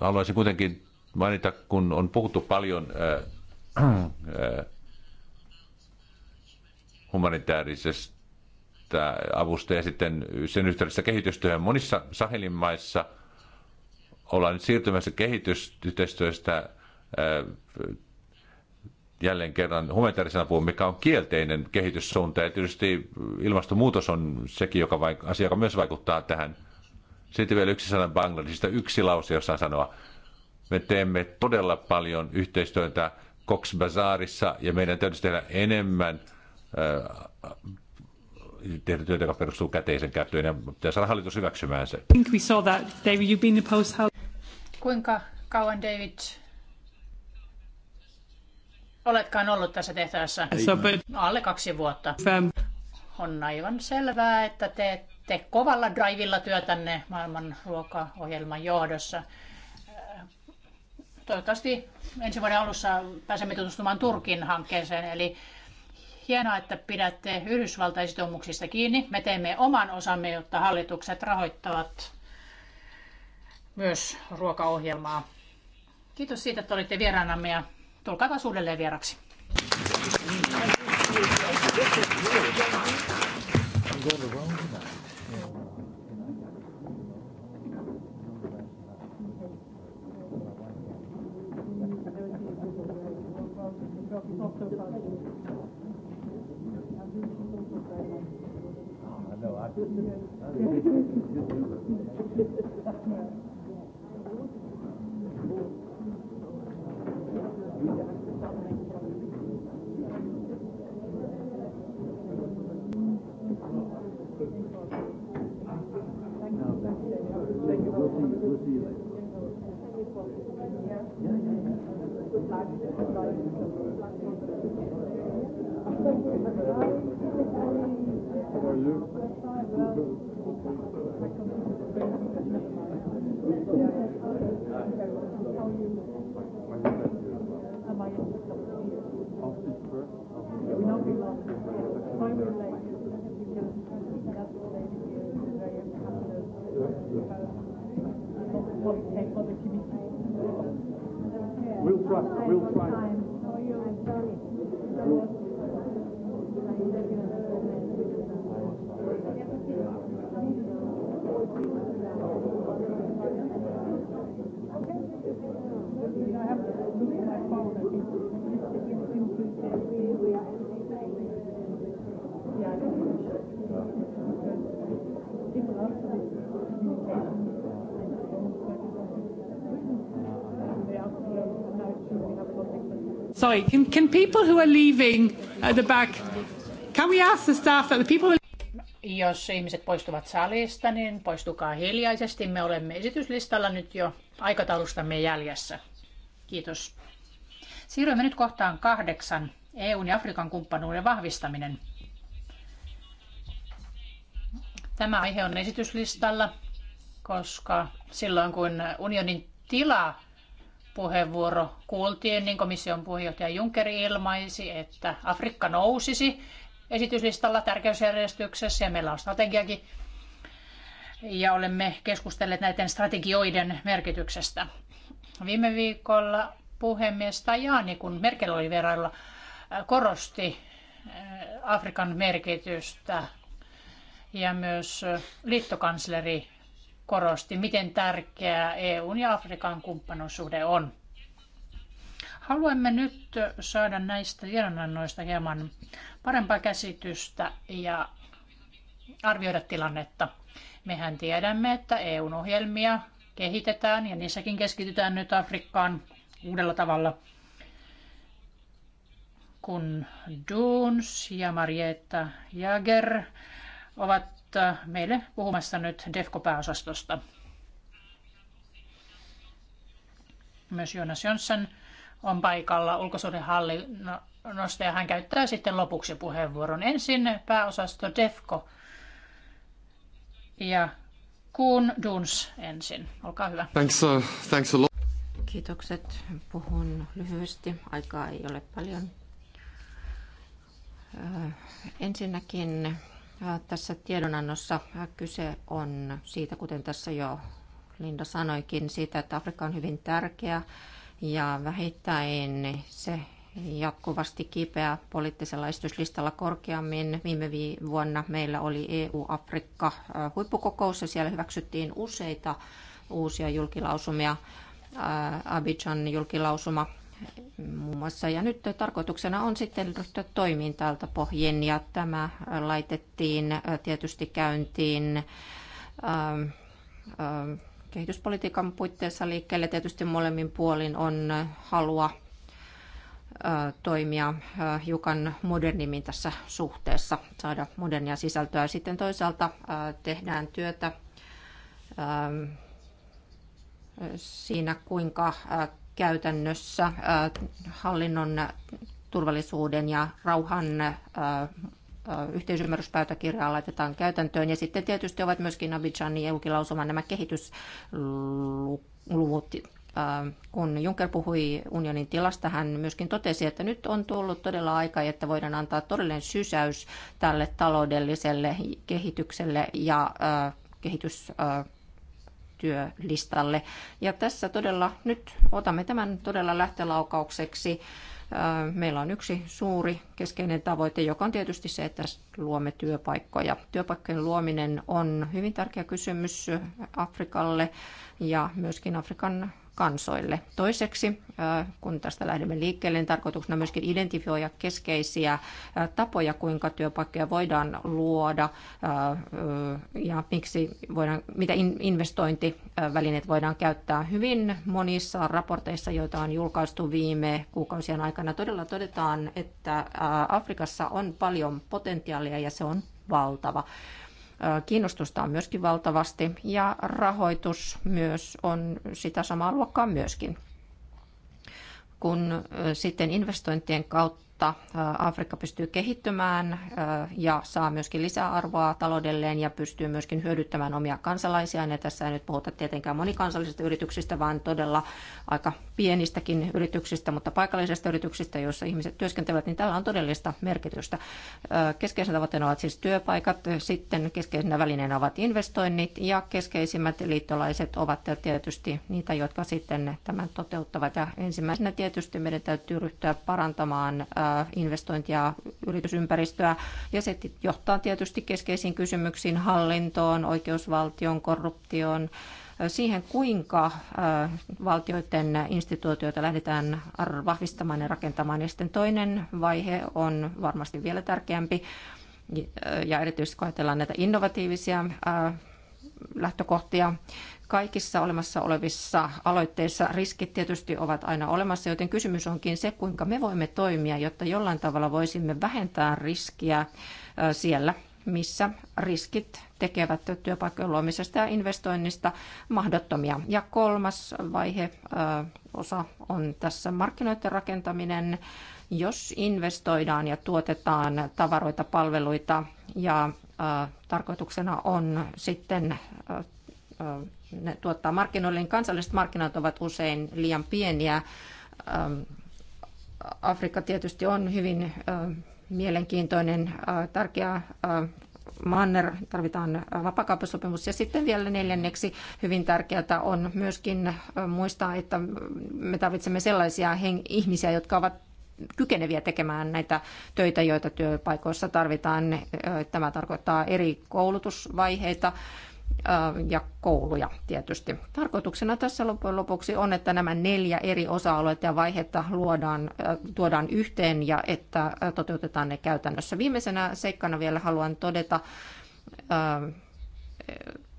Haluaisin kuitenkin mainita, kun on puhuttu paljon äh, äh, humanitaarisesta avusta ja sitten sen yhteydessä kehitystyöhön. Monissa Sahelin maissa ollaan nyt siirtymässä kehitysyhteistyöstä äh, jälleen kerran humanitaarisen apuun, mikä on kielteinen kehityssuunta. Ja tietysti ilmastonmuutos on sekin joka vaik- asia, joka myös vaikuttaa tähän. Sitten vielä yksi sana Bangladesista, yksi lause, jossa sanoa. Me teemme todella paljon yhteistyötä Cox Bazaarissa ja meidän täytyisi tehdä enemmän äh, tehdä työtä, joka perustuu käteisen käyttöön ja pitää saada hallitus hyväksymään se. Kuinka kauan David oletkaan ollut tässä tehtävässä Alle kaksi vuotta. On aivan selvää, että teette kovalla drivilla työtänne maailman ruokaohjelman johdossa. Toivottavasti ensi vuoden alussa pääsemme tutustumaan Turkin hankkeeseen, eli hienoa, että pidätte Yhdysvaltain sitoumuksista kiinni. Me teemme oman osamme, jotta hallitukset rahoittavat myös ruokaohjelmaa. Kiitos siitä, että olitte vieraanamme ja Tulkaa taas uudelleen vieraksi. No, I Sorry, can, can people who are leaving at the back, can we ask the staff that the people who jos ihmiset poistuvat salista, niin poistukaa hiljaisesti. Me olemme esityslistalla nyt jo aikataulustamme jäljessä. Kiitos. Siirrymme nyt kohtaan kahdeksan. EUn ja Afrikan kumppanuuden vahvistaminen. Tämä aihe on esityslistalla, koska silloin kun unionin tila puheenvuoro kuultiin, niin komission puheenjohtaja Juncker ilmaisi, että Afrikka nousisi esityslistalla tärkeysjärjestyksessä ja meillä on strategiakin ja olemme keskustelleet näiden strategioiden merkityksestä. Viime viikolla puhemies Tajani, kun Merkel oli vierailla, korosti äh, Afrikan merkitystä ja myös äh, liittokansleri korosti, miten tärkeää EUn ja Afrikan kumppanuussuhde on. Haluamme nyt saada näistä tiedonannoista hieman parempaa käsitystä ja arvioida tilannetta. Mehän tiedämme, että EUn ohjelmia kehitetään ja niissäkin keskitytään nyt Afrikkaan uudella tavalla. Kun Duns ja Marietta Jager ovat Äh, meille puhumassa nyt DEFCO-pääosastosta. Myös Jonas Jönsson on paikalla ulkosuhdehallinnosta no, ja hän käyttää sitten lopuksi puheenvuoron. Ensin pääosasto DEFCO ja Kuun Duns ensin. Olkaa hyvä. Thanks, uh, thanks a lot. Kiitokset. Puhun lyhyesti. Aikaa ei ole paljon. Äh, ensinnäkin tässä tiedonannossa kyse on siitä, kuten tässä jo Linda sanoikin, siitä, että Afrikka on hyvin tärkeä ja vähittäin se jatkuvasti kipeä poliittisella esityslistalla korkeammin. Viime vuonna meillä oli EU-Afrikka huippukokous ja siellä hyväksyttiin useita uusia julkilausumia. Abidjan julkilausuma muun muassa. Ja nyt tarkoituksena on sitten ryhtyä toimiin täältä pohjin ja tämä laitettiin tietysti käyntiin kehityspolitiikan puitteissa liikkeelle. Tietysti molemmin puolin on halua toimia hiukan modernimmin tässä suhteessa, saada modernia sisältöä. Sitten toisaalta tehdään työtä siinä, kuinka käytännössä hallinnon turvallisuuden ja rauhan yhteisymmärryspäätökirjaa laitetaan käytäntöön. Ja sitten tietysti ovat myöskin Abidjanin EUkin kilausuman nämä kehitysluvut. Kun Juncker puhui unionin tilasta, hän myöskin totesi, että nyt on tullut todella aika, että voidaan antaa todellinen sysäys tälle taloudelliselle kehitykselle ja kehitys työlistalle. Ja tässä todella nyt otamme tämän todella lähtölaukaukseksi. Meillä on yksi suuri keskeinen tavoite, joka on tietysti se, että luomme työpaikkoja. Työpaikkojen luominen on hyvin tärkeä kysymys Afrikalle ja myöskin Afrikan kansoille. Toiseksi, kun tästä lähdemme liikkeelle, niin tarkoituksena myöskin identifioida keskeisiä tapoja, kuinka työpaikkoja voidaan luoda ja miksi voidaan, mitä investointivälineet voidaan käyttää. Hyvin monissa raporteissa, joita on julkaistu viime kuukausien aikana, todella todetaan, että Afrikassa on paljon potentiaalia ja se on valtava. Kiinnostusta on myöskin valtavasti ja rahoitus myös on sitä samaa luokkaa myöskin. Kun sitten investointien kautta jotta Afrikka pystyy kehittymään ja saa myöskin lisäarvoa taloudelleen ja pystyy myöskin hyödyttämään omia kansalaisiaan. Ja tässä ei nyt puhuta tietenkään monikansallisista yrityksistä, vaan todella aika pienistäkin yrityksistä, mutta paikallisista yrityksistä, joissa ihmiset työskentelevät, niin tällä on todellista merkitystä. Keskeisenä tavoitteena ovat siis työpaikat, sitten keskeisenä välineenä ovat investoinnit ja keskeisimmät liittolaiset ovat tietysti niitä, jotka sitten tämän toteuttavat. Ja ensimmäisenä tietysti meidän täytyy ryhtyä parantamaan investointia yritysympäristöä. Ja se johtaa tietysti keskeisiin kysymyksiin hallintoon, oikeusvaltion, korruptioon, siihen, kuinka valtioiden instituutioita lähdetään vahvistamaan ja rakentamaan. Ja sitten toinen vaihe on varmasti vielä tärkeämpi, ja erityisesti kun ajatellaan näitä innovatiivisia lähtökohtia, kaikissa olemassa olevissa aloitteissa riskit tietysti ovat aina olemassa, joten kysymys onkin se, kuinka me voimme toimia, jotta jollain tavalla voisimme vähentää riskiä siellä, missä riskit tekevät työpaikkojen luomisesta ja investoinnista mahdottomia. Ja kolmas vaihe, osa on tässä markkinoiden rakentaminen. Jos investoidaan ja tuotetaan tavaroita, palveluita ja tarkoituksena on sitten tuottaa markkinoille, niin kansalliset markkinat ovat usein liian pieniä. Ähm, Afrikka tietysti on hyvin ähm, mielenkiintoinen, äh, tärkeä äh, manner, tarvitaan äh, vapakauppasopimus. Ja sitten vielä neljänneksi hyvin tärkeää on myöskin muistaa, että me tarvitsemme sellaisia ihmisiä, jotka ovat kykeneviä tekemään näitä töitä, joita työpaikoissa tarvitaan. Tämä tarkoittaa eri koulutusvaiheita ja kouluja tietysti. Tarkoituksena tässä loppujen lopuksi on, että nämä neljä eri osa-aluetta ja vaihetta luodaan, tuodaan yhteen ja että toteutetaan ne käytännössä. Viimeisenä seikkana vielä haluan todeta,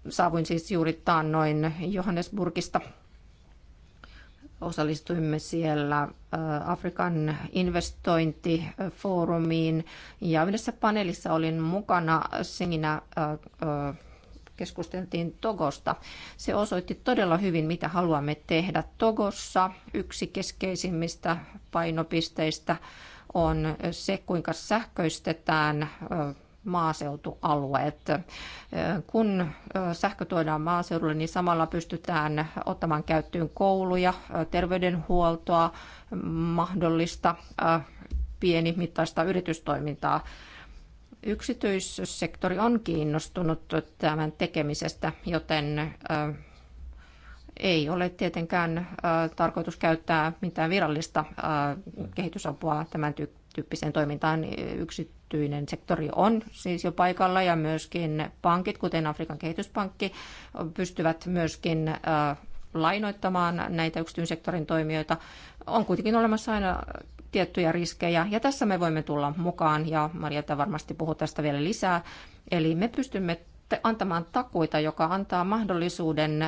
saavuin siis juuri taannoin Johannesburgista osallistuimme siellä Afrikan investointifoorumiin ja yhdessä paneelissa olin mukana siinä keskusteltiin Togosta. Se osoitti todella hyvin, mitä haluamme tehdä. Togossa yksi keskeisimmistä painopisteistä on se, kuinka sähköistetään maaseutualueet. Kun sähkö tuodaan maaseudulle, niin samalla pystytään ottamaan käyttöön kouluja, terveydenhuoltoa, mahdollista pienimittaista yritystoimintaa Yksityissektori on kiinnostunut tämän tekemisestä, joten ei ole tietenkään tarkoitus käyttää mitään virallista kehitysapua tämän tyyppiseen toimintaan. Yksityinen sektori on siis jo paikalla ja myöskin pankit, kuten Afrikan kehityspankki, pystyvät myöskin lainoittamaan näitä yksityisen sektorin toimijoita. On kuitenkin olemassa aina tiettyjä riskejä, ja tässä me voimme tulla mukaan, ja Marjeta varmasti puhuu tästä vielä lisää. Eli me pystymme antamaan takuita, joka antaa mahdollisuuden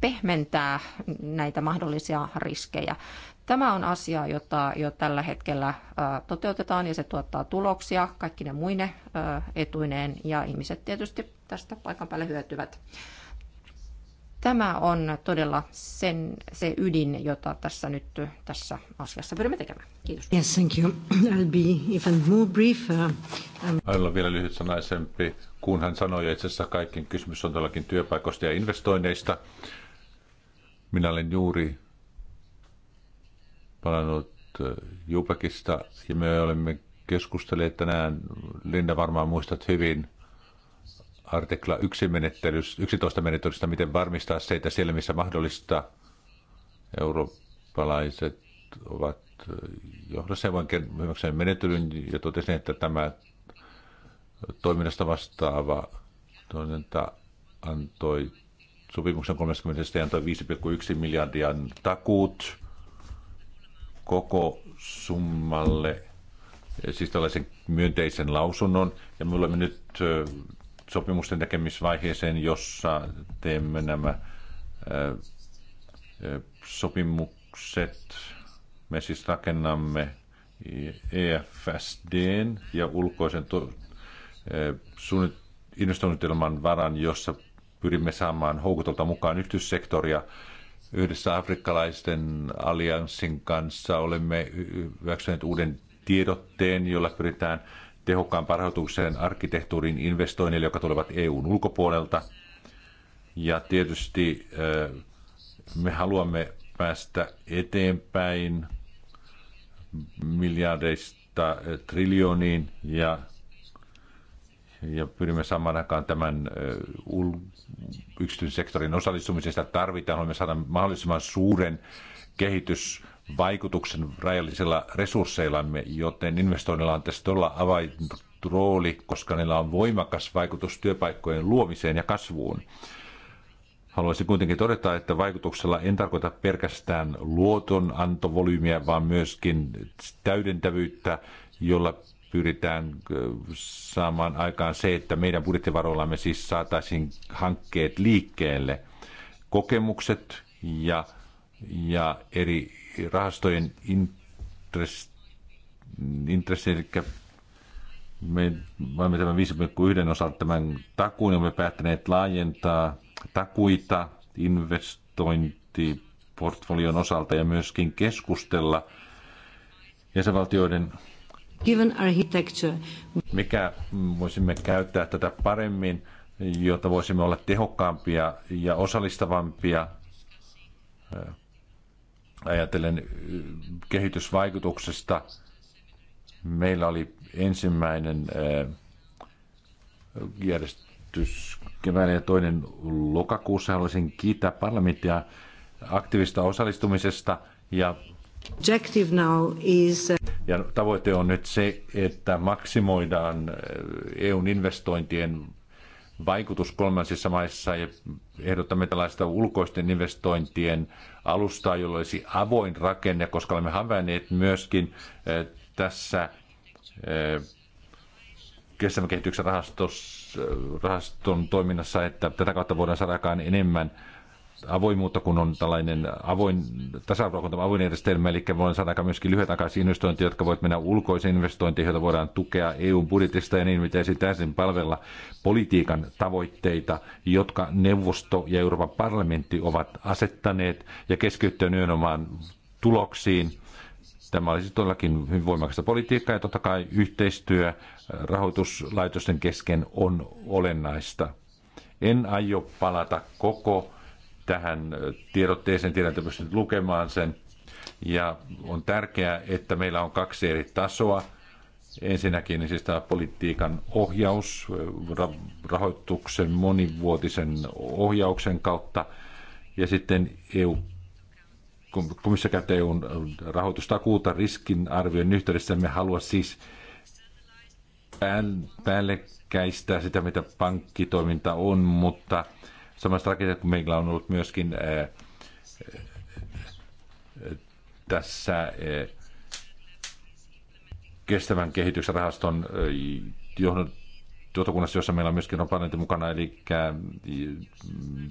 pehmentää näitä mahdollisia riskejä. Tämä on asia, jota jo tällä hetkellä toteutetaan ja se tuottaa tuloksia kaikki ne muine etuineen ja ihmiset tietysti tästä paikan päälle hyötyvät. Tämä on todella sen, se ydin, jota tässä nyt tässä asiassa pyrimme tekemään. Kiitos. Yes, thank you. I'll be even more brief. Um... vielä lyhyt sanaisempi, kun hän sanoi, että itse asiassa kysymys on todellakin työpaikoista ja investoinneista. Minä olen juuri palannut äh, Jupekista ja me olemme keskustelleet tänään, Linda varmaan muistat hyvin, artikla 1 menettelys, 11 menettelystä, miten varmistaa se, että siellä missä mahdollista eurooppalaiset ovat johdossa voin hyväksyä menettelyn ja totesin, että tämä toiminnasta vastaava toiminta antoi sopimuksen 30. ja antoi 5,1 miljardia takuut koko summalle, siis tällaisen myönteisen lausunnon. Ja me olemme nyt sopimusten tekemisvaiheeseen, jossa teemme nämä sopimukset. Me siis rakennamme EFSDn ja ulkoisen investoinnitelman varan, jossa pyrimme saamaan houkutolta mukaan yksityissektoria. Yhdessä afrikkalaisten allianssin kanssa olemme hyväksyneet uuden tiedotteen, jolla pyritään tehokkaan parhautukseen arkkitehtuurin investoinneille, jotka tulevat EUn ulkopuolelta. Ja tietysti eh, me haluamme päästä eteenpäin miljardeista eh, triljooniin ja, ja pyrimme samaan aikaan tämän eh, yksityisen sektorin osallistumisesta tarvitaan. Haluamme saada mahdollisimman suuren kehitys vaikutuksen rajallisilla resursseillamme, joten investoinnilla on tässä todella avaintu rooli, koska niillä on voimakas vaikutus työpaikkojen luomiseen ja kasvuun. Haluaisin kuitenkin todeta, että vaikutuksella en tarkoita pelkästään luotonantovolyymiä, vaan myöskin täydentävyyttä, jolla pyritään saamaan aikaan se, että meidän budjettivaroillamme siis saataisiin hankkeet liikkeelle. Kokemukset ja, ja eri rahastojen intressi, eli me olemme tämän 5,1 osalta tämän takuun, ja me päättäneet laajentaa takuita investointiportfolion osalta ja myöskin keskustella jäsenvaltioiden Given architecture. Mikä voisimme käyttää tätä paremmin, jotta voisimme olla tehokkaampia ja osallistavampia ajatellen kehitysvaikutuksesta. Meillä oli ensimmäinen järjestys keväällä ja toinen lokakuussa. Haluaisin kiittää parlamenttia aktiivista osallistumisesta ja ja tavoite on nyt se, että maksimoidaan EUn investointien vaikutus kolmansissa maissa ja ehdotamme tällaista ulkoisten investointien alustaa, jolla olisi avoin rakenne, koska olemme havainneet myöskin eh, tässä eh, kestävän kehityksen rahastos, eh, rahaston toiminnassa, että tätä kautta voidaan saada aikaan enemmän avoimuutta, kun on tällainen avoin, tasa avoin järjestelmä, eli voidaan saada aika myöskin lyhytaikaisia investointeja, jotka voivat mennä ulkoisiin investointeihin, joita voidaan tukea EU-budjetista ja niin mitä täysin palvella politiikan tavoitteita, jotka neuvosto ja Euroopan parlamentti ovat asettaneet ja keskittyä nimenomaan tuloksiin. Tämä olisi todellakin hyvin voimakasta politiikkaa ja totta kai yhteistyö rahoituslaitosten kesken on olennaista. En aio palata koko tähän tiedotteeseen. Tiedän, että pystyt lukemaan sen. Ja on tärkeää, että meillä on kaksi eri tasoa. Ensinnäkin niin siis tämä politiikan ohjaus rahoituksen monivuotisen ohjauksen kautta ja sitten EU komissio käyttää EUn rahoitustakuuta riskinarvion yhteydessä. Me halua siis päällekkäistää sitä, mitä pankkitoiminta on, mutta Samasta rakenteesta kuin meillä on ollut myöskin ää, eh, eh, tässä ää, eh, kestävän kehityksen rahaston johdon jossa meillä on myöskin on mukana, eli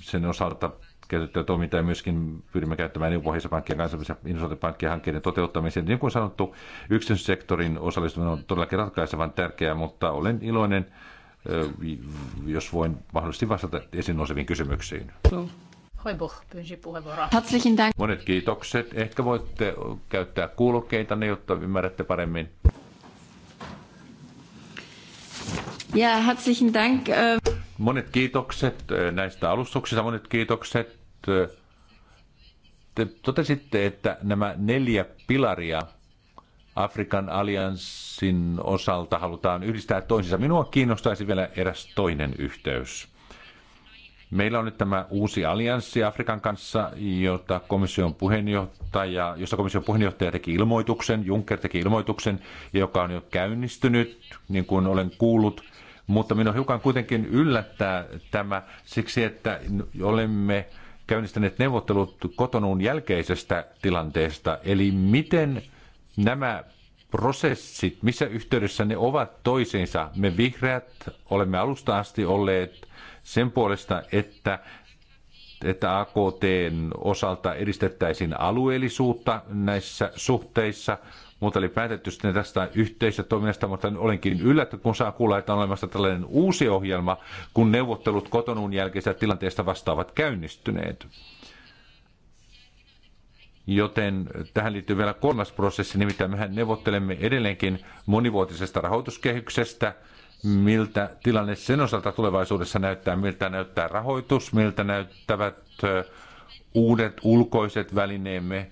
sen osalta käytettyä toimintaa ja myöskin pyrimme käyttämään EU-pohjaisen pankkien kansainvälisen investointipankkien hankkeiden toteuttamiseen. Niin kuin sanottu, yksityissektorin osallistuminen on todellakin ratkaisevan tärkeää, mutta olen iloinen jos voin mahdollisesti vastata esiin nouseviin kysymyksiin. Monet kiitokset. Ehkä voitte käyttää kuulokkeita, ne, jotta ymmärrätte paremmin. Ja, herzlichen Dank. Monet kiitokset näistä alustuksista, monet kiitokset. Te totesitte, että nämä neljä pilaria – Afrikan allianssin osalta halutaan yhdistää toisiinsa. Minua kiinnostaisi vielä eräs toinen yhteys. Meillä on nyt tämä uusi allianssi Afrikan kanssa, jota komission puheenjohtaja, josta komission puheenjohtaja teki ilmoituksen, Juncker teki ilmoituksen, joka on jo käynnistynyt, niin kuin olen kuullut. Mutta minua hiukan kuitenkin yllättää tämä siksi, että olemme käynnistäneet neuvottelut kotonuun jälkeisestä tilanteesta. Eli miten nämä prosessit, missä yhteydessä ne ovat toisiinsa. Me vihreät olemme alusta asti olleet sen puolesta, että että AKT osalta edistettäisiin alueellisuutta näissä suhteissa, mutta oli päätetty sitten tästä yhteisestä toiminnasta, mutta olenkin yllättynyt, kun saa kuulla, että on olemassa tällainen uusi ohjelma, kun neuvottelut kotonuun jälkeisestä tilanteesta vastaavat käynnistyneet. Joten tähän liittyy vielä kolmas prosessi, nimittäin mehän neuvottelemme edelleenkin monivuotisesta rahoituskehyksestä, miltä tilanne sen osalta tulevaisuudessa näyttää, miltä näyttää rahoitus, miltä näyttävät uudet ulkoiset välineemme,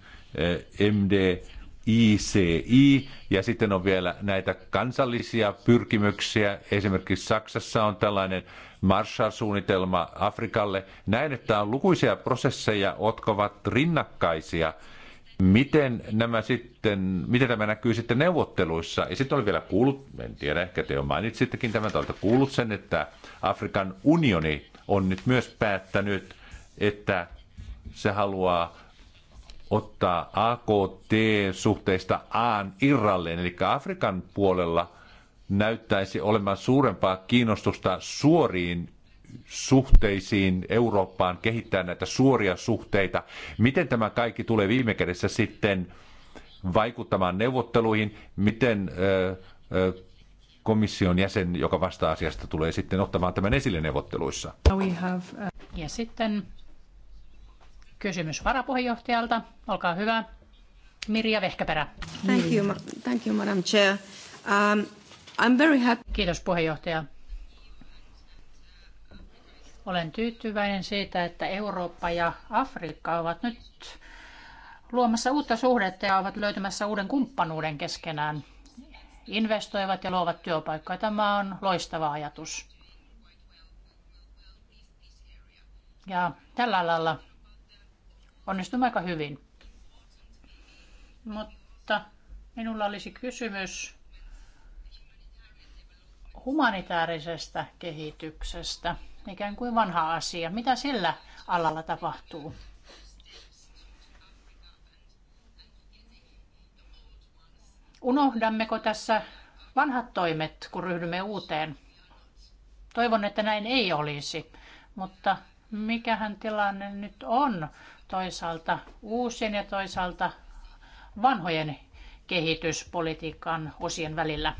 MD, ICI, ja sitten on vielä näitä kansallisia pyrkimyksiä. Esimerkiksi Saksassa on tällainen Marshall-suunnitelma Afrikalle. Näen, että on lukuisia prosesseja, jotka ovat rinnakkaisia. Miten, nämä sitten, miten tämä näkyy sitten neuvotteluissa? Ja sitten oli vielä kuullut, en tiedä, ehkä te jo mainitsittekin tämän, olette kuullut sen, että Afrikan unioni on nyt myös päättänyt, että se haluaa ottaa AKT-suhteista Aan irralleen, eli Afrikan puolella näyttäisi olemaan suurempaa kiinnostusta suoriin suhteisiin Eurooppaan, kehittää näitä suoria suhteita. Miten tämä kaikki tulee viime kädessä sitten vaikuttamaan neuvotteluihin? Miten komission jäsen, joka vastaa asiasta, tulee sitten ottamaan tämän esille neuvotteluissa? Uh, ja sitten kysymys varapuheenjohtajalta. Olkaa hyvä. Mirja Vehkäperä. Thank you, thank you Madam Chair. Um, I'm very happy. Kiitos puheenjohtaja. Olen tyytyväinen siitä, että Eurooppa ja Afrikka ovat nyt luomassa uutta suhdetta ja ovat löytymässä uuden kumppanuuden keskenään. Investoivat ja luovat työpaikkoja. Tämä on loistava ajatus. Ja tällä alalla onnistumme aika hyvin. Mutta minulla olisi kysymys humanitaarisesta kehityksestä, ikään kuin vanha asia. Mitä sillä alalla tapahtuu? Unohdammeko tässä vanhat toimet, kun ryhdymme uuteen? Toivon, että näin ei olisi, mutta mikähän tilanne nyt on toisaalta uusien ja toisaalta vanhojen kehityspolitiikan osien välillä?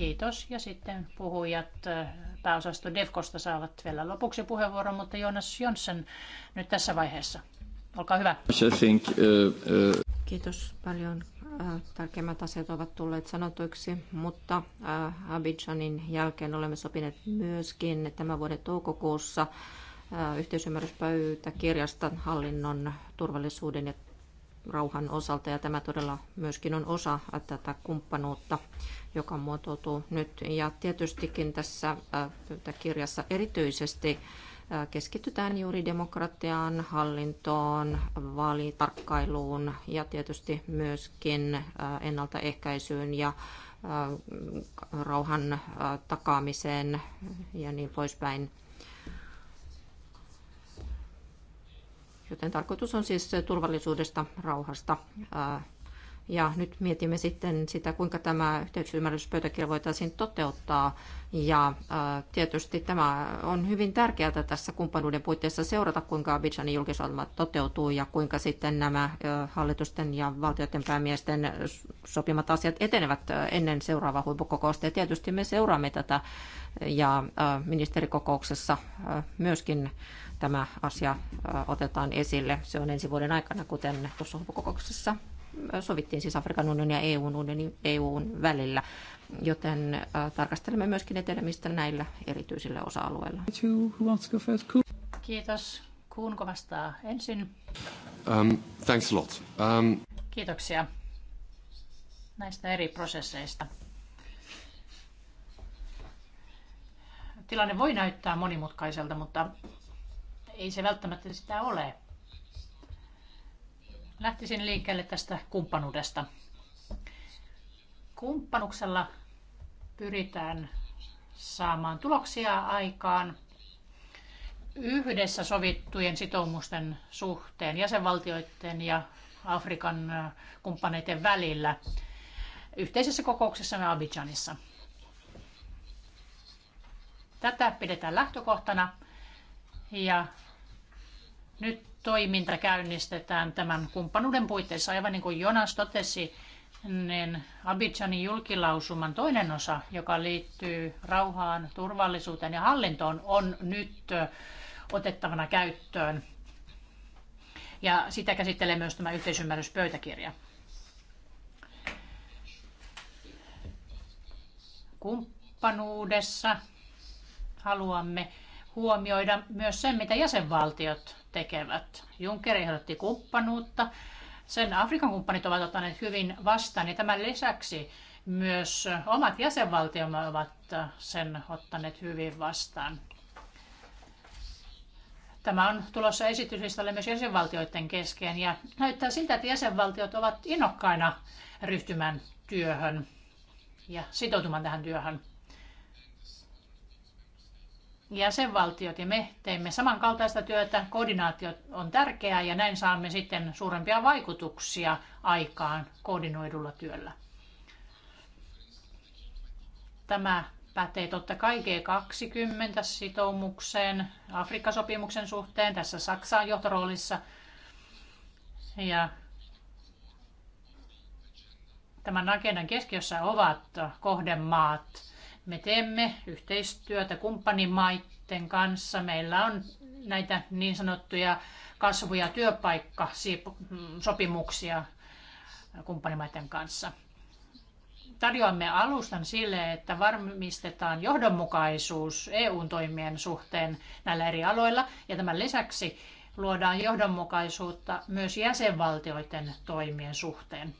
Kiitos. Ja sitten puhujat äh, pääosasto Defkosta saavat vielä lopuksi puheenvuoron, mutta Jonas Jonsson nyt tässä vaiheessa. Olkaa hyvä. Uh, uh, Kiitos paljon. Äh, tärkeimmät asiat ovat tulleet sanotuiksi, mutta äh, Abidjanin jälkeen olemme sopineet myöskin tämän vuoden toukokuussa yhteisymmärryspöytäkirjasta hallinnon turvallisuuden ja rauhan osalta ja tämä todella myöskin on osa tätä kumppanuutta, joka muotoutuu nyt. Ja tietystikin tässä äh, kirjassa erityisesti äh, keskitytään juuri demokratiaan, hallintoon, vaalitarkkailuun ja tietysti myöskin äh, ennaltaehkäisyyn ja rauhan takaamiseen ja niin poispäin. Joten tarkoitus on siis turvallisuudesta, rauhasta. Ja nyt mietimme sitten sitä, kuinka tämä yhteisymmärryspöytäkirja voitaisiin toteuttaa. Ja tietysti tämä on hyvin tärkeää tässä kumppanuuden puitteissa seurata, kuinka Abidjanin julkisohjelma toteutuu ja kuinka sitten nämä hallitusten ja valtioiden päämiesten sopimat asiat etenevät ennen seuraavaa huippukokousta. Ja tietysti me seuraamme tätä ja ministerikokouksessa myöskin tämä asia otetaan esille. Se on ensi vuoden aikana, kuten tuossa huippukokouksessa sovittiin siis Afrikan unionin ja EUn, unionin, EUn välillä, joten tarkastelemme myöskin etenemistä näillä erityisillä osa-alueilla. Kiitos. Kuunko vastaa ensin? Um, thanks a lot. Um... Kiitoksia näistä eri prosesseista. Tilanne voi näyttää monimutkaiselta, mutta ei se välttämättä sitä ole. Lähtisin liikkeelle tästä kumppanuudesta. Kumppanuksella pyritään saamaan tuloksia aikaan yhdessä sovittujen sitoumusten suhteen jäsenvaltioiden ja Afrikan kumppaneiden välillä yhteisessä kokouksessa Abidjanissa. Tätä pidetään lähtökohtana ja nyt toiminta käynnistetään tämän kumppanuuden puitteissa. Aivan niin kuin Jonas totesi, niin Abidjanin julkilausuman toinen osa, joka liittyy rauhaan, turvallisuuteen ja hallintoon, on nyt otettavana käyttöön. Ja sitä käsittelee myös tämä yhteisymmärryspöytäkirja. Kumppanuudessa haluamme huomioida myös sen, mitä jäsenvaltiot tekevät. Juncker ehdotti kumppanuutta. Sen Afrikan kumppanit ovat ottaneet hyvin vastaan ja tämän lisäksi myös omat jäsenvaltiomme ovat sen ottaneet hyvin vastaan. Tämä on tulossa esityslistalle myös jäsenvaltioiden kesken ja näyttää siltä, että jäsenvaltiot ovat innokkaina ryhtymään työhön ja sitoutumaan tähän työhön jäsenvaltiot ja me teemme samankaltaista työtä. Koordinaatio on tärkeää ja näin saamme sitten suurempia vaikutuksia aikaan koordinoidulla työllä. Tämä pätee totta kai G20-sitoumukseen, sopimuksen suhteen, tässä Saksa johtoroolissa. Ja tämän agendan keskiössä ovat kohdemaat, me teemme yhteistyötä kumppanimaiden kanssa. Meillä on näitä niin sanottuja kasvu- ja työpaikkasopimuksia kumppanimaiden kanssa. Tarjoamme alustan sille, että varmistetaan johdonmukaisuus eu toimien suhteen näillä eri aloilla ja tämän lisäksi luodaan johdonmukaisuutta myös jäsenvaltioiden toimien suhteen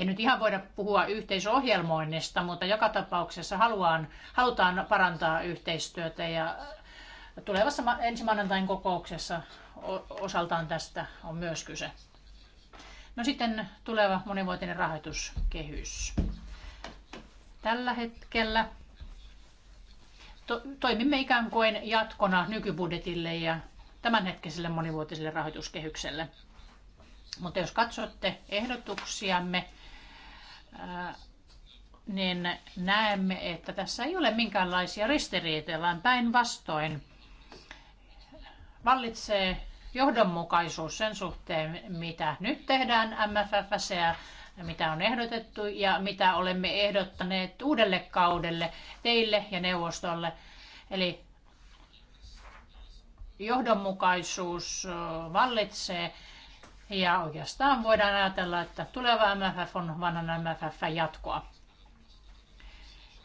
ei nyt ihan voida puhua yhteisohjelmoinnista, mutta joka tapauksessa haluan, halutaan parantaa yhteistyötä ja äh, tulevassa ensi maanantain kokouksessa osaltaan tästä on myös kyse. No sitten tuleva monivuotinen rahoituskehys. Tällä hetkellä to- toimimme ikään kuin jatkona nykybudjetille ja tämänhetkiselle monivuotiselle rahoituskehykselle. Mutta jos katsotte ehdotuksiamme, niin näemme, että tässä ei ole minkäänlaisia ristiriitoja, vaan päinvastoin vallitsee johdonmukaisuus sen suhteen, mitä nyt tehdään MFFssä ja mitä on ehdotettu ja mitä olemme ehdottaneet uudelle kaudelle teille ja neuvostolle. Eli johdonmukaisuus vallitsee ja oikeastaan voidaan ajatella, että tuleva MFF on vanhan MFF jatkoa.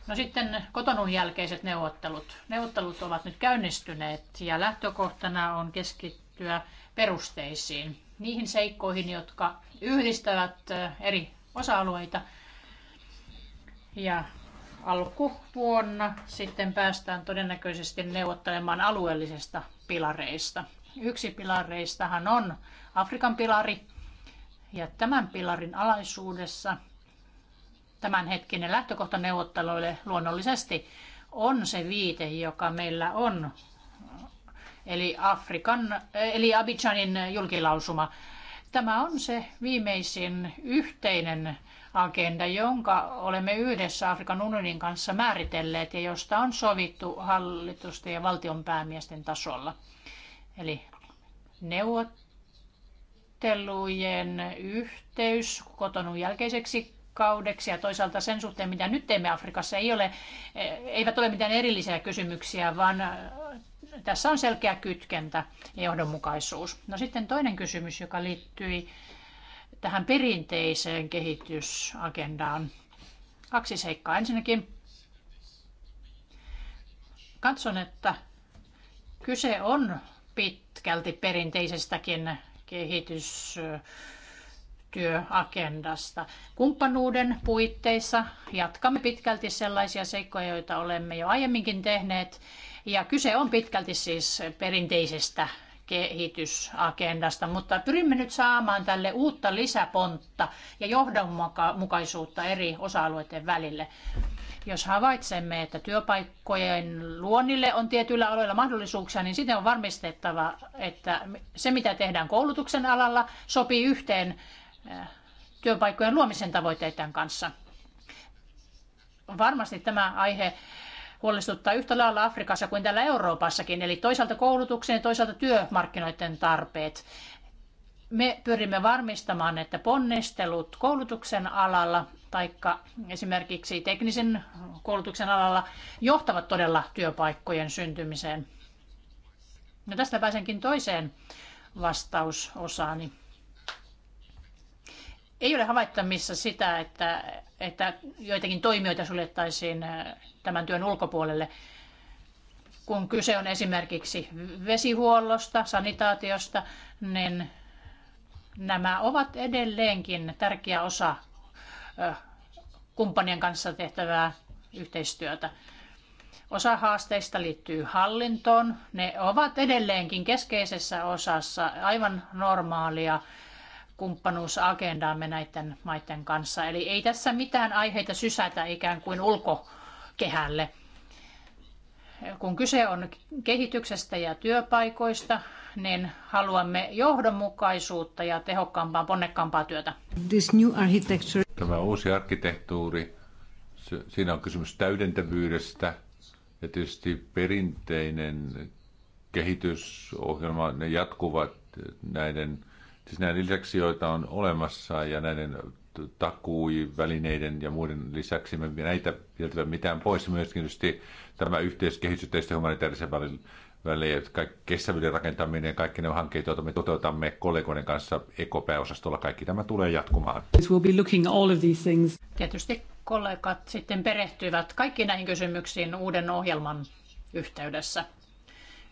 No sitten kotonun jälkeiset neuvottelut. Neuvottelut ovat nyt käynnistyneet ja lähtökohtana on keskittyä perusteisiin, niihin seikkoihin, jotka yhdistävät eri osa-alueita. Ja alkuvuonna sitten päästään todennäköisesti neuvottelemaan alueellisesta pilareista – Yksi pilareistahan on Afrikan pilari. Ja tämän pilarin alaisuudessa tämänhetkinen lähtökohta neuvotteluille luonnollisesti on se viite, joka meillä on. Eli, Afrikan, eli Abidjanin julkilausuma. Tämä on se viimeisin yhteinen agenda, jonka olemme yhdessä Afrikan unionin kanssa määritelleet ja josta on sovittu hallitusten ja valtionpäämiesten tasolla. Eli neuvottelujen yhteys kotonun jälkeiseksi kaudeksi ja toisaalta sen suhteen, mitä nyt teemme Afrikassa, ei ole, eivät ole mitään erillisiä kysymyksiä, vaan tässä on selkeä kytkentä ja johdonmukaisuus. No sitten toinen kysymys, joka liittyi tähän perinteiseen kehitysagendaan. Kaksi seikkaa. Ensinnäkin katson, että kyse on pitkälti perinteisestäkin kehitystyöagendasta. Kumppanuuden puitteissa jatkamme pitkälti sellaisia seikkoja, joita olemme jo aiemminkin tehneet. Ja kyse on pitkälti siis perinteisestä kehitysagendasta, mutta pyrimme nyt saamaan tälle uutta lisäpontta ja johdonmukaisuutta eri osa-alueiden välille. Jos havaitsemme, että työpaikkojen luonnille on tietyillä aloilla mahdollisuuksia, niin sitten on varmistettava, että se mitä tehdään koulutuksen alalla sopii yhteen eh, työpaikkojen luomisen tavoitteiden kanssa. Varmasti tämä aihe huolestuttaa yhtä lailla Afrikassa kuin täällä Euroopassakin, eli toisaalta koulutuksen ja toisaalta työmarkkinoiden tarpeet me pyrimme varmistamaan, että ponnistelut koulutuksen alalla tai esimerkiksi teknisen koulutuksen alalla johtavat todella työpaikkojen syntymiseen. No tästä pääsenkin toiseen vastausosaani. Ei ole havaittamissa sitä, että, että joitakin toimijoita suljettaisiin äh, tämän työn ulkopuolelle kun kyse on esimerkiksi vesihuollosta, sanitaatiosta, niin Nämä ovat edelleenkin tärkeä osa kumppanien kanssa tehtävää yhteistyötä. Osa haasteista liittyy hallintoon. Ne ovat edelleenkin keskeisessä osassa aivan normaalia kumppanuusagendaamme näiden maiden kanssa. Eli ei tässä mitään aiheita sysätä ikään kuin ulkokehälle. Kun kyse on kehityksestä ja työpaikoista, niin haluamme johdonmukaisuutta ja tehokkaampaa, ponnekkaampaa työtä. This new architecture. Tämä uusi arkkitehtuuri, siinä on kysymys täydentävyydestä ja tietysti perinteinen kehitysohjelma, ne jatkuvat näiden, siis näiden lisäksi, joita on olemassa ja näiden takuivälineiden ja muiden lisäksi me näitä pidetävä mitään pois. Myöskin tietysti tämä yhteiskehitys yhteisten humanitaarisen välillä välejä, kestävyyden rakentaminen, kaikki ne hankkeet, joita me toteutamme kollegoiden kanssa ekopääosastolla, kaikki tämä tulee jatkumaan. Tietysti kollegat sitten perehtyvät kaikki näihin kysymyksiin uuden ohjelman yhteydessä.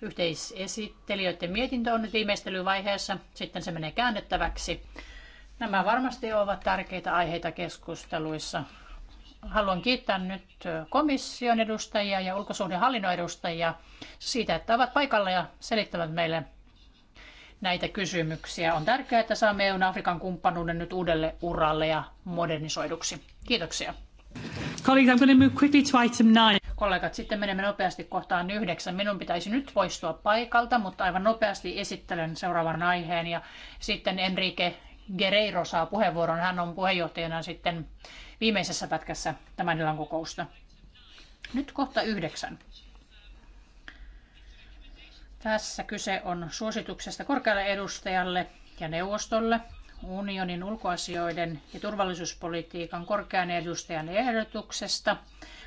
Yhteisesittelijöiden mietintö on nyt viimeistelyvaiheessa, sitten se menee käännettäväksi. Nämä varmasti ovat tärkeitä aiheita keskusteluissa haluan kiittää nyt komission edustajia ja ulkosuhdehallinnon edustajia siitä, että ovat paikalla ja selittävät meille näitä kysymyksiä. On tärkeää, että saamme EUn Afrikan kumppanuuden nyt uudelle uralle ja modernisoiduksi. Kiitoksia. Colleagues, I'm going to move quickly to item nine. Kollegat, sitten menemme nopeasti kohtaan yhdeksän. Minun pitäisi nyt poistua paikalta, mutta aivan nopeasti esittelen seuraavan aiheen. Ja sitten Enrique Guerreiro saa puheenvuoron. Hän on puheenjohtajana sitten viimeisessä pätkässä tämän illan kokousta. Nyt kohta yhdeksän. Tässä kyse on suosituksesta korkealle edustajalle ja neuvostolle unionin ulkoasioiden ja turvallisuuspolitiikan korkean edustajan ehdotuksesta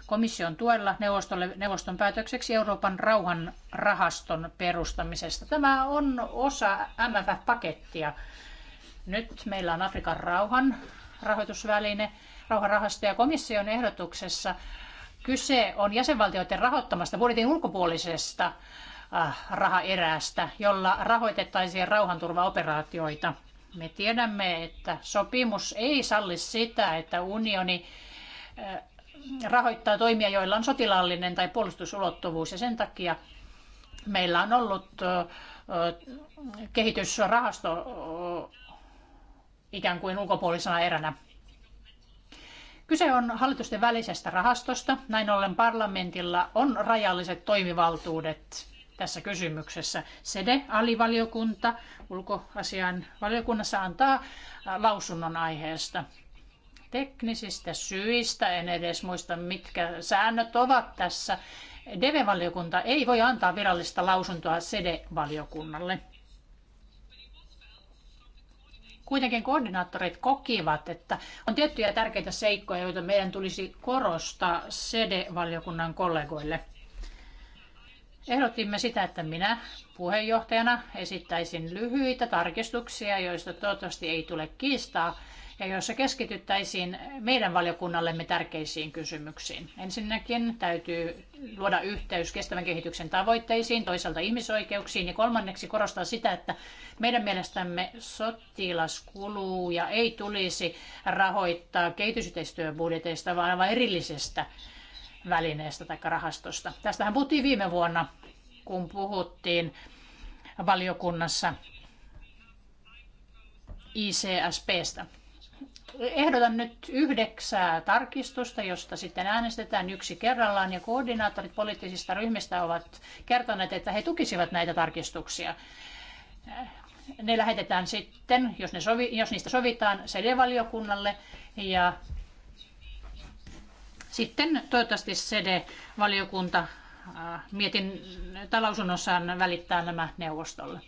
komission tuella neuvostolle, neuvoston päätökseksi Euroopan rauhan rahaston perustamisesta. Tämä on osa MFF-pakettia. Nyt meillä on Afrikan rauhan rahoitusväline rauhanrahasto ja komission ehdotuksessa kyse on jäsenvaltioiden rahoittamasta budjetin ulkopuolisesta äh, rahaerästä, jolla rahoitettaisiin rauhanturvaoperaatioita. Me tiedämme, että sopimus ei salli sitä, että unioni äh, rahoittaa toimia, joilla on sotilaallinen tai puolustusulottuvuus. Ja sen takia meillä on ollut äh, kehitysrahasto ikään kuin ulkopuolisena eränä. Kyse on hallitusten välisestä rahastosta. Näin ollen parlamentilla on rajalliset toimivaltuudet tässä kysymyksessä. SEDE, alivaliokunta, ulkoasian valiokunnassa antaa äh, lausunnon aiheesta. Teknisistä syistä, en edes muista mitkä säännöt ovat tässä. deve valiokunta ei voi antaa virallista lausuntoa SEDE-valiokunnalle. Kuitenkin koordinaattorit kokivat, että on tiettyjä tärkeitä seikkoja, joita meidän tulisi korostaa SEDE-valiokunnan kollegoille. Ehdotimme sitä, että minä puheenjohtajana esittäisin lyhyitä tarkistuksia, joista toivottavasti ei tule kiistaa, ja joissa keskityttäisiin meidän valiokunnallemme tärkeisiin kysymyksiin. Ensinnäkin täytyy luoda yhteys kestävän kehityksen tavoitteisiin, toisaalta ihmisoikeuksiin ja kolmanneksi korostaa sitä, että meidän mielestämme sotilaskuluja ei tulisi rahoittaa kehitysyhteistyöbudjeteista, vaan aivan erillisestä välineestä tai rahastosta. Tästähän puhuttiin viime vuonna, kun puhuttiin valiokunnassa ICSPstä ehdotan nyt yhdeksää tarkistusta, josta sitten äänestetään yksi kerrallaan ja koordinaattorit poliittisista ryhmistä ovat kertoneet, että he tukisivat näitä tarkistuksia. Ne lähetetään sitten, jos, ne sovi, jos niistä sovitaan, CD-valiokunnalle ja sitten toivottavasti CD-valiokunta mietin talousunnossaan välittää nämä neuvostolle.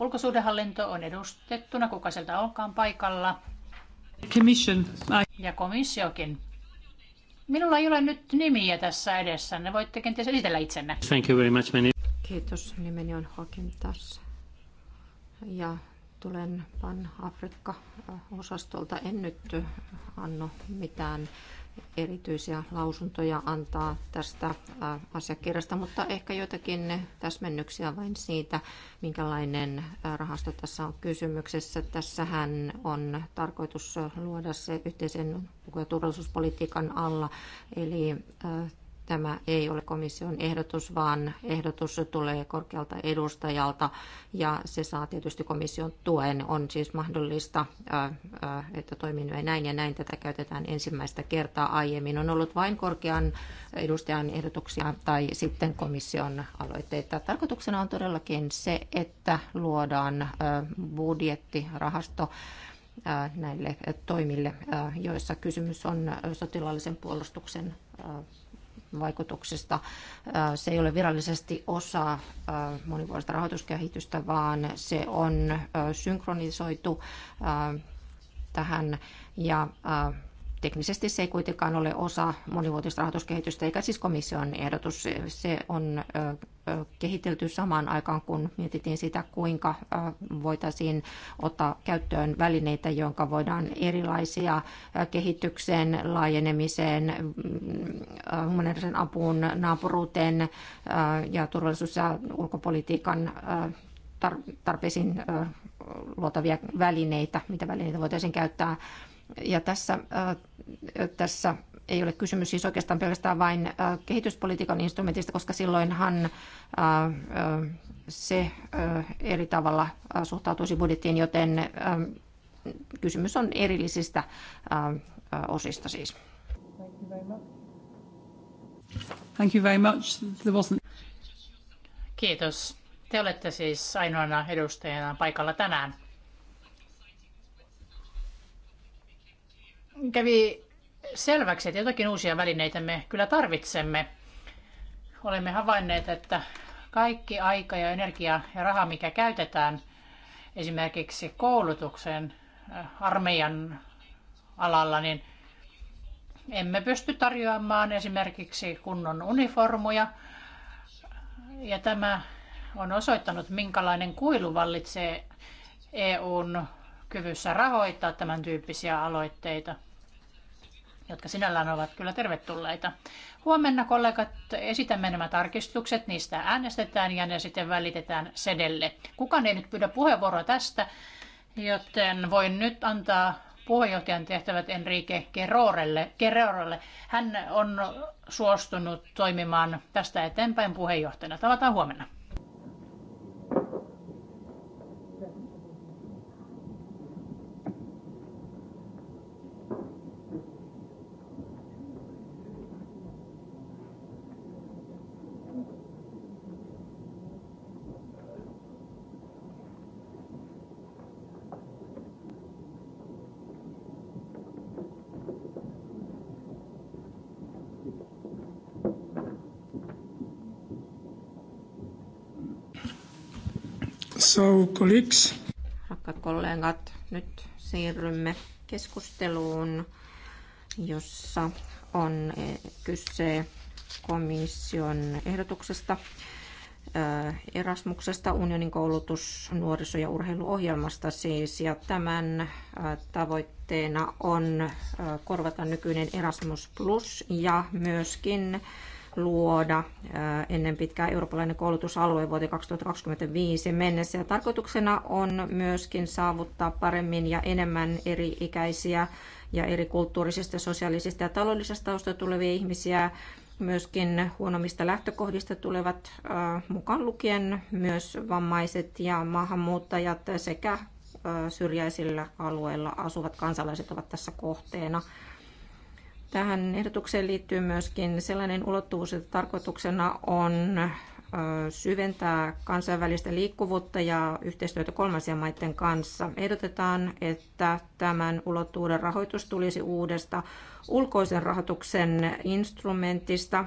Ulkosuhdehallinto on edustettuna, kuka sieltä onkaan paikalla. Commission. Ja komissiokin. Minulla ei ole nyt nimiä tässä edessä. Ne voitte kenties esitellä itsenne. Thank you very much, many. Kiitos. Nimeni on Hakim tässä. Ja tulen Pan-Afrikka-osastolta. En nyt anno mitään erityisiä lausuntoja antaa tästä asiakirjasta, mutta ehkä joitakin täsmennyksiä vain siitä, minkälainen rahasto tässä on kysymyksessä. Tässähän on tarkoitus luoda se yhteisen ulko- ja turvallisuuspolitiikan alla, eli Tämä ei ole komission ehdotus, vaan ehdotus tulee korkealta edustajalta ja se saa tietysti komission tuen. On siis mahdollista, että toiminnoja näin ja näin tätä käytetään ensimmäistä kertaa aiemmin. On ollut vain korkean edustajan ehdotuksia tai sitten komission aloitteita. Tarkoituksena on todellakin se, että luodaan budjettirahasto näille toimille, joissa kysymys on sotilaallisen puolustuksen vaikutuksista. Se ei ole virallisesti osa monivuotista rahoituskehitystä, vaan se on synkronisoitu tähän ja teknisesti se ei kuitenkaan ole osa monivuotista rahoituskehitystä, eikä siis komission ehdotus. Se on kehitelty samaan aikaan, kun mietittiin sitä, kuinka voitaisiin ottaa käyttöön välineitä, jonka voidaan erilaisia kehitykseen, laajenemiseen, mm, humanitaarisen apuun, naapuruuteen ja turvallisuus- ja ulkopolitiikan tarpeisiin luotavia välineitä, mitä välineitä voitaisiin käyttää ja tässä, äh, tässä ei ole kysymys siis oikeastaan pelkästään vain äh, kehityspolitiikan instrumentista, koska silloinhan äh, se eri tavalla suhtautuisi budjettiin, joten kysymys on erillisistä osista siis. Thank you very much. Thank you very much. There wasn't... Kiitos. Te olette siis ainoana edustajana paikalla tänään. kävi selväksi, että jotakin uusia välineitä me kyllä tarvitsemme. Olemme havainneet, että kaikki aika ja energia ja raha, mikä käytetään esimerkiksi koulutuksen äh, armeijan alalla, niin emme pysty tarjoamaan esimerkiksi kunnon uniformuja. Ja tämä on osoittanut, minkälainen kuilu vallitsee EUn kyvyssä rahoittaa tämän tyyppisiä aloitteita – jotka sinällään ovat kyllä tervetulleita. Huomenna kollegat esitämme nämä tarkistukset, niistä äänestetään ja ne sitten välitetään sedelle. Kukaan ei nyt pyydä puheenvuoroa tästä, joten voin nyt antaa puheenjohtajan tehtävät Enrique Kerorelle. Hän on suostunut toimimaan tästä eteenpäin puheenjohtajana. Tavataan huomenna. So, colleagues. Rakkaat kollegat, nyt siirrymme keskusteluun, jossa on eh, kyse komission ehdotuksesta eh, Erasmuksesta, unionin koulutus-, nuoriso- ja urheiluohjelmasta siis. Ja tämän eh, tavoitteena on korvata nykyinen Erasmus Plus ja myöskin luoda äh, ennen pitkää eurooppalainen koulutusalue vuoteen 2025 mennessä. Ja tarkoituksena on myöskin saavuttaa paremmin ja enemmän eri ikäisiä ja eri kulttuurisista, sosiaalisista ja taloudellisista taustoista tulevia ihmisiä, myöskin huonommista lähtökohdista tulevat äh, mukaan lukien myös vammaiset ja maahanmuuttajat sekä äh, syrjäisillä alueilla asuvat kansalaiset ovat tässä kohteena. Tähän ehdotukseen liittyy myöskin sellainen ulottuvuus, että tarkoituksena on syventää kansainvälistä liikkuvuutta ja yhteistyötä kolmansien maiden kanssa. Ehdotetaan, että tämän ulottuvuuden rahoitus tulisi uudesta ulkoisen rahoituksen instrumentista,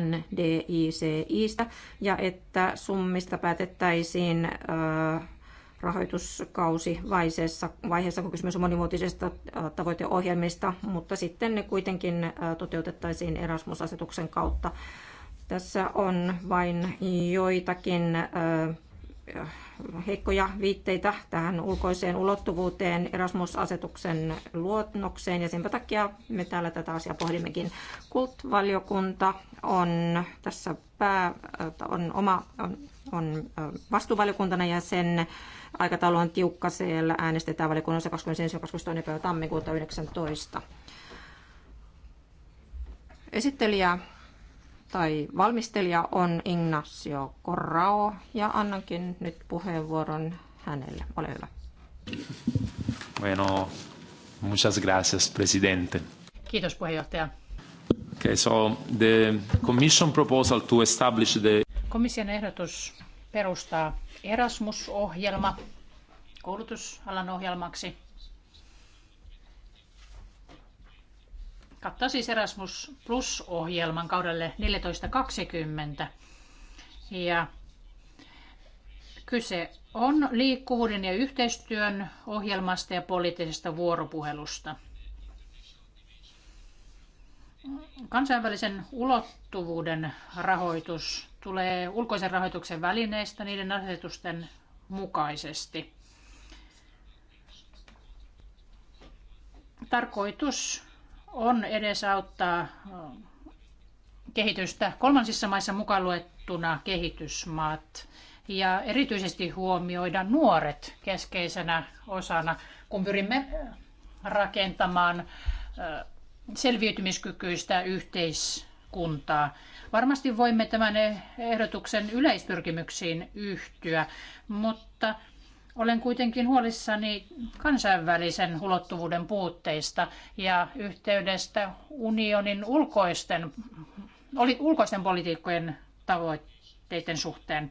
NDICIstä, ja että summista päätettäisiin rahoituskausi vaiheessa, vaiheessa kun kysymys on monimuotoisesta tavoiteohjelmista, mutta sitten ne kuitenkin toteutettaisiin Erasmus-asetuksen kautta. Tässä on vain joitakin heikkoja viitteitä tähän ulkoiseen ulottuvuuteen, Erasmus-asetuksen luonnokseen ja sen takia me täällä tätä asiaa pohdimmekin. Kultvaliokunta on tässä pää, on oma on, on vastuuvaliokuntana ja sen Aikataulu on tiukka siellä. Äänestetään valiokunnassa 21.22. päivä tammikuuta 19. Esittelijä tai valmistelija on Ignacio Corrao ja annankin nyt puheenvuoron hänelle. Ole hyvä. Bueno, muchas gracias, presidente. Kiitos puheenjohtaja. Okay, so the commission proposal to establish the... Komission ehdotus perustaa Erasmus-ohjelma koulutusalan ohjelmaksi. Kattaa siis Erasmus Plus-ohjelman kaudelle 14.20. Ja kyse on liikkuvuuden ja yhteistyön ohjelmasta ja poliittisesta vuoropuhelusta. Kansainvälisen ulottuvuuden rahoitus tulee ulkoisen rahoituksen välineistä niiden asetusten mukaisesti. Tarkoitus on edesauttaa kehitystä kolmansissa maissa mukaan luettuna kehitysmaat ja erityisesti huomioida nuoret keskeisenä osana, kun pyrimme rakentamaan selviytymiskykyistä yhteiskuntaa. Varmasti voimme tämän ehdotuksen yleispyrkimyksiin yhtyä, mutta olen kuitenkin huolissani kansainvälisen ulottuvuuden puutteista ja yhteydestä unionin ulkoisten, ulkoisten politiikkojen tavoitteiden suhteen.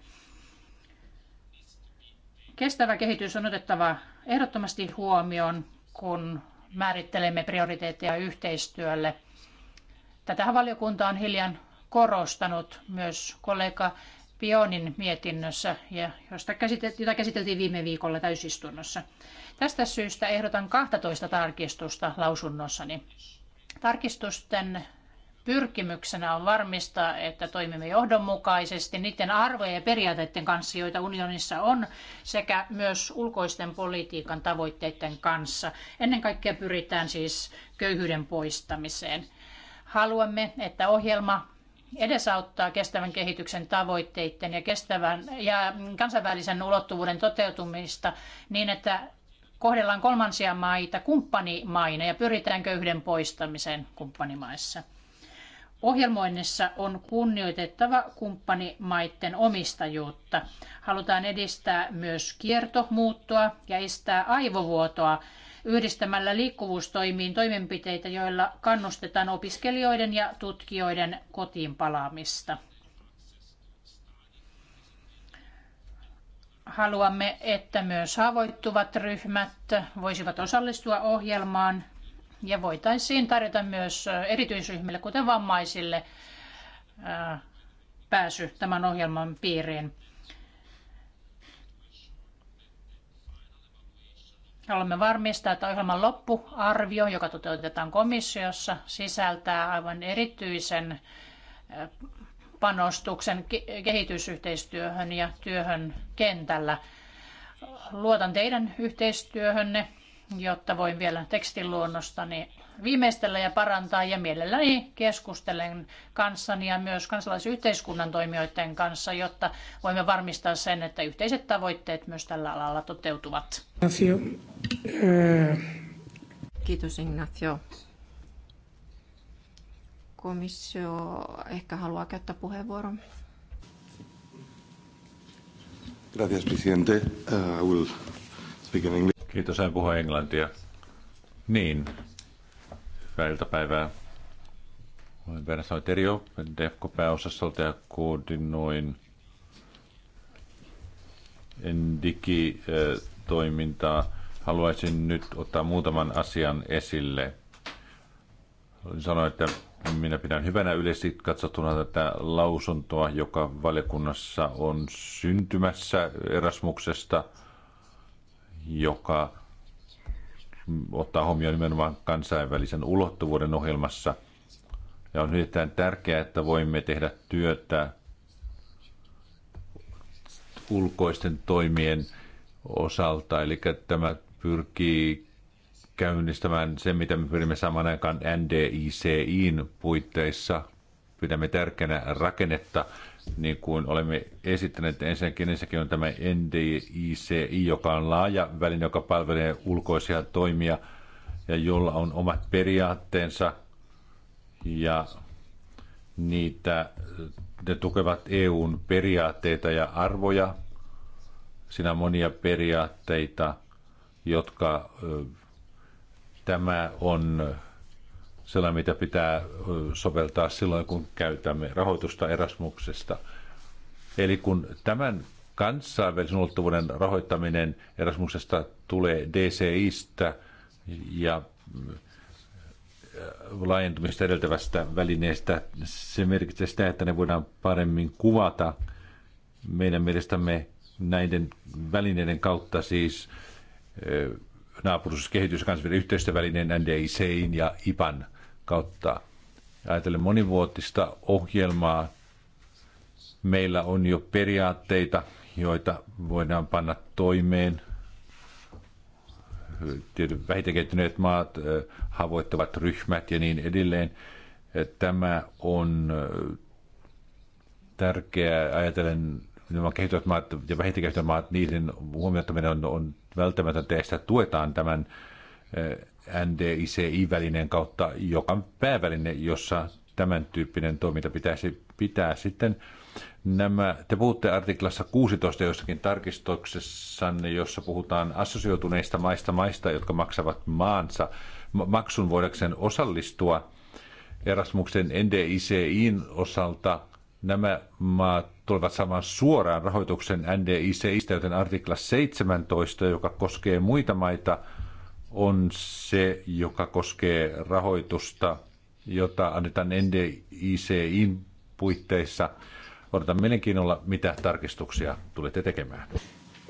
Kestävä kehitys on otettava ehdottomasti huomioon, kun määrittelemme prioriteetteja yhteistyölle. Tätä valiokunta on hiljan korostanut myös kollega Pionin mietinnössä, ja josta käsite- jota käsiteltiin viime viikolla täysistunnossa. Tästä syystä ehdotan 12 tarkistusta lausunnossani. Tarkistusten pyrkimyksenä on varmistaa, että toimimme johdonmukaisesti niiden arvojen ja periaatteiden kanssa, joita unionissa on, sekä myös ulkoisten politiikan tavoitteiden kanssa. Ennen kaikkea pyritään siis köyhyyden poistamiseen. Haluamme, että ohjelma edesauttaa kestävän kehityksen tavoitteiden ja, kestävän, ja kansainvälisen ulottuvuuden toteutumista niin, että kohdellaan kolmansia maita kumppanimaina ja pyritään köyhyyden poistamiseen kumppanimaissa. Ohjelmoinnissa on kunnioitettava kumppanimaiden omistajuutta. Halutaan edistää myös kiertomuuttoa ja estää aivovuotoa yhdistämällä liikkuvuustoimiin toimenpiteitä, joilla kannustetaan opiskelijoiden ja tutkijoiden kotiin palaamista. Haluamme, että myös haavoittuvat ryhmät voisivat osallistua ohjelmaan ja voitaisiin tarjota myös erityisryhmille, kuten vammaisille, pääsy tämän ohjelman piiriin. Haluamme varmistaa, että ohjelman loppuarvio, joka toteutetaan komissiossa, sisältää aivan erityisen panostuksen kehitysyhteistyöhön ja työhön kentällä. Luotan teidän yhteistyöhönne, jotta voin vielä tekstin luonnostani viimeistellä ja parantaa ja mielelläni keskustelen kanssani ja myös kansalaisyhteiskunnan toimijoiden kanssa, jotta voimme varmistaa sen, että yhteiset tavoitteet myös tällä alalla toteutuvat. Eh. Kiitos Ignacio. Komissio ehkä haluaa käyttää puheenvuoron. Gracias, presidente. Uh, I will speak in English. Kiitos, hän puhuu englantia. Niin, Hyvää iltapäivää. Olen Bernas Terio DEFCO-pääosastolta ja koordinoin toimintaa Haluaisin nyt ottaa muutaman asian esille. sanoa, että minä pidän hyvänä yleisesti katsottuna tätä lausuntoa, joka valiokunnassa on syntymässä Erasmuksesta, joka ottaa huomioon nimenomaan kansainvälisen ulottuvuuden ohjelmassa. Ja on erittäin tärkeää, että voimme tehdä työtä ulkoisten toimien osalta, eli tämä pyrkii käynnistämään se, mitä me pyrimme saman aikaan NDICin puitteissa. Pidämme tärkeänä rakennetta, niin kuin olemme esittäneet, ensinnäkin, ensinnäkin on tämä NDICI, joka on laaja väline, joka palvelee ulkoisia toimia ja jolla on omat periaatteensa ja niitä ne tukevat EUn periaatteita ja arvoja. Siinä on monia periaatteita, jotka tämä on sellainen, mitä pitää soveltaa silloin, kun käytämme rahoitusta Erasmuksesta. Eli kun tämän kansainvälisen ulottuvuuden rahoittaminen Erasmuksesta tulee DCIstä ja laajentumista edeltävästä välineestä, se merkitsee sitä, että ne voidaan paremmin kuvata meidän mielestämme näiden välineiden kautta siis naapuruskehitys- kehitys- ja kansainvälinen yhteistyövälineen NDICin ja IPAN kautta ajatellen monivuotista ohjelmaa, meillä on jo periaatteita, joita voidaan panna toimeen. Vähitekehittyneet maat, havoittavat ryhmät ja niin edelleen. Tämä on tärkeää ajatellen nämä kehittyvät maat ja vähiten maat, niiden huomioittaminen on, on välttämätöntä että tuetaan tämän NDICI-välineen kautta, joka on pääväline, jossa tämän tyyppinen toiminta pitäisi pitää sitten. Nämä, te puhutte artiklassa 16 jossakin tarkistuksessanne, jossa puhutaan assosioituneista maista, maista, jotka maksavat maansa maksun voidakseen osallistua Erasmuksen NDICIin osalta. Nämä maat tulevat saamaan suoraan rahoituksen NDICistä, joten artikla 17, joka koskee muita maita – on se, joka koskee rahoitusta, jota annetaan NDICin puitteissa. Odotan mielenkiinnolla, mitä tarkistuksia tulette tekemään.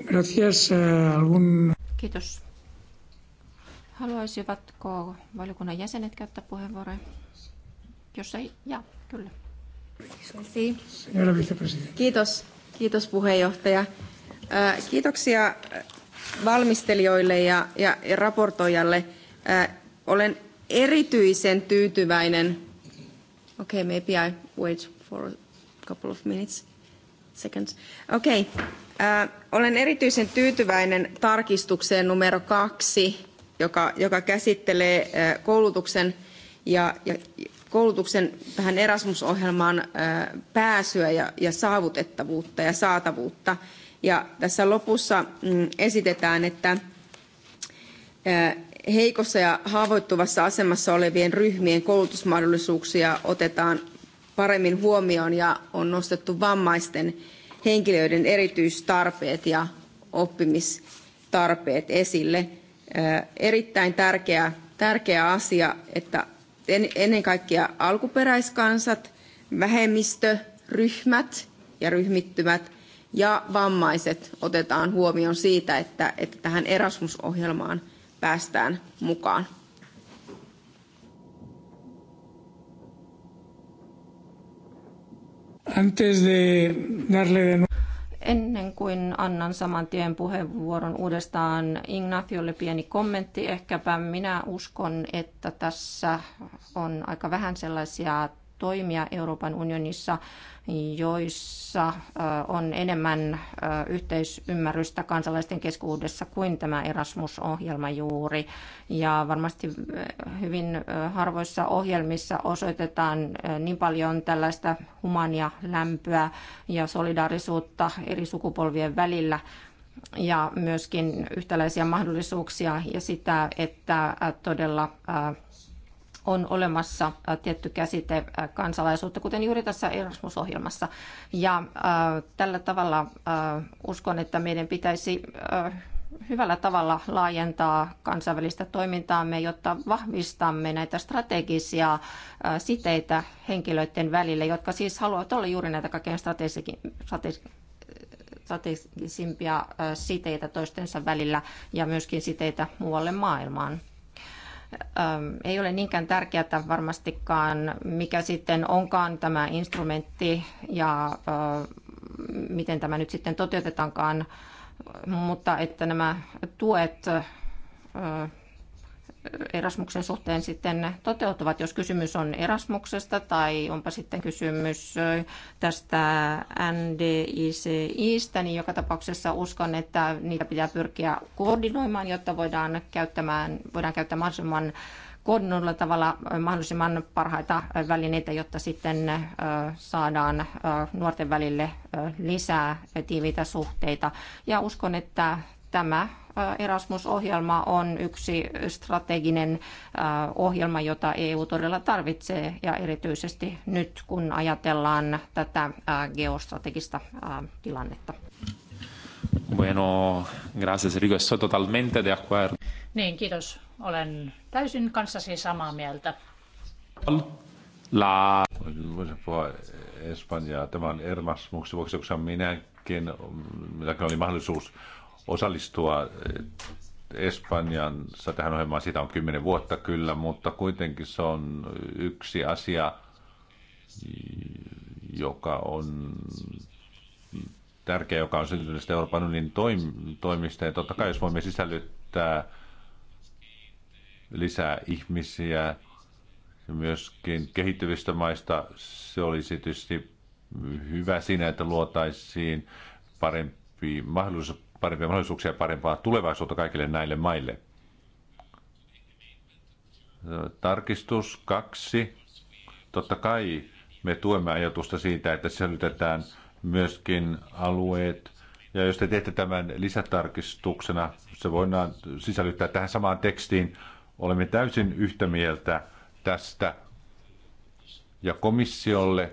Gracias, eh, algún... Kiitos. Haluaisivatko valiokunnan jäsenet käyttää puheenvuoroja? Jos ei, ja kyllä. Kiitos. Kiitos puheenjohtaja. Eh, kiitoksia valmistelijoille ja, ja, raportoijalle. Äh, olen erityisen tyytyväinen. Okay, maybe I wait for a couple of minutes. Seconds. Okay. Äh, olen erityisen tyytyväinen tarkistukseen numero kaksi, joka, joka käsittelee äh, koulutuksen ja, ja koulutuksen tähän Erasmus-ohjelmaan pääsyä ja, ja saavutettavuutta ja saatavuutta. Ja tässä lopussa mm, esitetään, että heikossa ja haavoittuvassa asemassa olevien ryhmien koulutusmahdollisuuksia otetaan paremmin huomioon ja on nostettu vammaisten henkilöiden erityistarpeet ja oppimistarpeet esille. Erittäin tärkeä, tärkeä asia, että ennen kaikkea alkuperäiskansat, vähemmistöryhmät ja ryhmittymät ja vammaiset otetaan huomioon siitä, että, että tähän Erasmus-ohjelmaan päästään mukaan. Antes de darle de Ennen kuin annan saman tien puheenvuoron uudestaan Ignatiolle pieni kommentti, ehkäpä minä uskon, että tässä on aika vähän sellaisia toimia Euroopan unionissa, joissa on enemmän yhteisymmärrystä kansalaisten keskuudessa kuin tämä Erasmus-ohjelma juuri. Ja varmasti hyvin harvoissa ohjelmissa osoitetaan niin paljon tällaista humania lämpöä ja solidaarisuutta eri sukupolvien välillä, ja myöskin yhtäläisiä mahdollisuuksia ja sitä, että todella on olemassa äh, tietty käsite äh, kansalaisuutta, kuten juuri tässä Erasmus-ohjelmassa. Ja äh, tällä tavalla uskon, että meidän pitäisi hyvällä tavalla laajentaa kansainvälistä toimintaamme, jotta vahvistamme näitä strategisia siteitä henkilöiden välille, jotka siis haluavat olla juuri näitä kaikkein strategisimpia siteitä toistensa välillä ja myöskin siteitä muualle maailmaan. Ähm, ei ole niinkään tärkeää varmastikaan, mikä sitten onkaan tämä instrumentti ja äh, miten tämä nyt sitten toteutetaankaan, mutta että nämä tuet äh, Erasmuksen suhteen sitten toteutuvat, jos kysymys on Erasmuksesta tai onpa sitten kysymys tästä NDICIstä, niin joka tapauksessa uskon, että niitä pitää pyrkiä koordinoimaan, jotta voidaan, käyttämään, voidaan käyttää mahdollisimman koordinoidulla tavalla mahdollisimman parhaita välineitä, jotta sitten saadaan nuorten välille lisää tiiviitä suhteita. Ja uskon, että tämä Äh, Erasmus-ohjelma on yksi strateginen äh, ohjelma, jota EU todella tarvitsee ja erityisesti nyt, kun ajatellaan tätä äh, geostrategista tilannetta. Bueno, gracias Rico, estoy totalmente de acuerdo. Niin, kiitos. Olen täysin kanssasi samaa mieltä. La... Voisin puhua Espanjaa. Tämä on Erasmus, minäkin, minäkin oli mahdollisuus osallistua eh, Espanjan, tähän ohjelmaan. Siitä on kymmenen vuotta kyllä, mutta kuitenkin se on yksi asia, joka on tärkeä, joka on syntynyt Euroopan unionin toimista. Ja totta kai, jos voimme sisällyttää lisää ihmisiä myöskin kehittyvistä maista, se olisi tietysti hyvä siinä, että luotaisiin parempi mahdollisuus parempia mahdollisuuksia parempaa tulevaisuutta kaikille näille maille. Tarkistus kaksi. Totta kai me tuemme ajatusta siitä, että sisällytetään myöskin alueet. Ja jos te teette tämän lisätarkistuksena, se voidaan sisällyttää tähän samaan tekstiin. Olemme täysin yhtä mieltä tästä. Ja komissiolle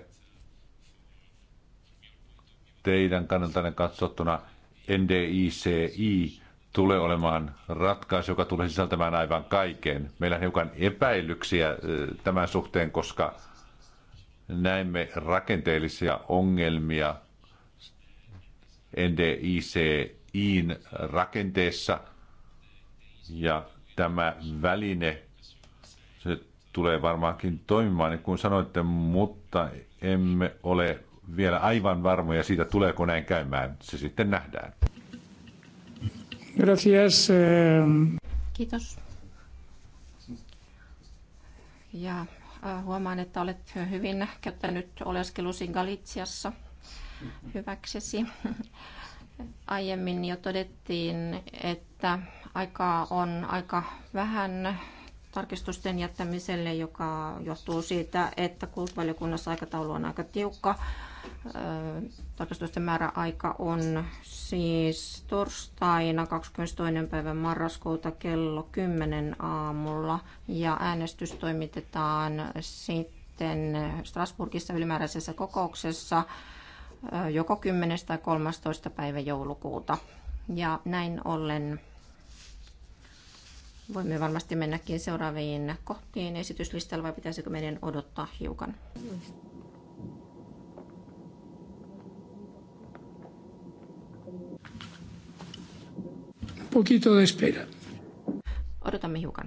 teidän kannaltanne katsottuna – NDICI tulee olemaan ratkaisu, joka tulee sisältämään aivan kaiken. Meillä on hiukan epäilyksiä tämän suhteen, koska näemme rakenteellisia ongelmia NDICIin rakenteessa ja tämä väline se tulee varmaankin toimimaan, niin kuin sanoitte, mutta emme ole vielä aivan varmoja siitä, tuleeko näin käymään. Se sitten nähdään. Gracias. Eh. Kiitos. Ja äh, huomaan, että olet hyvin käyttänyt oleskelusi Galitsiassa hyväksesi. Aiemmin jo todettiin, että aikaa on aika vähän tarkistusten jättämiselle, joka johtuu siitä, että kulttuurivaliokunnassa aikataulu on aika tiukka. Tarkastusten määräaika on siis torstaina 22. päivä marraskuuta kello 10 aamulla ja äänestys toimitetaan sitten Strasburgissa ylimääräisessä kokouksessa joko 10. tai 13. päivä joulukuuta. Ja näin ollen voimme varmasti mennäkin seuraaviin kohtiin esityslistalla vai pitäisikö meidän odottaa hiukan? poquito de espera. Odotamme hiukan.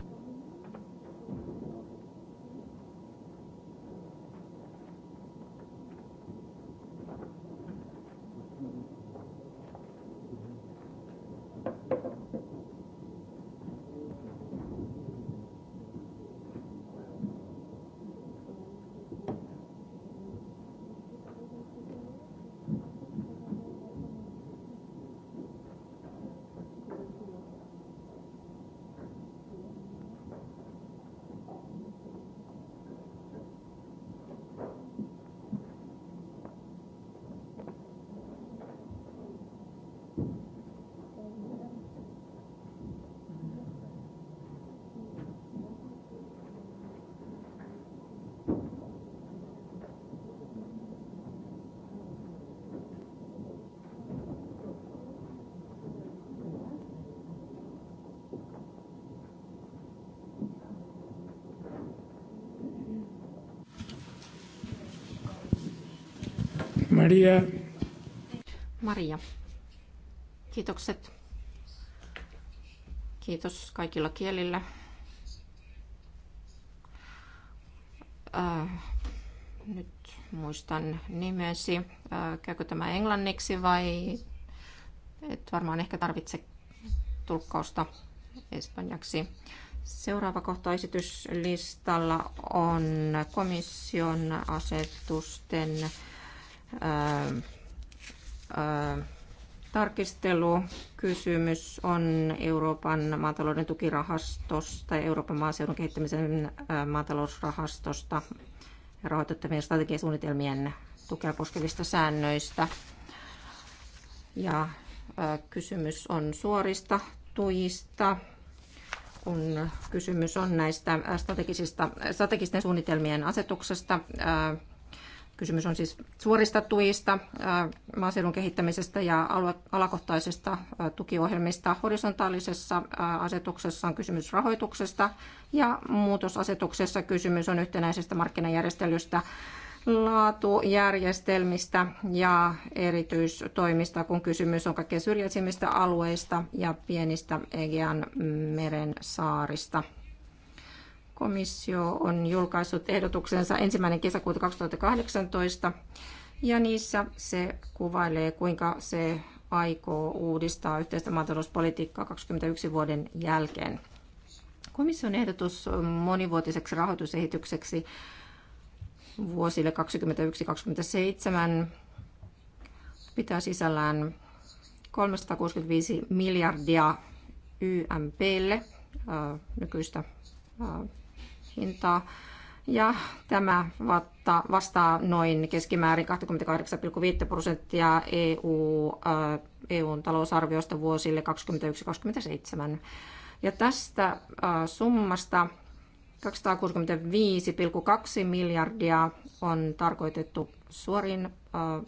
Maria. Maria. Kiitokset. Kiitos kaikilla kielillä. Äh, nyt muistan nimesi. Äh, käykö tämä englanniksi vai et varmaan ehkä tarvitse tulkkausta espanjaksi. Seuraava kohta esityslistalla on komission asetusten tarkistelu. Kysymys on Euroopan maatalouden tukirahastosta ja Euroopan maaseudun kehittämisen maatalousrahastosta ja rahoitettavien strategiasuunnitelmien tukea koskevista säännöistä. Ja kysymys on suorista tuista, kun kysymys on näistä strategisista, strategisten suunnitelmien asetuksesta Kysymys on siis suorista tuista, äh, maaseudun kehittämisestä ja alakohtaisista äh, tukiohjelmista. Horisontaalisessa äh, asetuksessa on kysymys rahoituksesta ja muutosasetuksessa kysymys on yhtenäisestä markkinajärjestelystä laatujärjestelmistä ja erityistoimista, kun kysymys on kaikkein syrjäisimmistä alueista ja pienistä Egean meren saarista. Komissio on julkaissut ehdotuksensa ensimmäinen kesäkuuta 2018 ja niissä se kuvailee, kuinka se aikoo uudistaa yhteistä maatalouspolitiikkaa 21 vuoden jälkeen. Komission ehdotus monivuotiseksi rahoitusehitykseksi vuosille 2021-2027 pitää sisällään 365 miljardia YMPlle nykyistä hintaa. Ja tämä vastaa noin keskimäärin 28,5 prosenttia EU, äh, EUn talousarviosta vuosille 2021-2027. Ja tästä äh, summasta 265,2 miljardia on tarkoitettu suorin äh,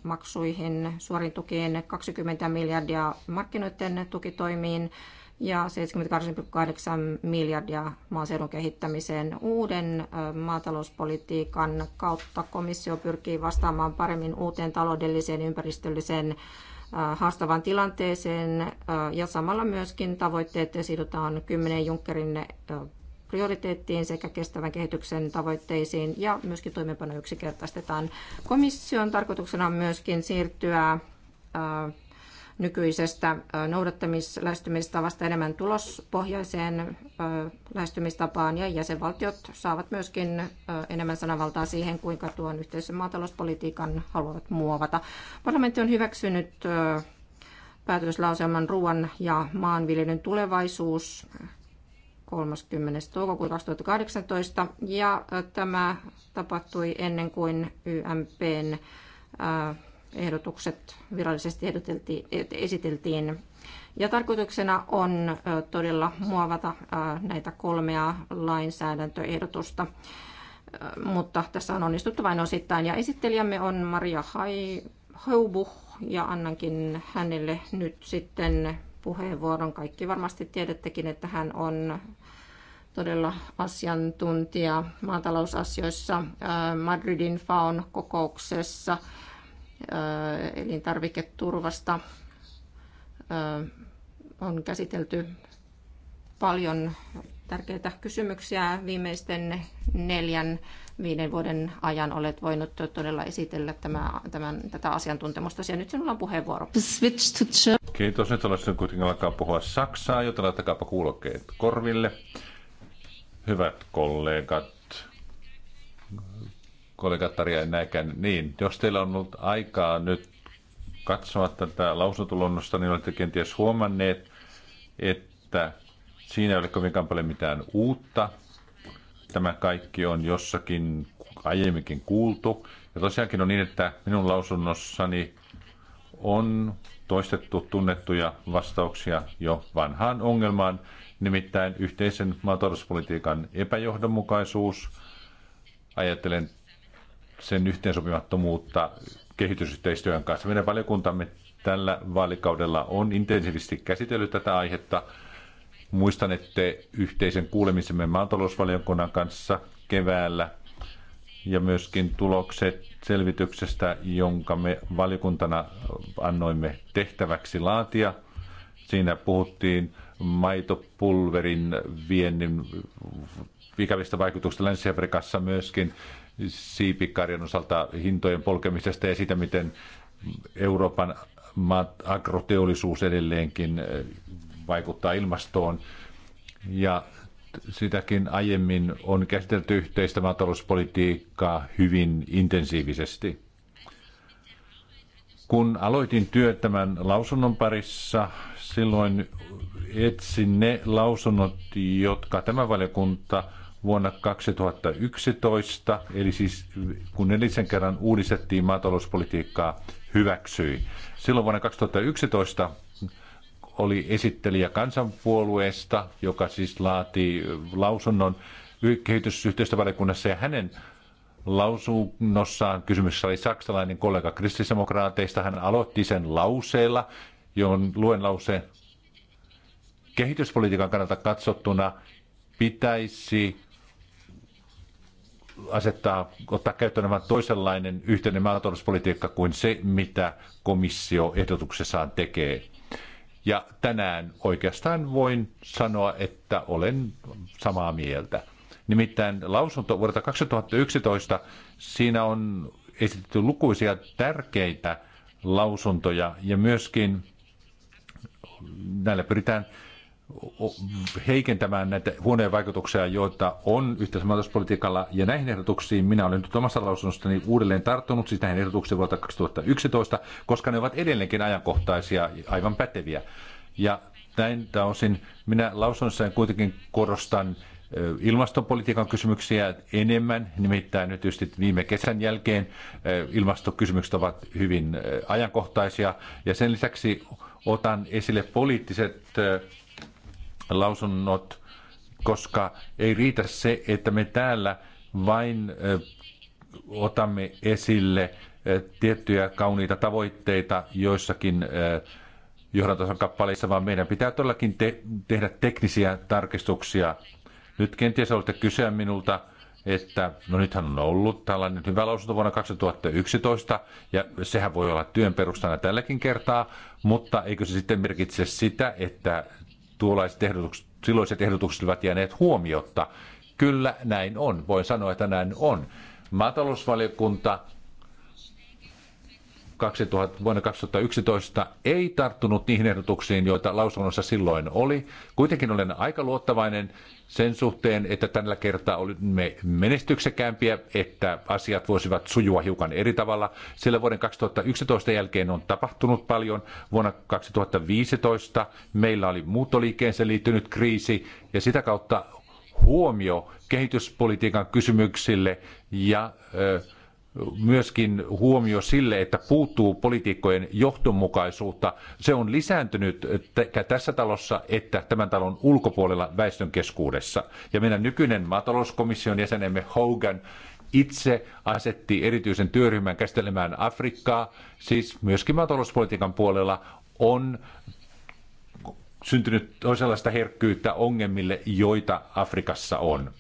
maksuihin, suorin tukiin, 20 miljardia markkinoiden tukitoimiin, ja 78,8 miljardia maaseudun kehittämiseen. Uuden maatalouspolitiikan kautta komissio pyrkii vastaamaan paremmin uuteen taloudelliseen ympäristölliseen haastavaan tilanteeseen ja samalla myöskin tavoitteet sidotaan 10 Junckerin prioriteettiin sekä kestävän kehityksen tavoitteisiin ja myöskin toimeenpano yksinkertaistetaan. Komission tarkoituksena on myöskin siirtyä nykyisestä noudattamislähestymistavasta enemmän tulospohjaiseen lähestymistapaan ja jäsenvaltiot saavat myöskin enemmän sanavaltaa siihen, kuinka tuon yhteisen maatalouspolitiikan haluavat muovata. Parlamentti on hyväksynyt päätöslauselman ruoan ja maanviljelyn tulevaisuus 30. toukokuuta 2018 ja tämä tapahtui ennen kuin YMPn ehdotukset virallisesti esiteltiin. Ja tarkoituksena on todella muovata näitä kolmea lainsäädäntöehdotusta, mutta tässä on onnistuttu vain osittain. Ja esittelijämme on Maria Haubu ja annankin hänelle nyt sitten puheenvuoron. Kaikki varmasti tiedättekin, että hän on todella asiantuntija maatalousasioissa Madridin FAON kokouksessa – elintarviketurvasta on käsitelty paljon tärkeitä kysymyksiä viimeisten neljän, viiden vuoden ajan olet voinut todella esitellä tämä, tämän, tätä asiantuntemusta. Ja nyt sinulla on puheenvuoro. Switch Kiitos. Nyt olen kuitenkin alkaa puhua saksaa, joten laittakaapa kuulokkeet korville. Hyvät kollegat, kollega Tarja näkään. Niin, jos teillä on ollut aikaa nyt katsoa tätä lausuntolonnosta, niin olette kenties huomanneet, että siinä ei ole kovinkaan paljon mitään uutta. Tämä kaikki on jossakin aiemminkin kuultu. Ja tosiaankin on niin, että minun lausunnossani on toistettu tunnettuja vastauksia jo vanhaan ongelmaan, nimittäin yhteisen maatalouspolitiikan epäjohdonmukaisuus. Ajattelen sen yhteensopimattomuutta kehitysyhteistyön kanssa. Meidän valiokuntamme tällä vaalikaudella on intensiivisesti käsitellyt tätä aihetta. Muistan, että yhteisen kuulemisemme maatalousvaliokunnan kanssa keväällä ja myöskin tulokset selvityksestä, jonka me valiokuntana annoimme tehtäväksi laatia. Siinä puhuttiin maitopulverin viennin ikävistä vaikutuksista Länsi-Afrikassa myöskin siipikarjan osalta hintojen polkemisesta ja siitä, miten Euroopan agroteollisuus edelleenkin eh, vaikuttaa ilmastoon. Ja sitäkin aiemmin on käsitelty yhteistä maatalouspolitiikkaa hyvin intensiivisesti. Kun aloitin työ tämän lausunnon parissa, silloin etsin ne lausunnot, jotka tämä valiokunta – vuonna 2011, eli siis kun edellisen kerran uudistettiin maatalouspolitiikkaa, hyväksyi. Silloin vuonna 2011 oli esittelijä kansanpuolueesta, joka siis laati lausunnon kehitysyhteistyövaliokunnassa ja hänen lausunnossaan kysymyksessä oli saksalainen kollega kristillisdemokraateista. Hän aloitti sen lauseella, johon luen lauseen. Kehityspolitiikan kannalta katsottuna pitäisi asettaa, ottaa käyttöön aivan toisenlainen yhteinen maatalouspolitiikka kuin se, mitä komissio ehdotuksessaan tekee. Ja tänään oikeastaan voin sanoa, että olen samaa mieltä. Nimittäin lausunto vuodelta 2011, siinä on esitetty lukuisia tärkeitä lausuntoja ja myöskin näillä pyritään heikentämään näitä huonoja vaikutuksia, joita on yhteismaatalouspolitiikalla. Ja näihin ehdotuksiin minä olen nyt omassa lausunnostani uudelleen tarttunut, siis näihin ehdotuksiin vuotta 2011, koska ne ovat edelleenkin ajankohtaisia, aivan päteviä. Ja näin osin minä lausunnossani kuitenkin korostan ilmastopolitiikan kysymyksiä enemmän, nimittäin nyt just viime kesän jälkeen ilmastokysymykset ovat hyvin ajankohtaisia, ja sen lisäksi otan esille poliittiset lausunnot, koska ei riitä se, että me täällä vain otamme esille tiettyjä kauniita tavoitteita joissakin johdantason kappaleissa, vaan meidän pitää todellakin te- tehdä teknisiä tarkistuksia. Nyt kenties olette kysyä minulta, että no nythän on ollut tällainen hyvä lausunto vuonna 2011, ja sehän voi olla työn perustana tälläkin kertaa, mutta eikö se sitten merkitse sitä, että tuollaiset ehdotukset, silloiset ehdotukset ovat jääneet huomiotta. Kyllä näin on. Voin sanoa, että näin on. Maatalousvaliokunta 2000, vuonna 2011 ei tarttunut niihin ehdotuksiin, joita lausunnossa silloin oli. Kuitenkin olen aika luottavainen sen suhteen, että tällä kertaa olimme menestyksekämpiä, että asiat voisivat sujua hiukan eri tavalla. Sillä vuoden 2011 jälkeen on tapahtunut paljon. Vuonna 2015 meillä oli muuttoliikkeeseen liittynyt kriisi ja sitä kautta huomio kehityspolitiikan kysymyksille ja ö, myöskin huomio sille, että puuttuu poliitikkojen johdonmukaisuutta. Se on lisääntynyt sekä tässä talossa että tämän talon ulkopuolella väestön keskuudessa. Ja meidän nykyinen maatalouskomission jäsenemme Hogan itse asetti erityisen työryhmän käsittelemään Afrikkaa, siis myöskin maatalouspolitiikan puolella on syntynyt toisenlaista herkkyyttä ongelmille, joita Afrikassa on.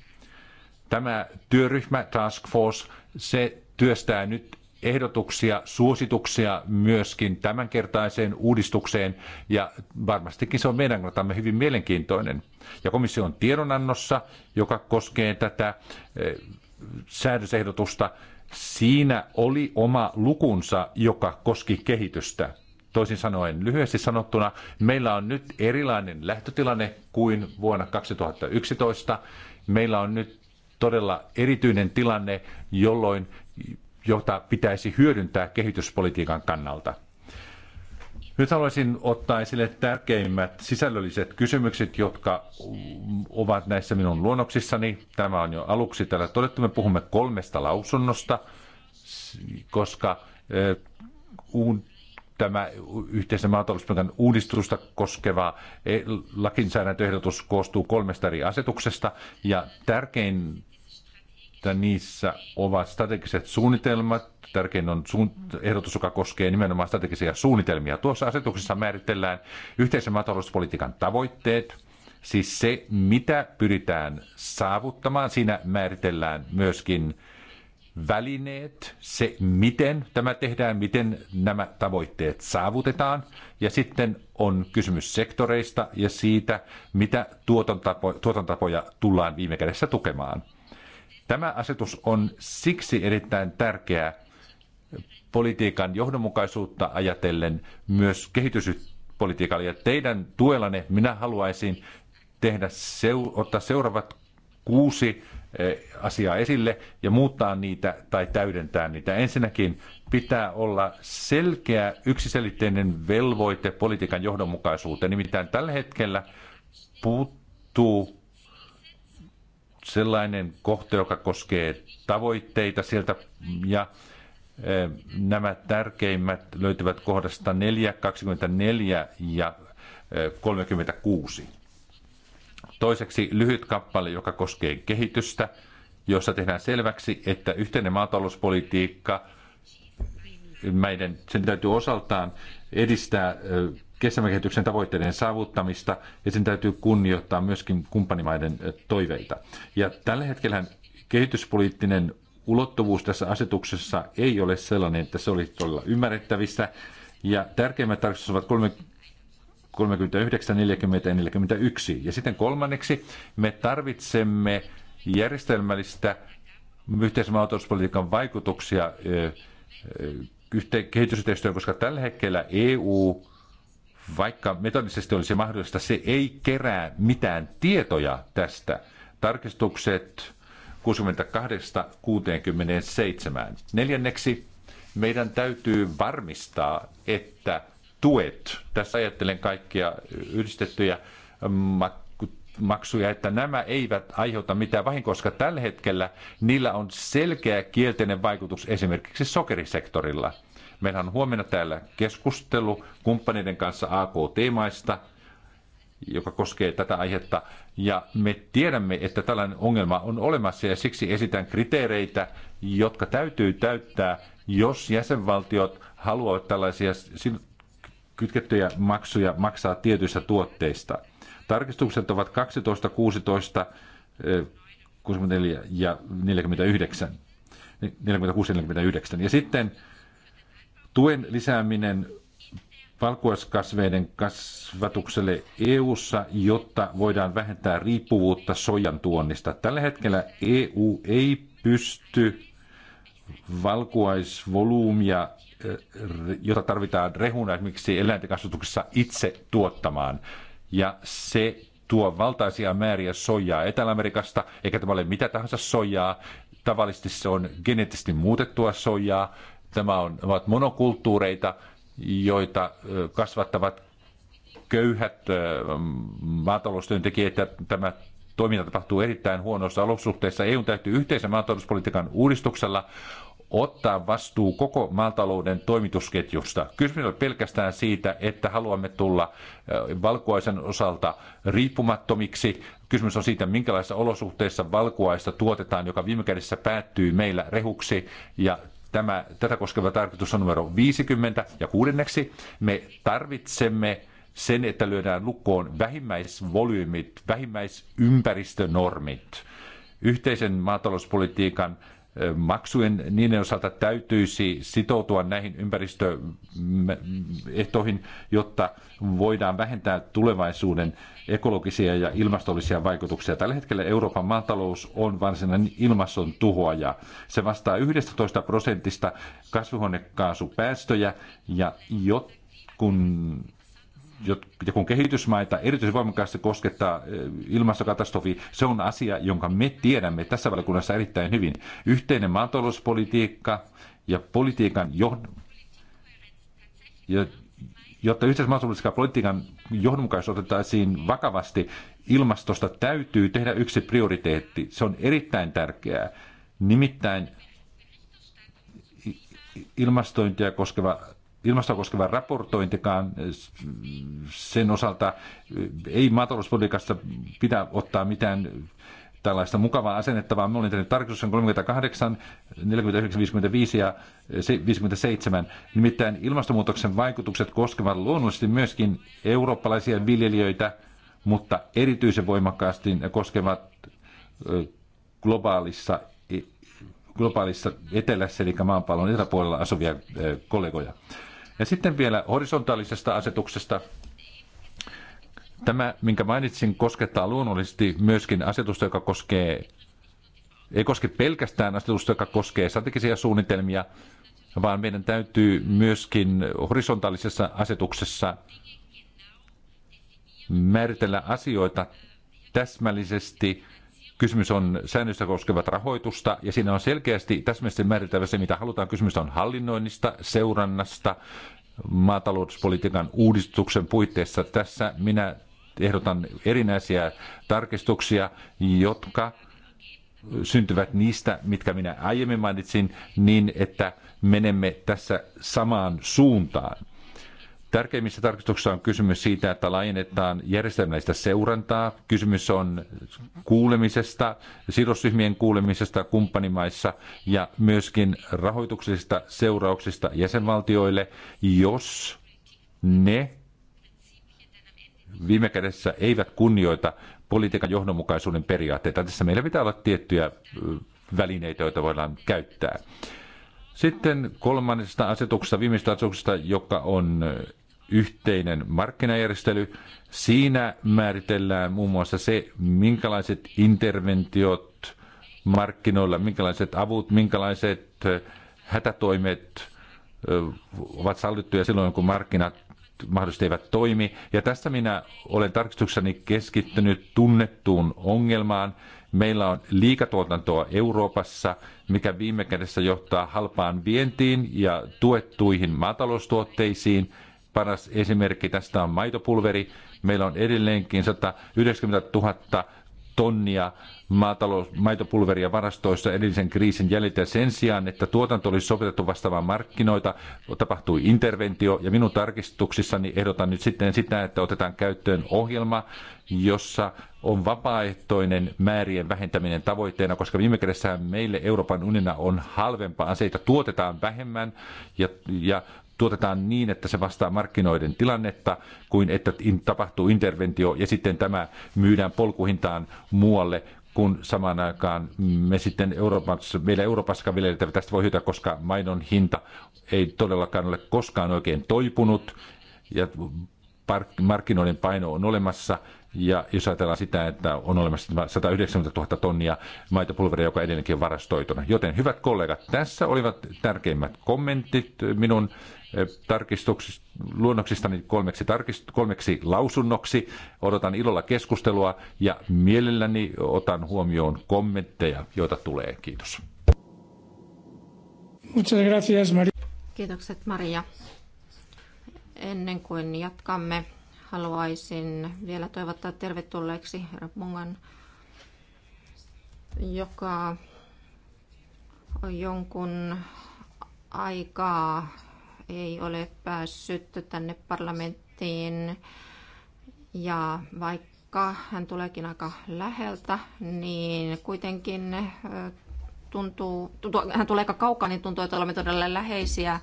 Tämä työryhmä, Task Force, se työstää nyt ehdotuksia, suosituksia myöskin tämänkertaiseen uudistukseen, ja varmastikin se on meidän kannaltamme hyvin mielenkiintoinen. Ja komission tiedonannossa, joka koskee tätä eh, säädösehdotusta, siinä oli oma lukunsa, joka koski kehitystä. Toisin sanoen, lyhyesti sanottuna, meillä on nyt erilainen lähtötilanne kuin vuonna 2011. Meillä on nyt todella erityinen tilanne, jolloin jota pitäisi hyödyntää kehityspolitiikan kannalta. Nyt haluaisin ottaa esille tärkeimmät sisällölliset kysymykset, jotka ovat näissä minun luonnoksissani. Tämä on jo aluksi täällä todettu. Me puhumme kolmesta lausunnosta, koska eh, tämä yhteisen maatalouspolitiikan uudistusta koskeva eh, lakinsäädäntöehdotus koostuu kolmesta eri asetuksesta. Ja tärkein että niissä ovat strategiset suunnitelmat. Tärkein on suun- ehdotus, joka koskee nimenomaan strategisia suunnitelmia. Tuossa asetuksessa määritellään yhteisen maatalouspolitiikan tavoitteet, siis se, mitä pyritään saavuttamaan. Siinä määritellään myöskin välineet, se miten tämä tehdään, miten nämä tavoitteet saavutetaan. Ja sitten on kysymys sektoreista ja siitä, mitä tuotantapoja tullaan viime kädessä tukemaan. Tämä asetus on siksi erittäin tärkeä politiikan johdonmukaisuutta ajatellen myös kehityspolitiikalle. Ja teidän tuellanne minä haluaisin tehdä, seu, ottaa seuraavat kuusi eh, asiaa esille ja muuttaa niitä tai täydentää niitä. Ensinnäkin pitää olla selkeä yksiselitteinen velvoite politiikan johdonmukaisuuteen. Nimittäin tällä hetkellä puuttuu sellainen kohta, joka koskee tavoitteita sieltä ja e, Nämä tärkeimmät löytyvät kohdasta 4, 24 ja 36. E, Toiseksi lyhyt kappale, joka koskee kehitystä, jossa tehdään selväksi, että yhteinen maatalouspolitiikka, meidän, sen täytyy osaltaan edistää e, kestävän kehityksen tavoitteiden saavuttamista ja sen täytyy kunnioittaa myöskin kumppanimaiden toiveita. Ja tällä hetkellä kehityspoliittinen ulottuvuus tässä asetuksessa ei ole sellainen, että se olisi todella ymmärrettävissä. Ja tärkeimmät tarkistukset ovat 39, 40 ja 41. Ja sitten kolmanneksi me tarvitsemme järjestelmällistä yhteisen vaikutuksia kehitysyhteistyöhön, koska tällä hetkellä EU vaikka metodisesti olisi mahdollista, se ei kerää mitään tietoja tästä. Tarkistukset 68-67. Neljänneksi meidän täytyy varmistaa, että tuet, tässä ajattelen kaikkia yhdistettyjä maksuja, että nämä eivät aiheuta mitään vahinkoa, koska tällä hetkellä niillä on selkeä kielteinen vaikutus esimerkiksi sokerisektorilla – Meillä on huomenna täällä keskustelu kumppaneiden kanssa AKT-maista, joka koskee tätä aihetta. Ja me tiedämme, että tällainen ongelma on olemassa ja siksi esitän kriteereitä, jotka täytyy täyttää, jos jäsenvaltiot haluavat tällaisia kytkettyjä maksuja maksaa tietyistä tuotteista. Tarkistukset ovat 12, 16, 64 ja 49. 46 49. Ja sitten Tuen lisääminen valkuaiskasveiden kasvatukselle EU:ssa, jotta voidaan vähentää riippuvuutta sojan tuonnista. Tällä hetkellä EU ei pysty valkuaisvolyymia, eh, jota tarvitaan rehuna esimerkiksi eläintenkasvatuksessa itse tuottamaan. Ja se tuo valtaisia määriä soijaa Etelä-Amerikasta, eikä tämä ole mitä tahansa soijaa. Tavallisesti se on geneettisesti muutettua soijaa, Tämä on, ovat monokulttuureita, joita kasvattavat köyhät maataloustyöntekijät ja tämä toiminta tapahtuu erittäin huonoissa olosuhteissa. EU täytyy yhteisen maatalouspolitiikan uudistuksella ottaa vastuu koko maatalouden toimitusketjusta. Kysymys on pelkästään siitä, että haluamme tulla valkuaisen osalta riippumattomiksi. Kysymys on siitä, minkälaisissa olosuhteissa valkuaista tuotetaan, joka viime kädessä päättyy meillä rehuksi ja Tämä, tätä koskeva tarkoitus on numero 50. Ja kuudenneksi me tarvitsemme sen, että lyödään lukkoon vähimmäisvolyymit, vähimmäisympäristönormit. Yhteisen maatalouspolitiikan maksujen niiden osalta täytyisi sitoutua näihin ympäristöehtoihin, jotta voidaan vähentää tulevaisuuden ekologisia ja ilmastollisia vaikutuksia. Tällä hetkellä Euroopan maatalous on varsinainen ilmaston tuhoaja. Se vastaa 11 prosentista kasvihuonekaasupäästöjä ja jot, kun ja kun kehitysmaita erityisen voimakkaasti koskettaa eh, ilmastokatastrofi, se on asia, jonka me tiedämme tässä valokunnassa erittäin hyvin. Yhteinen maatalouspolitiikka ja politiikan johdon, ja jotta maatalouspolitiikan politiikan johdonmukaisuus otettaisiin vakavasti, ilmastosta täytyy tehdä yksi prioriteetti. Se on erittäin tärkeää. Nimittäin ilmastointia koskeva ilmastoa koskeva raportointikaan sen osalta ei maatalouspolitiikassa pidä ottaa mitään tällaista mukavaa asennetta, vaan me olin tehnyt tarkistuksen 38, 49, 55 ja 57. Nimittäin ilmastonmuutoksen vaikutukset koskevat luonnollisesti myöskin eurooppalaisia viljelijöitä, mutta erityisen voimakkaasti ne koskevat globaalissa, e- globaalissa etelässä, eli maanpallon eteläpuolella asuvia kollegoja. Ja sitten vielä horisontaalisesta asetuksesta. Tämä, minkä mainitsin, koskettaa luonnollisesti myöskin asetusta, joka koskee, ei koske pelkästään asetusta, joka koskee strategisia suunnitelmia, vaan meidän täytyy myöskin horisontaalisessa asetuksessa määritellä asioita täsmällisesti Kysymys on säännöistä koskevat rahoitusta ja siinä on selkeästi täsmällisesti määriteltävä se, mitä halutaan. Kysymys on hallinnoinnista, seurannasta, maatalouspolitiikan uudistuksen puitteissa. Tässä minä ehdotan erinäisiä tarkistuksia, jotka syntyvät niistä, mitkä minä aiemmin mainitsin, niin että menemme tässä samaan suuntaan. Tärkeimmissä tarkistuksissa on kysymys siitä, että laajennetaan järjestelmällistä seurantaa. Kysymys on kuulemisesta, sidosryhmien kuulemisesta kumppanimaissa ja myöskin rahoituksellisista seurauksista jäsenvaltioille, jos ne viime kädessä eivät kunnioita politiikan johdonmukaisuuden periaatteita. Tässä meillä pitää olla tiettyjä välineitä, joita voidaan käyttää. Sitten kolmannesta asetuksesta, viimeisestä asetuksesta, joka on yhteinen markkinajärjestely. Siinä määritellään muun muassa se, minkälaiset interventiot markkinoilla, minkälaiset avut, minkälaiset eh, hätätoimet eh, ovat sallittuja silloin, kun markkinat mahdollisesti eivät toimi. Ja tässä minä olen tarkistuksessani keskittynyt tunnettuun ongelmaan. Meillä on liikatuotantoa Euroopassa, mikä viime kädessä johtaa halpaan vientiin ja tuettuihin maataloustuotteisiin – paras esimerkki tästä on maitopulveri. Meillä on edelleenkin 190 000 tonnia maatalous, maitopulveria varastoissa edellisen kriisin jäljiltä. Sen sijaan, että tuotanto olisi sovitettu vastaamaan markkinoita, tapahtui interventio ja minun tarkistuksissani ehdotan nyt sitten sitä, että otetaan käyttöön ohjelma, jossa on vapaaehtoinen määrien vähentäminen tavoitteena, koska viime kädessä meille Euroopan unina on halvempaa aseita, tuotetaan vähemmän ja, ja tuotetaan niin, että se vastaa markkinoiden tilannetta, kuin että tapahtuu interventio ja sitten tämä myydään polkuhintaan muualle, kun samaan aikaan me sitten Euroopassa, meillä Euroopassa viljelijät tästä voi hyötyä, koska mainon hinta ei todellakaan ole koskaan oikein toipunut ja markkinoiden paino on olemassa. Ja jos ajatellaan sitä, että on olemassa 190 000 tonnia maitopulveria, joka edelleenkin on varastoituna. Joten hyvät kollegat, tässä olivat tärkeimmät kommentit minun tarkistuksista, luonnoksistani kolmeksi, tarkist, kolmeksi lausunnoksi. Odotan ilolla keskustelua ja mielelläni otan huomioon kommentteja, joita tulee. Kiitos. Kiitokset Maria. Ennen kuin jatkamme, haluaisin vielä toivottaa tervetulleeksi herra Mungan, joka on jonkun aikaa ei ole päässyt tänne parlamenttiin. Ja vaikka hän tuleekin aika läheltä, niin kuitenkin tuntuu, tuntuu, hän tulee aika kaukaa, niin tuntuu, että olemme todella läheisiä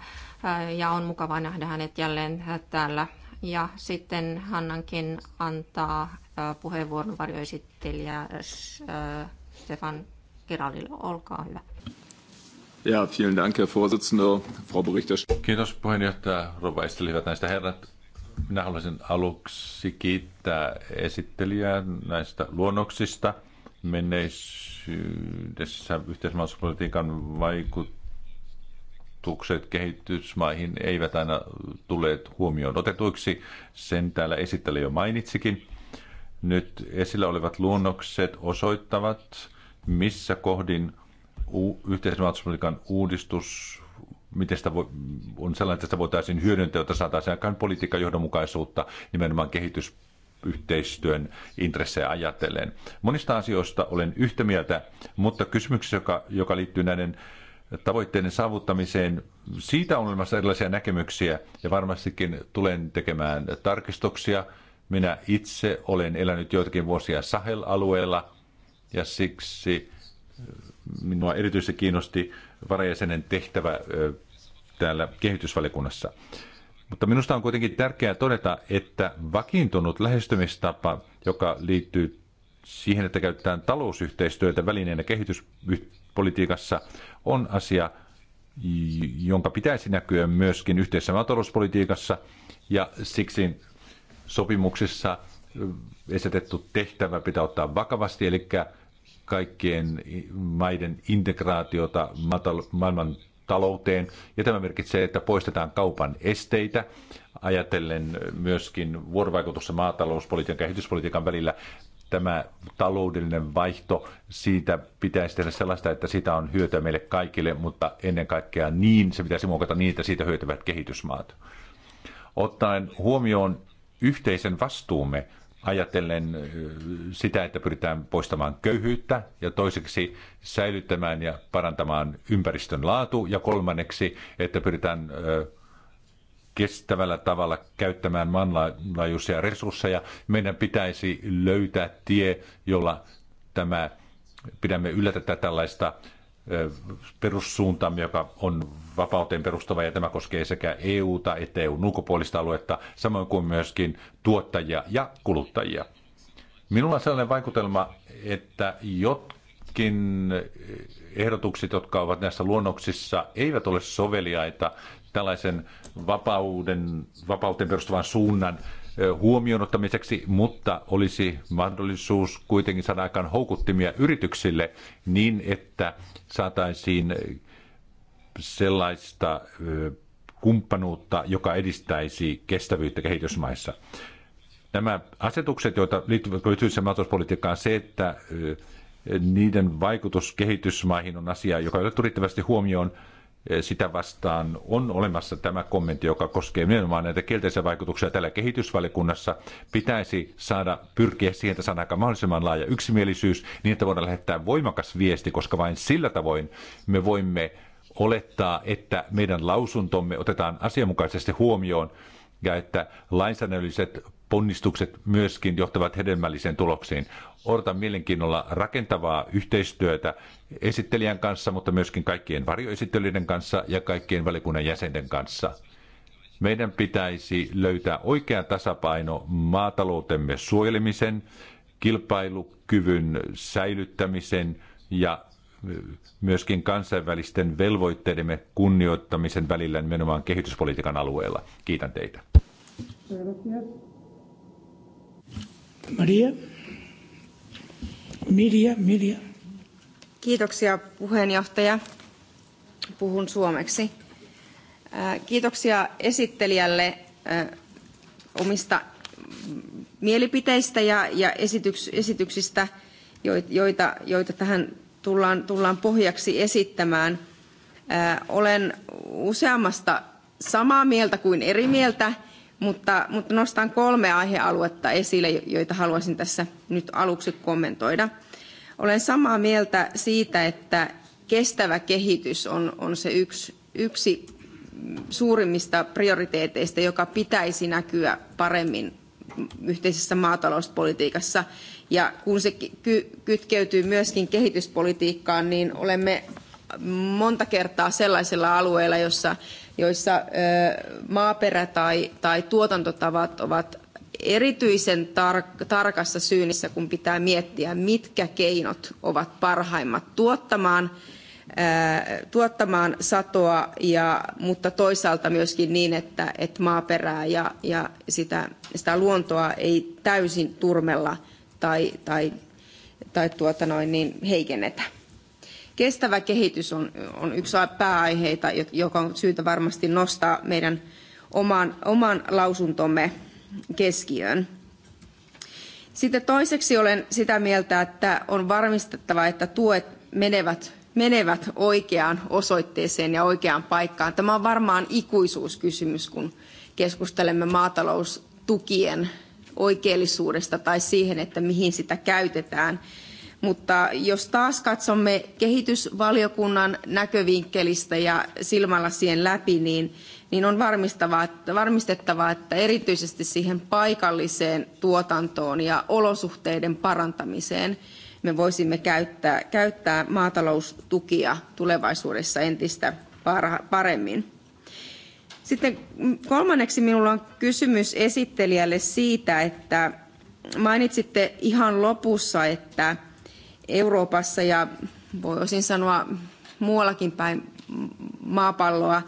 ja on mukava nähdä hänet jälleen täällä. Ja sitten Hannankin antaa puheenvuoron varjoesittelijä Stefan Kiralille. Olkaa hyvä. Ja, vielen Dank, Herr Vorsitzender, Frau Berichterstatterin. Kiitos puheenjohtaja Rova näistä herrat. Minä haluaisin aluksi kiittää esittelijää näistä luonnoksista. Menneisyydessä yhteismaailmapolitiikan vaikutukset kehitysmaihin eivät aina tulleet huomioon otetuiksi. Sen täällä esittelijä jo mainitsikin. Nyt esillä olevat luonnokset osoittavat, missä kohdin u, yhteisen uudistus, miten sitä voi, on sellainen, että sitä voitaisiin hyödyntää, jotta saataisiin aikaan politiikan johdonmukaisuutta nimenomaan kehitysyhteistyön intressejä ajatellen. Monista asioista olen yhtä mieltä, mutta kysymyksessä, joka, joka liittyy näiden tavoitteiden saavuttamiseen, siitä on olemassa erilaisia näkemyksiä ja varmastikin tulen tekemään tarkistuksia. Minä itse olen elänyt joitakin vuosia Sahel-alueella ja siksi minua erityisesti kiinnosti varajäsenen tehtävä täällä kehitysvalikunnassa. Mutta minusta on kuitenkin tärkeää todeta, että vakiintunut lähestymistapa, joka liittyy siihen, että käytetään talousyhteistyötä välineenä kehityspolitiikassa, on asia, jonka pitäisi näkyä myöskin yhteisessä maatalouspolitiikassa ja siksi sopimuksissa esitetty tehtävä pitää ottaa vakavasti, eli kaikkien maiden integraatiota maailman talouteen. Ja tämä merkitsee, että poistetaan kaupan esteitä, ajatellen myöskin vuorovaikutusta maatalouspolitiikan ja kehityspolitiikan välillä. Tämä taloudellinen vaihto, siitä pitäisi tehdä sellaista, että sitä on hyötyä meille kaikille, mutta ennen kaikkea niin, se pitäisi muokata niin, että siitä hyötyvät kehitysmaat. Ottaen huomioon yhteisen vastuumme, ajatellen sitä, että pyritään poistamaan köyhyyttä ja toiseksi säilyttämään ja parantamaan ympäristön laatu ja kolmanneksi, että pyritään kestävällä tavalla käyttämään maanlaajuisia resursseja. Meidän pitäisi löytää tie, jolla tämä, pidämme yllä tätä tällaista perussuuntamme, joka on vapauteen perustava, ja tämä koskee sekä EUta että EUn ulkopuolista aluetta, samoin kuin myöskin tuottajia ja kuluttajia. Minulla on sellainen vaikutelma, että jotkin ehdotukset, jotka ovat näissä luonnoksissa, eivät ole soveliaita tällaisen vapauden, vapauteen perustuvan suunnan huomioon ottamiseksi, mutta olisi mahdollisuus kuitenkin saada aikaan houkuttimia yrityksille niin, että saataisiin sellaista kumppanuutta, joka edistäisi kestävyyttä kehitysmaissa. Nämä asetukset, joita liittyvät yksityiseen maatalouspolitiikkaan, se, että niiden vaikutus kehitysmaihin on asia, joka on otettu riittävästi huomioon, sitä vastaan on olemassa tämä kommentti, joka koskee nimenomaan näitä kielteisiä vaikutuksia tällä kehitysvalikunnassa. Pitäisi saada pyrkiä siihen, että saadaan aika mahdollisimman laaja yksimielisyys, niin että voidaan lähettää voimakas viesti, koska vain sillä tavoin me voimme olettaa, että meidän lausuntomme otetaan asianmukaisesti huomioon ja että lainsäädännölliset ponnistukset myöskin johtavat hedelmälliseen tulokseen. Odotan mielenkiinnolla rakentavaa yhteistyötä esittelijän kanssa, mutta myöskin kaikkien varjoesittelijöiden kanssa ja kaikkien valikunnan jäsenten kanssa. Meidän pitäisi löytää oikea tasapaino maataloutemme suojelemisen, kilpailukyvyn säilyttämisen ja myöskin kansainvälisten velvoitteidemme kunnioittamisen välillä nimenomaan kehityspolitiikan alueella. Kiitän teitä. Kiitos. Maria. Mirja, Mirja. Kiitoksia puheenjohtaja. Puhun suomeksi. Kiitoksia esittelijälle omista mielipiteistä ja, ja esityks, esityksistä, joita, joita tähän tullaan, tullaan pohjaksi esittämään. Olen useammasta samaa mieltä kuin eri mieltä mutta, mutta nostan kolme aihealuetta esille, joita haluaisin tässä nyt aluksi kommentoida. Olen samaa mieltä siitä, että kestävä kehitys on, on se yksi, yksi suurimmista prioriteeteista, joka pitäisi näkyä paremmin yhteisessä maatalouspolitiikassa. Ja kun se kytkeytyy myöskin kehityspolitiikkaan, niin olemme monta kertaa sellaisilla alueilla, jossa joissa maaperä tai, tai tuotantotavat ovat erityisen tar- tarkassa syynissä, kun pitää miettiä, mitkä keinot ovat parhaimmat tuottamaan, ää, tuottamaan satoa, ja, mutta toisaalta myöskin niin, että, maaperää ja, ja sitä, sitä, luontoa ei täysin turmella tai, tai, tai tuota noin, niin heikennetä. Kestävä kehitys on, on yksi pääaiheita, joka on syytä varmasti nostaa meidän oman, oman lausuntomme keskiöön. Sitten toiseksi olen sitä mieltä, että on varmistettava, että tuet menevät, menevät oikeaan osoitteeseen ja oikeaan paikkaan. Tämä on varmaan ikuisuuskysymys, kun keskustelemme maataloustukien oikeellisuudesta tai siihen, että mihin sitä käytetään. Mutta jos taas katsomme kehitysvaliokunnan näkövinkkelistä ja silmälasien läpi, niin, niin on varmistettava, että erityisesti siihen paikalliseen tuotantoon ja olosuhteiden parantamiseen me voisimme käyttää, käyttää maataloustukia tulevaisuudessa entistä paremmin. Sitten kolmanneksi minulla on kysymys esittelijälle siitä, että mainitsitte ihan lopussa, että Euroopassa ja voisin sanoa muuallakin päin maapalloa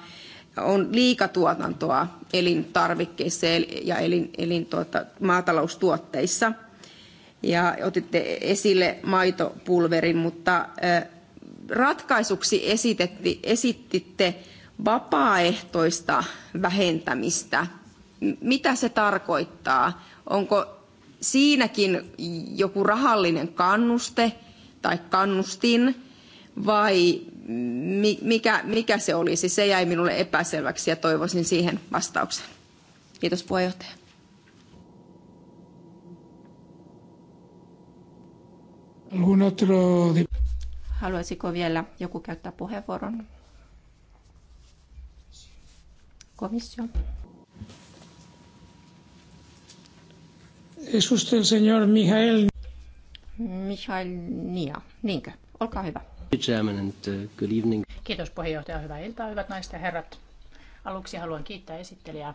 on liikatuotantoa elintarvikkeissa ja elin, elin tuota, maataloustuotteissa. Ja otitte esille maitopulverin, mutta ratkaisuksi esitetti, esititte vapaaehtoista vähentämistä. Mitä se tarkoittaa? Onko siinäkin joku rahallinen kannuste – tai kannustin vai mikä, mikä se olisi? Se jäi minulle epäselväksi ja toivoisin siihen vastauksen. Kiitos puheenjohtaja. Haluaisiko vielä joku käyttää puheenvuoron? Komissio. Es usted el señor Mijael Michael Nia, niinkö? Olkaa hyvä. Uh, good evening. Kiitos puheenjohtaja, hyvää iltaa, hyvät naiset ja herrat. Aluksi haluan kiittää esittelijää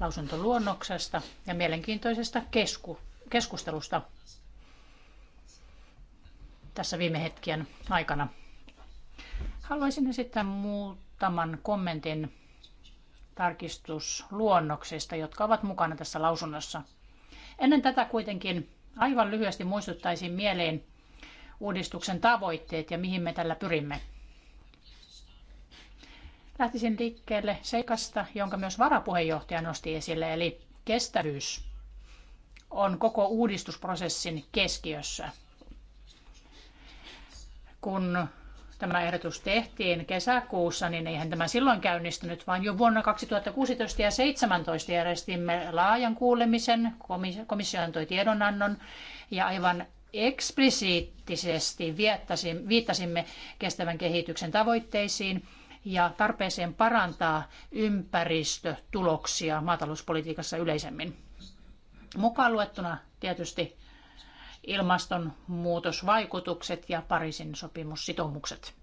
lausuntoluonnoksesta ja mielenkiintoisesta kesku- keskustelusta tässä viime hetkien aikana. Haluaisin esittää muutaman kommentin tarkistusluonnoksista, jotka ovat mukana tässä lausunnossa. Ennen tätä kuitenkin Aivan lyhyesti muistuttaisin mieleen uudistuksen tavoitteet ja mihin me tällä pyrimme. Lähtisin liikkeelle seikasta, jonka myös varapuheenjohtaja nosti esille, eli kestävyys on koko uudistusprosessin keskiössä. Kun tämä ehdotus tehtiin kesäkuussa, niin eihän tämä silloin käynnistynyt, vaan jo vuonna 2016 ja 2017 järjestimme laajan kuulemisen, komissio antoi tiedonannon ja aivan eksplisiittisesti viittasimme kestävän kehityksen tavoitteisiin ja tarpeeseen parantaa ympäristötuloksia maatalouspolitiikassa yleisemmin. Mukaan luettuna tietysti ilmastonmuutosvaikutukset ja Pariisin sopimussitoumukset.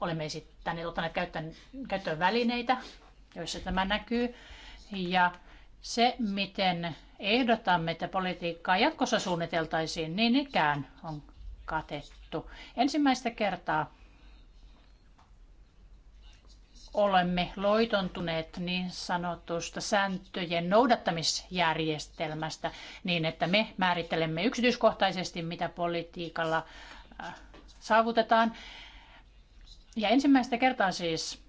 Olemme esittäneet, ottaneet käyttöön, välineitä, joissa tämä näkyy. Ja se, miten ehdotamme, että politiikkaa jatkossa suunniteltaisiin, niin ikään on katettu. Ensimmäistä kertaa olemme loitontuneet niin sanotusta sääntöjen noudattamisjärjestelmästä niin, että me määrittelemme yksityiskohtaisesti, mitä politiikalla äh, saavutetaan. Ja ensimmäistä kertaa siis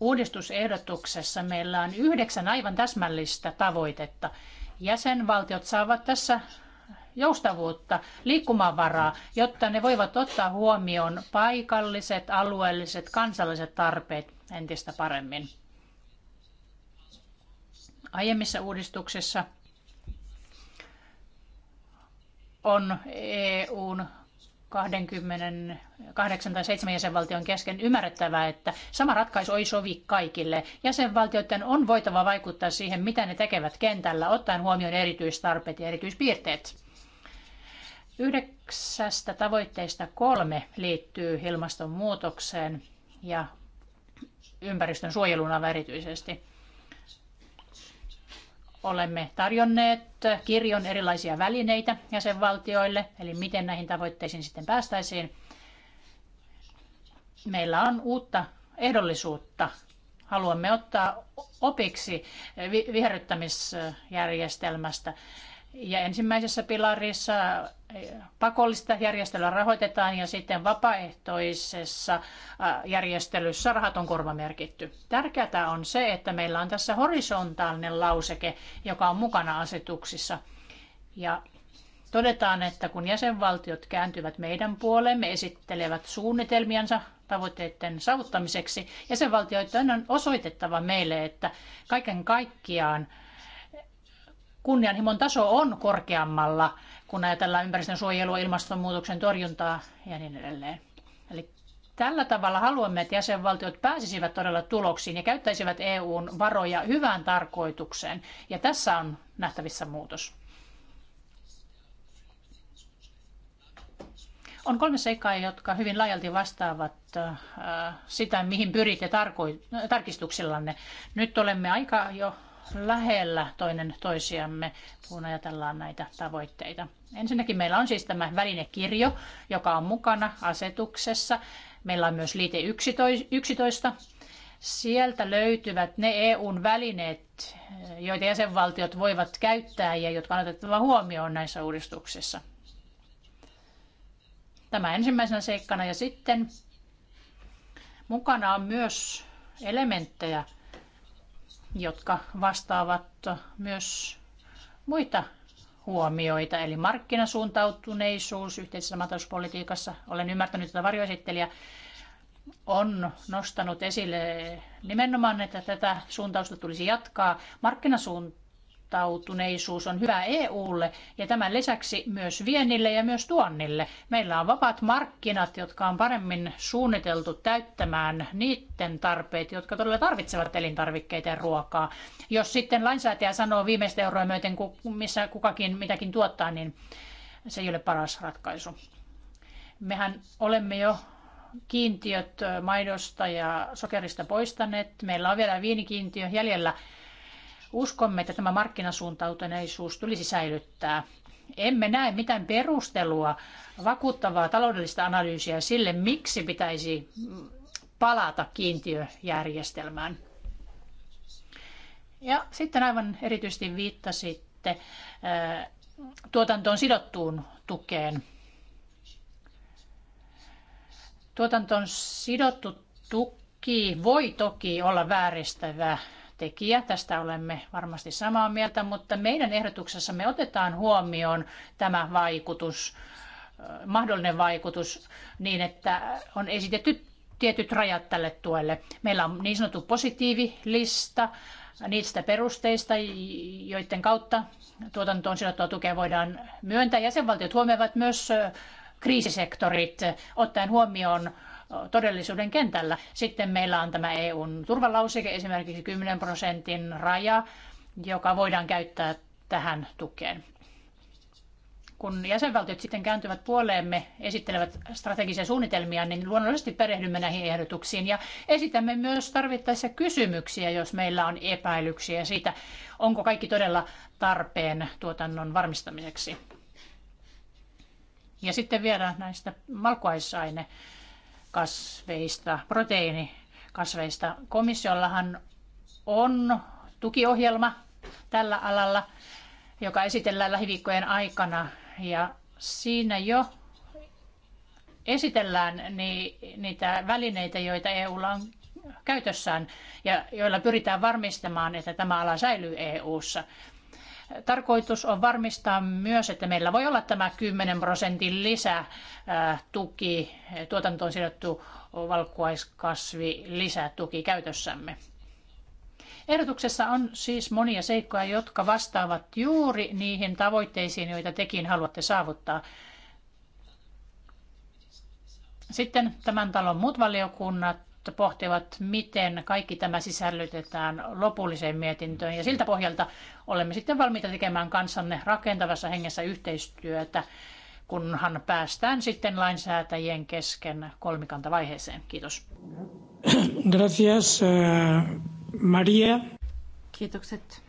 uudistusehdotuksessa meillä on yhdeksän aivan täsmällistä tavoitetta. Jäsenvaltiot saavat tässä joustavuutta, liikkumavaraa, jotta ne voivat ottaa huomioon paikalliset, alueelliset, kansalliset tarpeet entistä paremmin. Aiemmissa uudistuksissa on EUn 28 tai 7 jäsenvaltion kesken ymmärrettävää, että sama ratkaisu ei sovi kaikille. Jäsenvaltioiden on voitava vaikuttaa siihen, mitä ne tekevät kentällä, ottaen huomioon erityistarpeet ja erityispiirteet. Yhdeksästä tavoitteesta kolme liittyy ilmastonmuutokseen ja ympäristön suojelun aivan erityisesti. Olemme tarjonneet kirjon erilaisia välineitä jäsenvaltioille, eli miten näihin tavoitteisiin sitten päästäisiin. Meillä on uutta ehdollisuutta. Haluamme ottaa opiksi viherryttämisjärjestelmästä ja ensimmäisessä pilarissa eh, pakollista järjestelyä rahoitetaan ja sitten vapaaehtoisessa järjestelyssä rahat on korvamerkitty. Tärkeää on se, että meillä on tässä horisontaalinen lauseke, joka on mukana asetuksissa. Ja todetaan, että kun jäsenvaltiot kääntyvät meidän puoleemme, esittelevät suunnitelmiansa tavoitteiden saavuttamiseksi, jäsenvaltioiden on osoitettava meille, että kaiken kaikkiaan – kunnianhimon taso on korkeammalla, kun ajatellaan ympäristön suojelua, ilmastonmuutoksen torjuntaa ja niin edelleen. Eli tällä tavalla haluamme, että jäsenvaltiot pääsisivät todella tuloksiin ja käyttäisivät EUn varoja hyvään tarkoitukseen. Ja tässä on nähtävissä muutos. On kolme seikkaa, jotka hyvin laajalti vastaavat äh, sitä, mihin pyritte tarkistuksillanne. Nyt olemme aika jo lähellä toinen toisiamme, kun ajatellaan näitä tavoitteita. Ensinnäkin meillä on siis tämä välinekirjo, joka on mukana asetuksessa. Meillä on myös liite 11. Sieltä löytyvät ne EUn välineet, joita jäsenvaltiot voivat käyttää ja jotka on otettava huomioon näissä uudistuksissa. Tämä ensimmäisenä seikkana ja sitten mukana on myös elementtejä, jotka vastaavat myös muita huomioita, eli markkinasuuntautuneisuus yhteisessä maatalouspolitiikassa. Olen ymmärtänyt, että varjoesittelijä on nostanut esille nimenomaan, että tätä suuntausta tulisi jatkaa. Markkinasuuntautuneisuus irrottautuneisuus on hyvä EUlle ja tämän lisäksi myös viennille ja myös tuonnille. Meillä on vapaat markkinat, jotka on paremmin suunniteltu täyttämään niiden tarpeet, jotka todella tarvitsevat elintarvikkeita ja ruokaa. Jos sitten lainsäätäjä sanoo viimeistä euroa myöten, missä kukakin mitäkin tuottaa, niin se ei ole paras ratkaisu. Mehän olemme jo kiintiöt maidosta ja sokerista poistaneet. Meillä on vielä viinikiintiö jäljellä Uskomme, että tämä markkinasuuntautuneisuus tulisi säilyttää. Emme näe mitään perustelua, vakuuttavaa taloudellista analyysiä sille, miksi pitäisi palata kiintiöjärjestelmään. Ja sitten aivan erityisesti viittasitte äh, tuotantoon sidottuun tukeen. Tuotantoon sidottu tuki voi toki olla vääristävä tekijä. Tästä olemme varmasti samaa mieltä, mutta meidän ehdotuksessamme otetaan huomioon tämä vaikutus, mahdollinen vaikutus niin, että on esitetty tietyt rajat tälle tuelle. Meillä on niin sanottu positiivilista niistä perusteista, joiden kautta tuotantoon sidottua tukea voidaan myöntää. Jäsenvaltiot huomioivat myös kriisisektorit, ottaen huomioon todellisuuden kentällä. Sitten meillä on tämä EUn turvalauseke, esimerkiksi 10 prosentin raja, joka voidaan käyttää tähän tukeen. Kun jäsenvaltiot sitten kääntyvät puoleemme, esittelevät strategisia suunnitelmia, niin luonnollisesti perehdymme näihin ehdotuksiin ja esitämme myös tarvittaessa kysymyksiä, jos meillä on epäilyksiä siitä, onko kaikki todella tarpeen tuotannon varmistamiseksi. Ja sitten vielä näistä malkuaisaine kasveista, proteiinikasveista. Komissiollahan on tukiohjelma tällä alalla, joka esitellään lähiviikkojen aikana ja siinä jo esitellään niitä välineitä, joita EUlla on käytössään ja joilla pyritään varmistamaan, että tämä ala säilyy EUssa tarkoitus on varmistaa myös, että meillä voi olla tämä 10 prosentin lisätuki, tuotantoon sidottu valkuaiskasvi lisätuki käytössämme. Ehdotuksessa on siis monia seikkoja, jotka vastaavat juuri niihin tavoitteisiin, joita tekin haluatte saavuttaa. Sitten tämän talon muut valiokunnat pohtivat, miten kaikki tämä sisällytetään lopulliseen mietintöön. Ja siltä pohjalta olemme sitten valmiita tekemään kanssanne rakentavassa hengessä yhteistyötä, kunhan päästään sitten lainsäätäjien kesken kolmikantavaiheeseen. Kiitos. Gracias, eh, Maria. Kiitokset.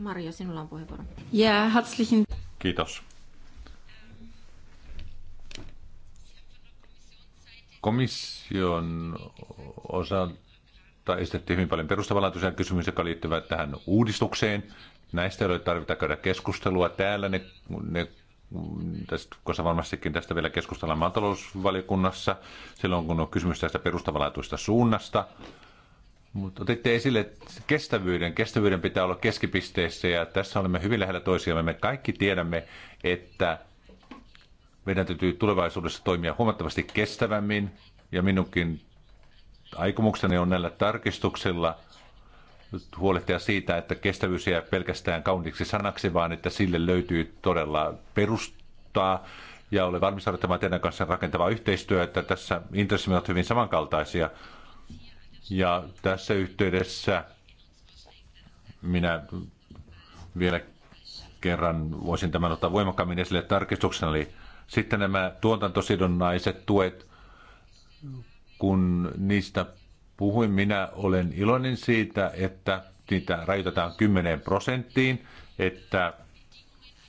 Maria, sinulla on puheenvuoro. Ja herzlichen... Kiitos. Komission osalta esitettiin hyvin paljon perustavanlaatuisia kysymyksiä, jotka liittyvät tähän uudistukseen. Näistä ei ole tarvita käydä keskustelua. Täällä ne, ne tästä, koska varmastikin tästä vielä keskustellaan maatalousvaliokunnassa, silloin kun on kysymys tästä perustavanlaatuista suunnasta. Mutta otitte esille kestävyyden. Kestävyyden pitää olla keskipisteessä ja tässä olemme hyvin lähellä toisiamme. Me kaikki tiedämme, että meidän täytyy tulevaisuudessa toimia huomattavasti kestävämmin, ja minunkin aikomukseni on näillä tarkistuksilla huolehtia siitä, että kestävyys ei pelkästään kauniiksi sanaksi, vaan että sille löytyy todella perustaa, ja olen valmis harjoittamaan teidän kanssa rakentavaa yhteistyötä. Tässä intressimme ovat hyvin samankaltaisia. Ja tässä yhteydessä minä vielä kerran voisin tämän ottaa voimakkaammin esille tarkistuksena, eli sitten nämä tuotantosidonnaiset tuet, kun niistä puhuin, minä olen iloinen siitä, että niitä rajoitetaan 10 prosenttiin, että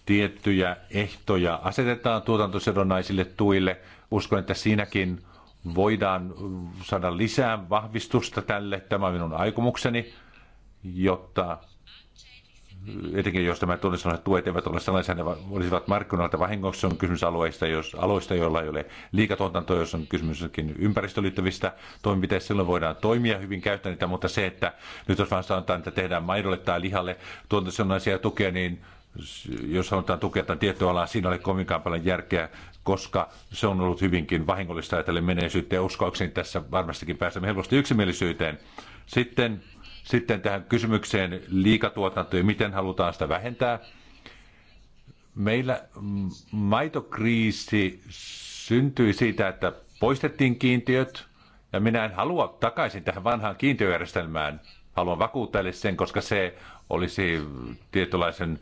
tiettyjä ehtoja asetetaan tuotantosidonnaisille tuille. Uskon, että siinäkin voidaan saada lisää vahvistusta tälle. Tämä on minun aikomukseni, jotta etenkin jos tämä tunnistuneet tuet eivät ole sellaisia, ne olisivat markkinoilta vahingossa, on kysymys alueista, jos, aloista, joilla ei ole liikatuotantoa, jos on kysymys ympäristöön liittyvistä toimenpiteistä, silloin voidaan toimia hyvin käyttää niitä, mutta se, että nyt jos vaan sanotaan, että tehdään maidolle tai lihalle tuotantosellaisia tukea, niin jos halutaan tukea tämän tiettyä alaa, siinä oli kovinkaan paljon järkeä, koska se on ollut hyvinkin vahingollista ajatellen menneisyyttä ja uskoakseni tässä varmastikin pääsemme helposti yksimielisyyteen. Sitten sitten tähän kysymykseen ja miten halutaan sitä vähentää. Meillä maitokriisi syntyi siitä, että poistettiin kiintiöt, ja minä en halua takaisin tähän vanhaan kiintiöjärjestelmään. Haluan vakuuttaa sen, koska se olisi tietynlaisen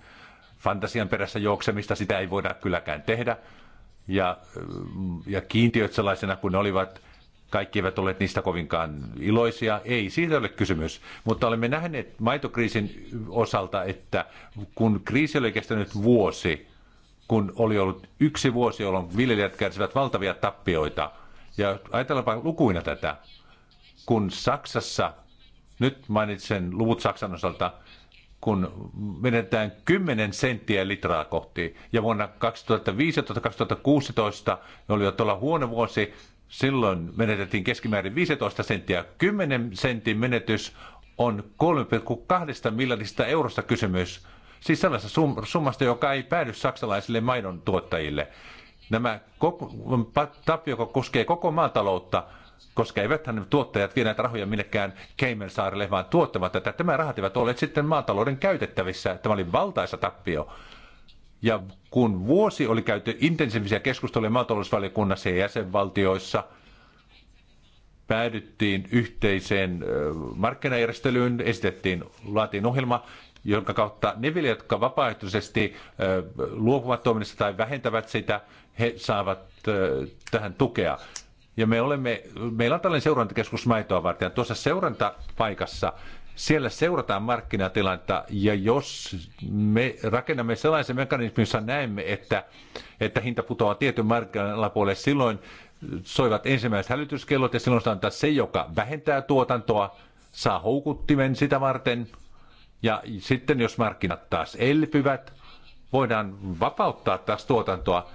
fantasian perässä juoksemista. Sitä ei voida kylläkään tehdä. Ja, ja kiintiöt sellaisena kuin ne olivat, kaikki eivät ole niistä kovinkaan iloisia. Ei, siitä ole kysymys. Mutta olemme nähneet maitokriisin osalta, että kun kriisi oli kestänyt vuosi, kun oli ollut yksi vuosi, jolloin viljelijät kärsivät valtavia tappioita. Ja ajatellaanpa lukuina tätä. Kun Saksassa, nyt mainitsen luvut Saksan osalta, kun menetään 10 senttiä litraa kohti. Ja vuonna 2015-2016 oli jo tuolla huono vuosi, Silloin menetettiin keskimäärin 15 senttiä. 10 sentin menetys on 3,2 miljardista eurosta kysymys. Siis sellaisesta sum- summasta, joka ei päädy saksalaisille maidon tuottajille. Nämä tappio, joka koskee koko maataloutta, koska eivät ne tuottajat vie näitä rahoja minnekään Keimensaarelle, vaan tuottavat tätä. Tämä rahat eivät olleet sitten maatalouden käytettävissä. Tämä oli valtaisa tappio. Ja kun vuosi oli käyty intensiivisiä keskusteluja maatalousvaliokunnassa ja jäsenvaltioissa, päädyttiin yhteiseen markkinajärjestelyyn, esitettiin, laatiin ohjelma, jonka kautta ne viljelijät, jotka vapaaehtoisesti luopuvat toiminnasta tai vähentävät sitä, he saavat tähän tukea. Ja me olemme, meillä on tällainen seurantakeskus maitoa varten. Tuossa seurantapaikassa siellä seurataan markkinatilannetta ja jos me rakennamme sellaisen mekanismin, jossa näemme, että, että hinta putoaa tietyn markkinalapuolelle, silloin soivat ensimmäiset hälytyskellot ja silloin sanotaan, että se, joka vähentää tuotantoa, saa houkuttimen sitä varten. Ja sitten jos markkinat taas elpyvät, voidaan vapauttaa taas tuotantoa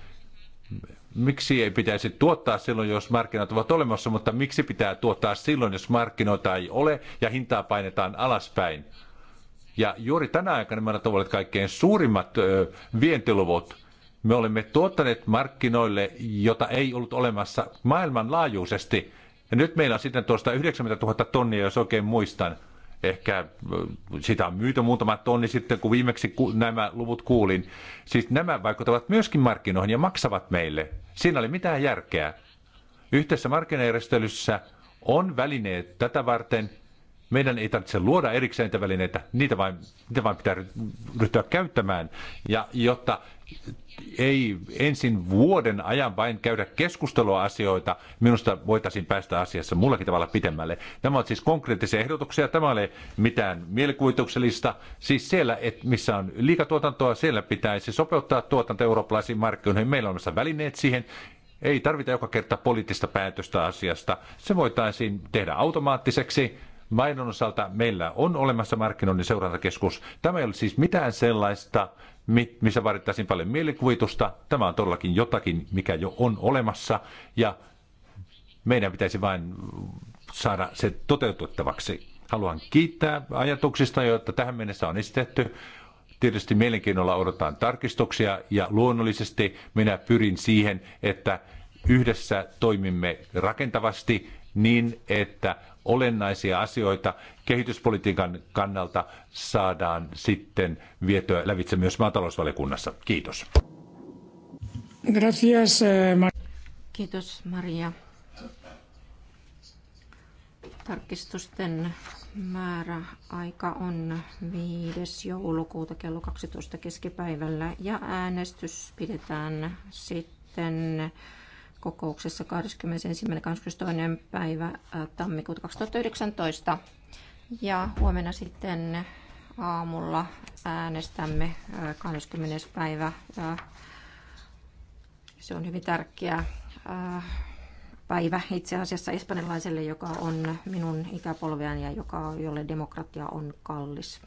miksi ei pitäisi tuottaa silloin, jos markkinat ovat olemassa, mutta miksi pitää tuottaa silloin, jos markkinoita ei ole ja hintaa painetaan alaspäin. Ja juuri tänä aikana meillä ovat kaikkein suurimmat ö, vientiluvut. Me olemme tuottaneet markkinoille, jota ei ollut olemassa maailmanlaajuisesti. Ja nyt meillä on sitten tuosta 90 000 tonnia, jos oikein muistan – Ehkä sitä on myyty muutama tonni sitten, kun viimeksi nämä luvut kuulin. Siis nämä vaikuttavat myöskin markkinoihin ja maksavat meille. Siinä oli mitään järkeä. Yhteisessä markkinajärjestelyssä on välineet tätä varten. Meidän ei tarvitse luoda erikseen niitä välineitä, niitä vain, niitä vain pitää ryhtyä käyttämään. Ja jotta ei ensin vuoden ajan vain käydä keskustelua asioita, minusta voitaisiin päästä asiassa mullakin tavalla pitemmälle. Nämä ovat siis konkreettisia ehdotuksia, tämä ei ole mitään mielikuvituksellista. Siis siellä, et, missä on liikatuotantoa, siellä pitäisi sopeuttaa tuotanto eurooppalaisiin markkinoihin. Meillä on olemassa välineet siihen, ei tarvita joka kerta poliittista päätöstä asiasta. Se voitaisiin tehdä automaattiseksi. Maidon osalta meillä on olemassa markkinoinnin seurantakeskus. Tämä ei ole siis mitään sellaista, missä vaadittaisiin paljon mielikuvitusta. Tämä on todellakin jotakin, mikä jo on olemassa ja meidän pitäisi vain saada se toteutettavaksi. Haluan kiittää ajatuksista, joita tähän mennessä on esitetty. Tietysti mielenkiinnolla odotetaan tarkistuksia ja luonnollisesti minä pyrin siihen, että yhdessä toimimme rakentavasti niin, että olennaisia asioita kehityspolitiikan kannalta saadaan sitten vietyä lävitse myös maatalousvaliokunnassa. Kiitos. Gracias, eh, Kiitos Maria. Tarkistusten määrä aika on 5. joulukuuta kello 12 keskipäivällä ja äänestys pidetään sitten kokouksessa 21.22. päivä äh, tammikuuta 2019. Ja huomenna sitten aamulla äänestämme 20. Äh, päivä. Äh, se on hyvin tärkeä päivä itse asiassa espanjalaiselle, joka on minun ikäpolveani ja joka, jolle demokratia on kallis.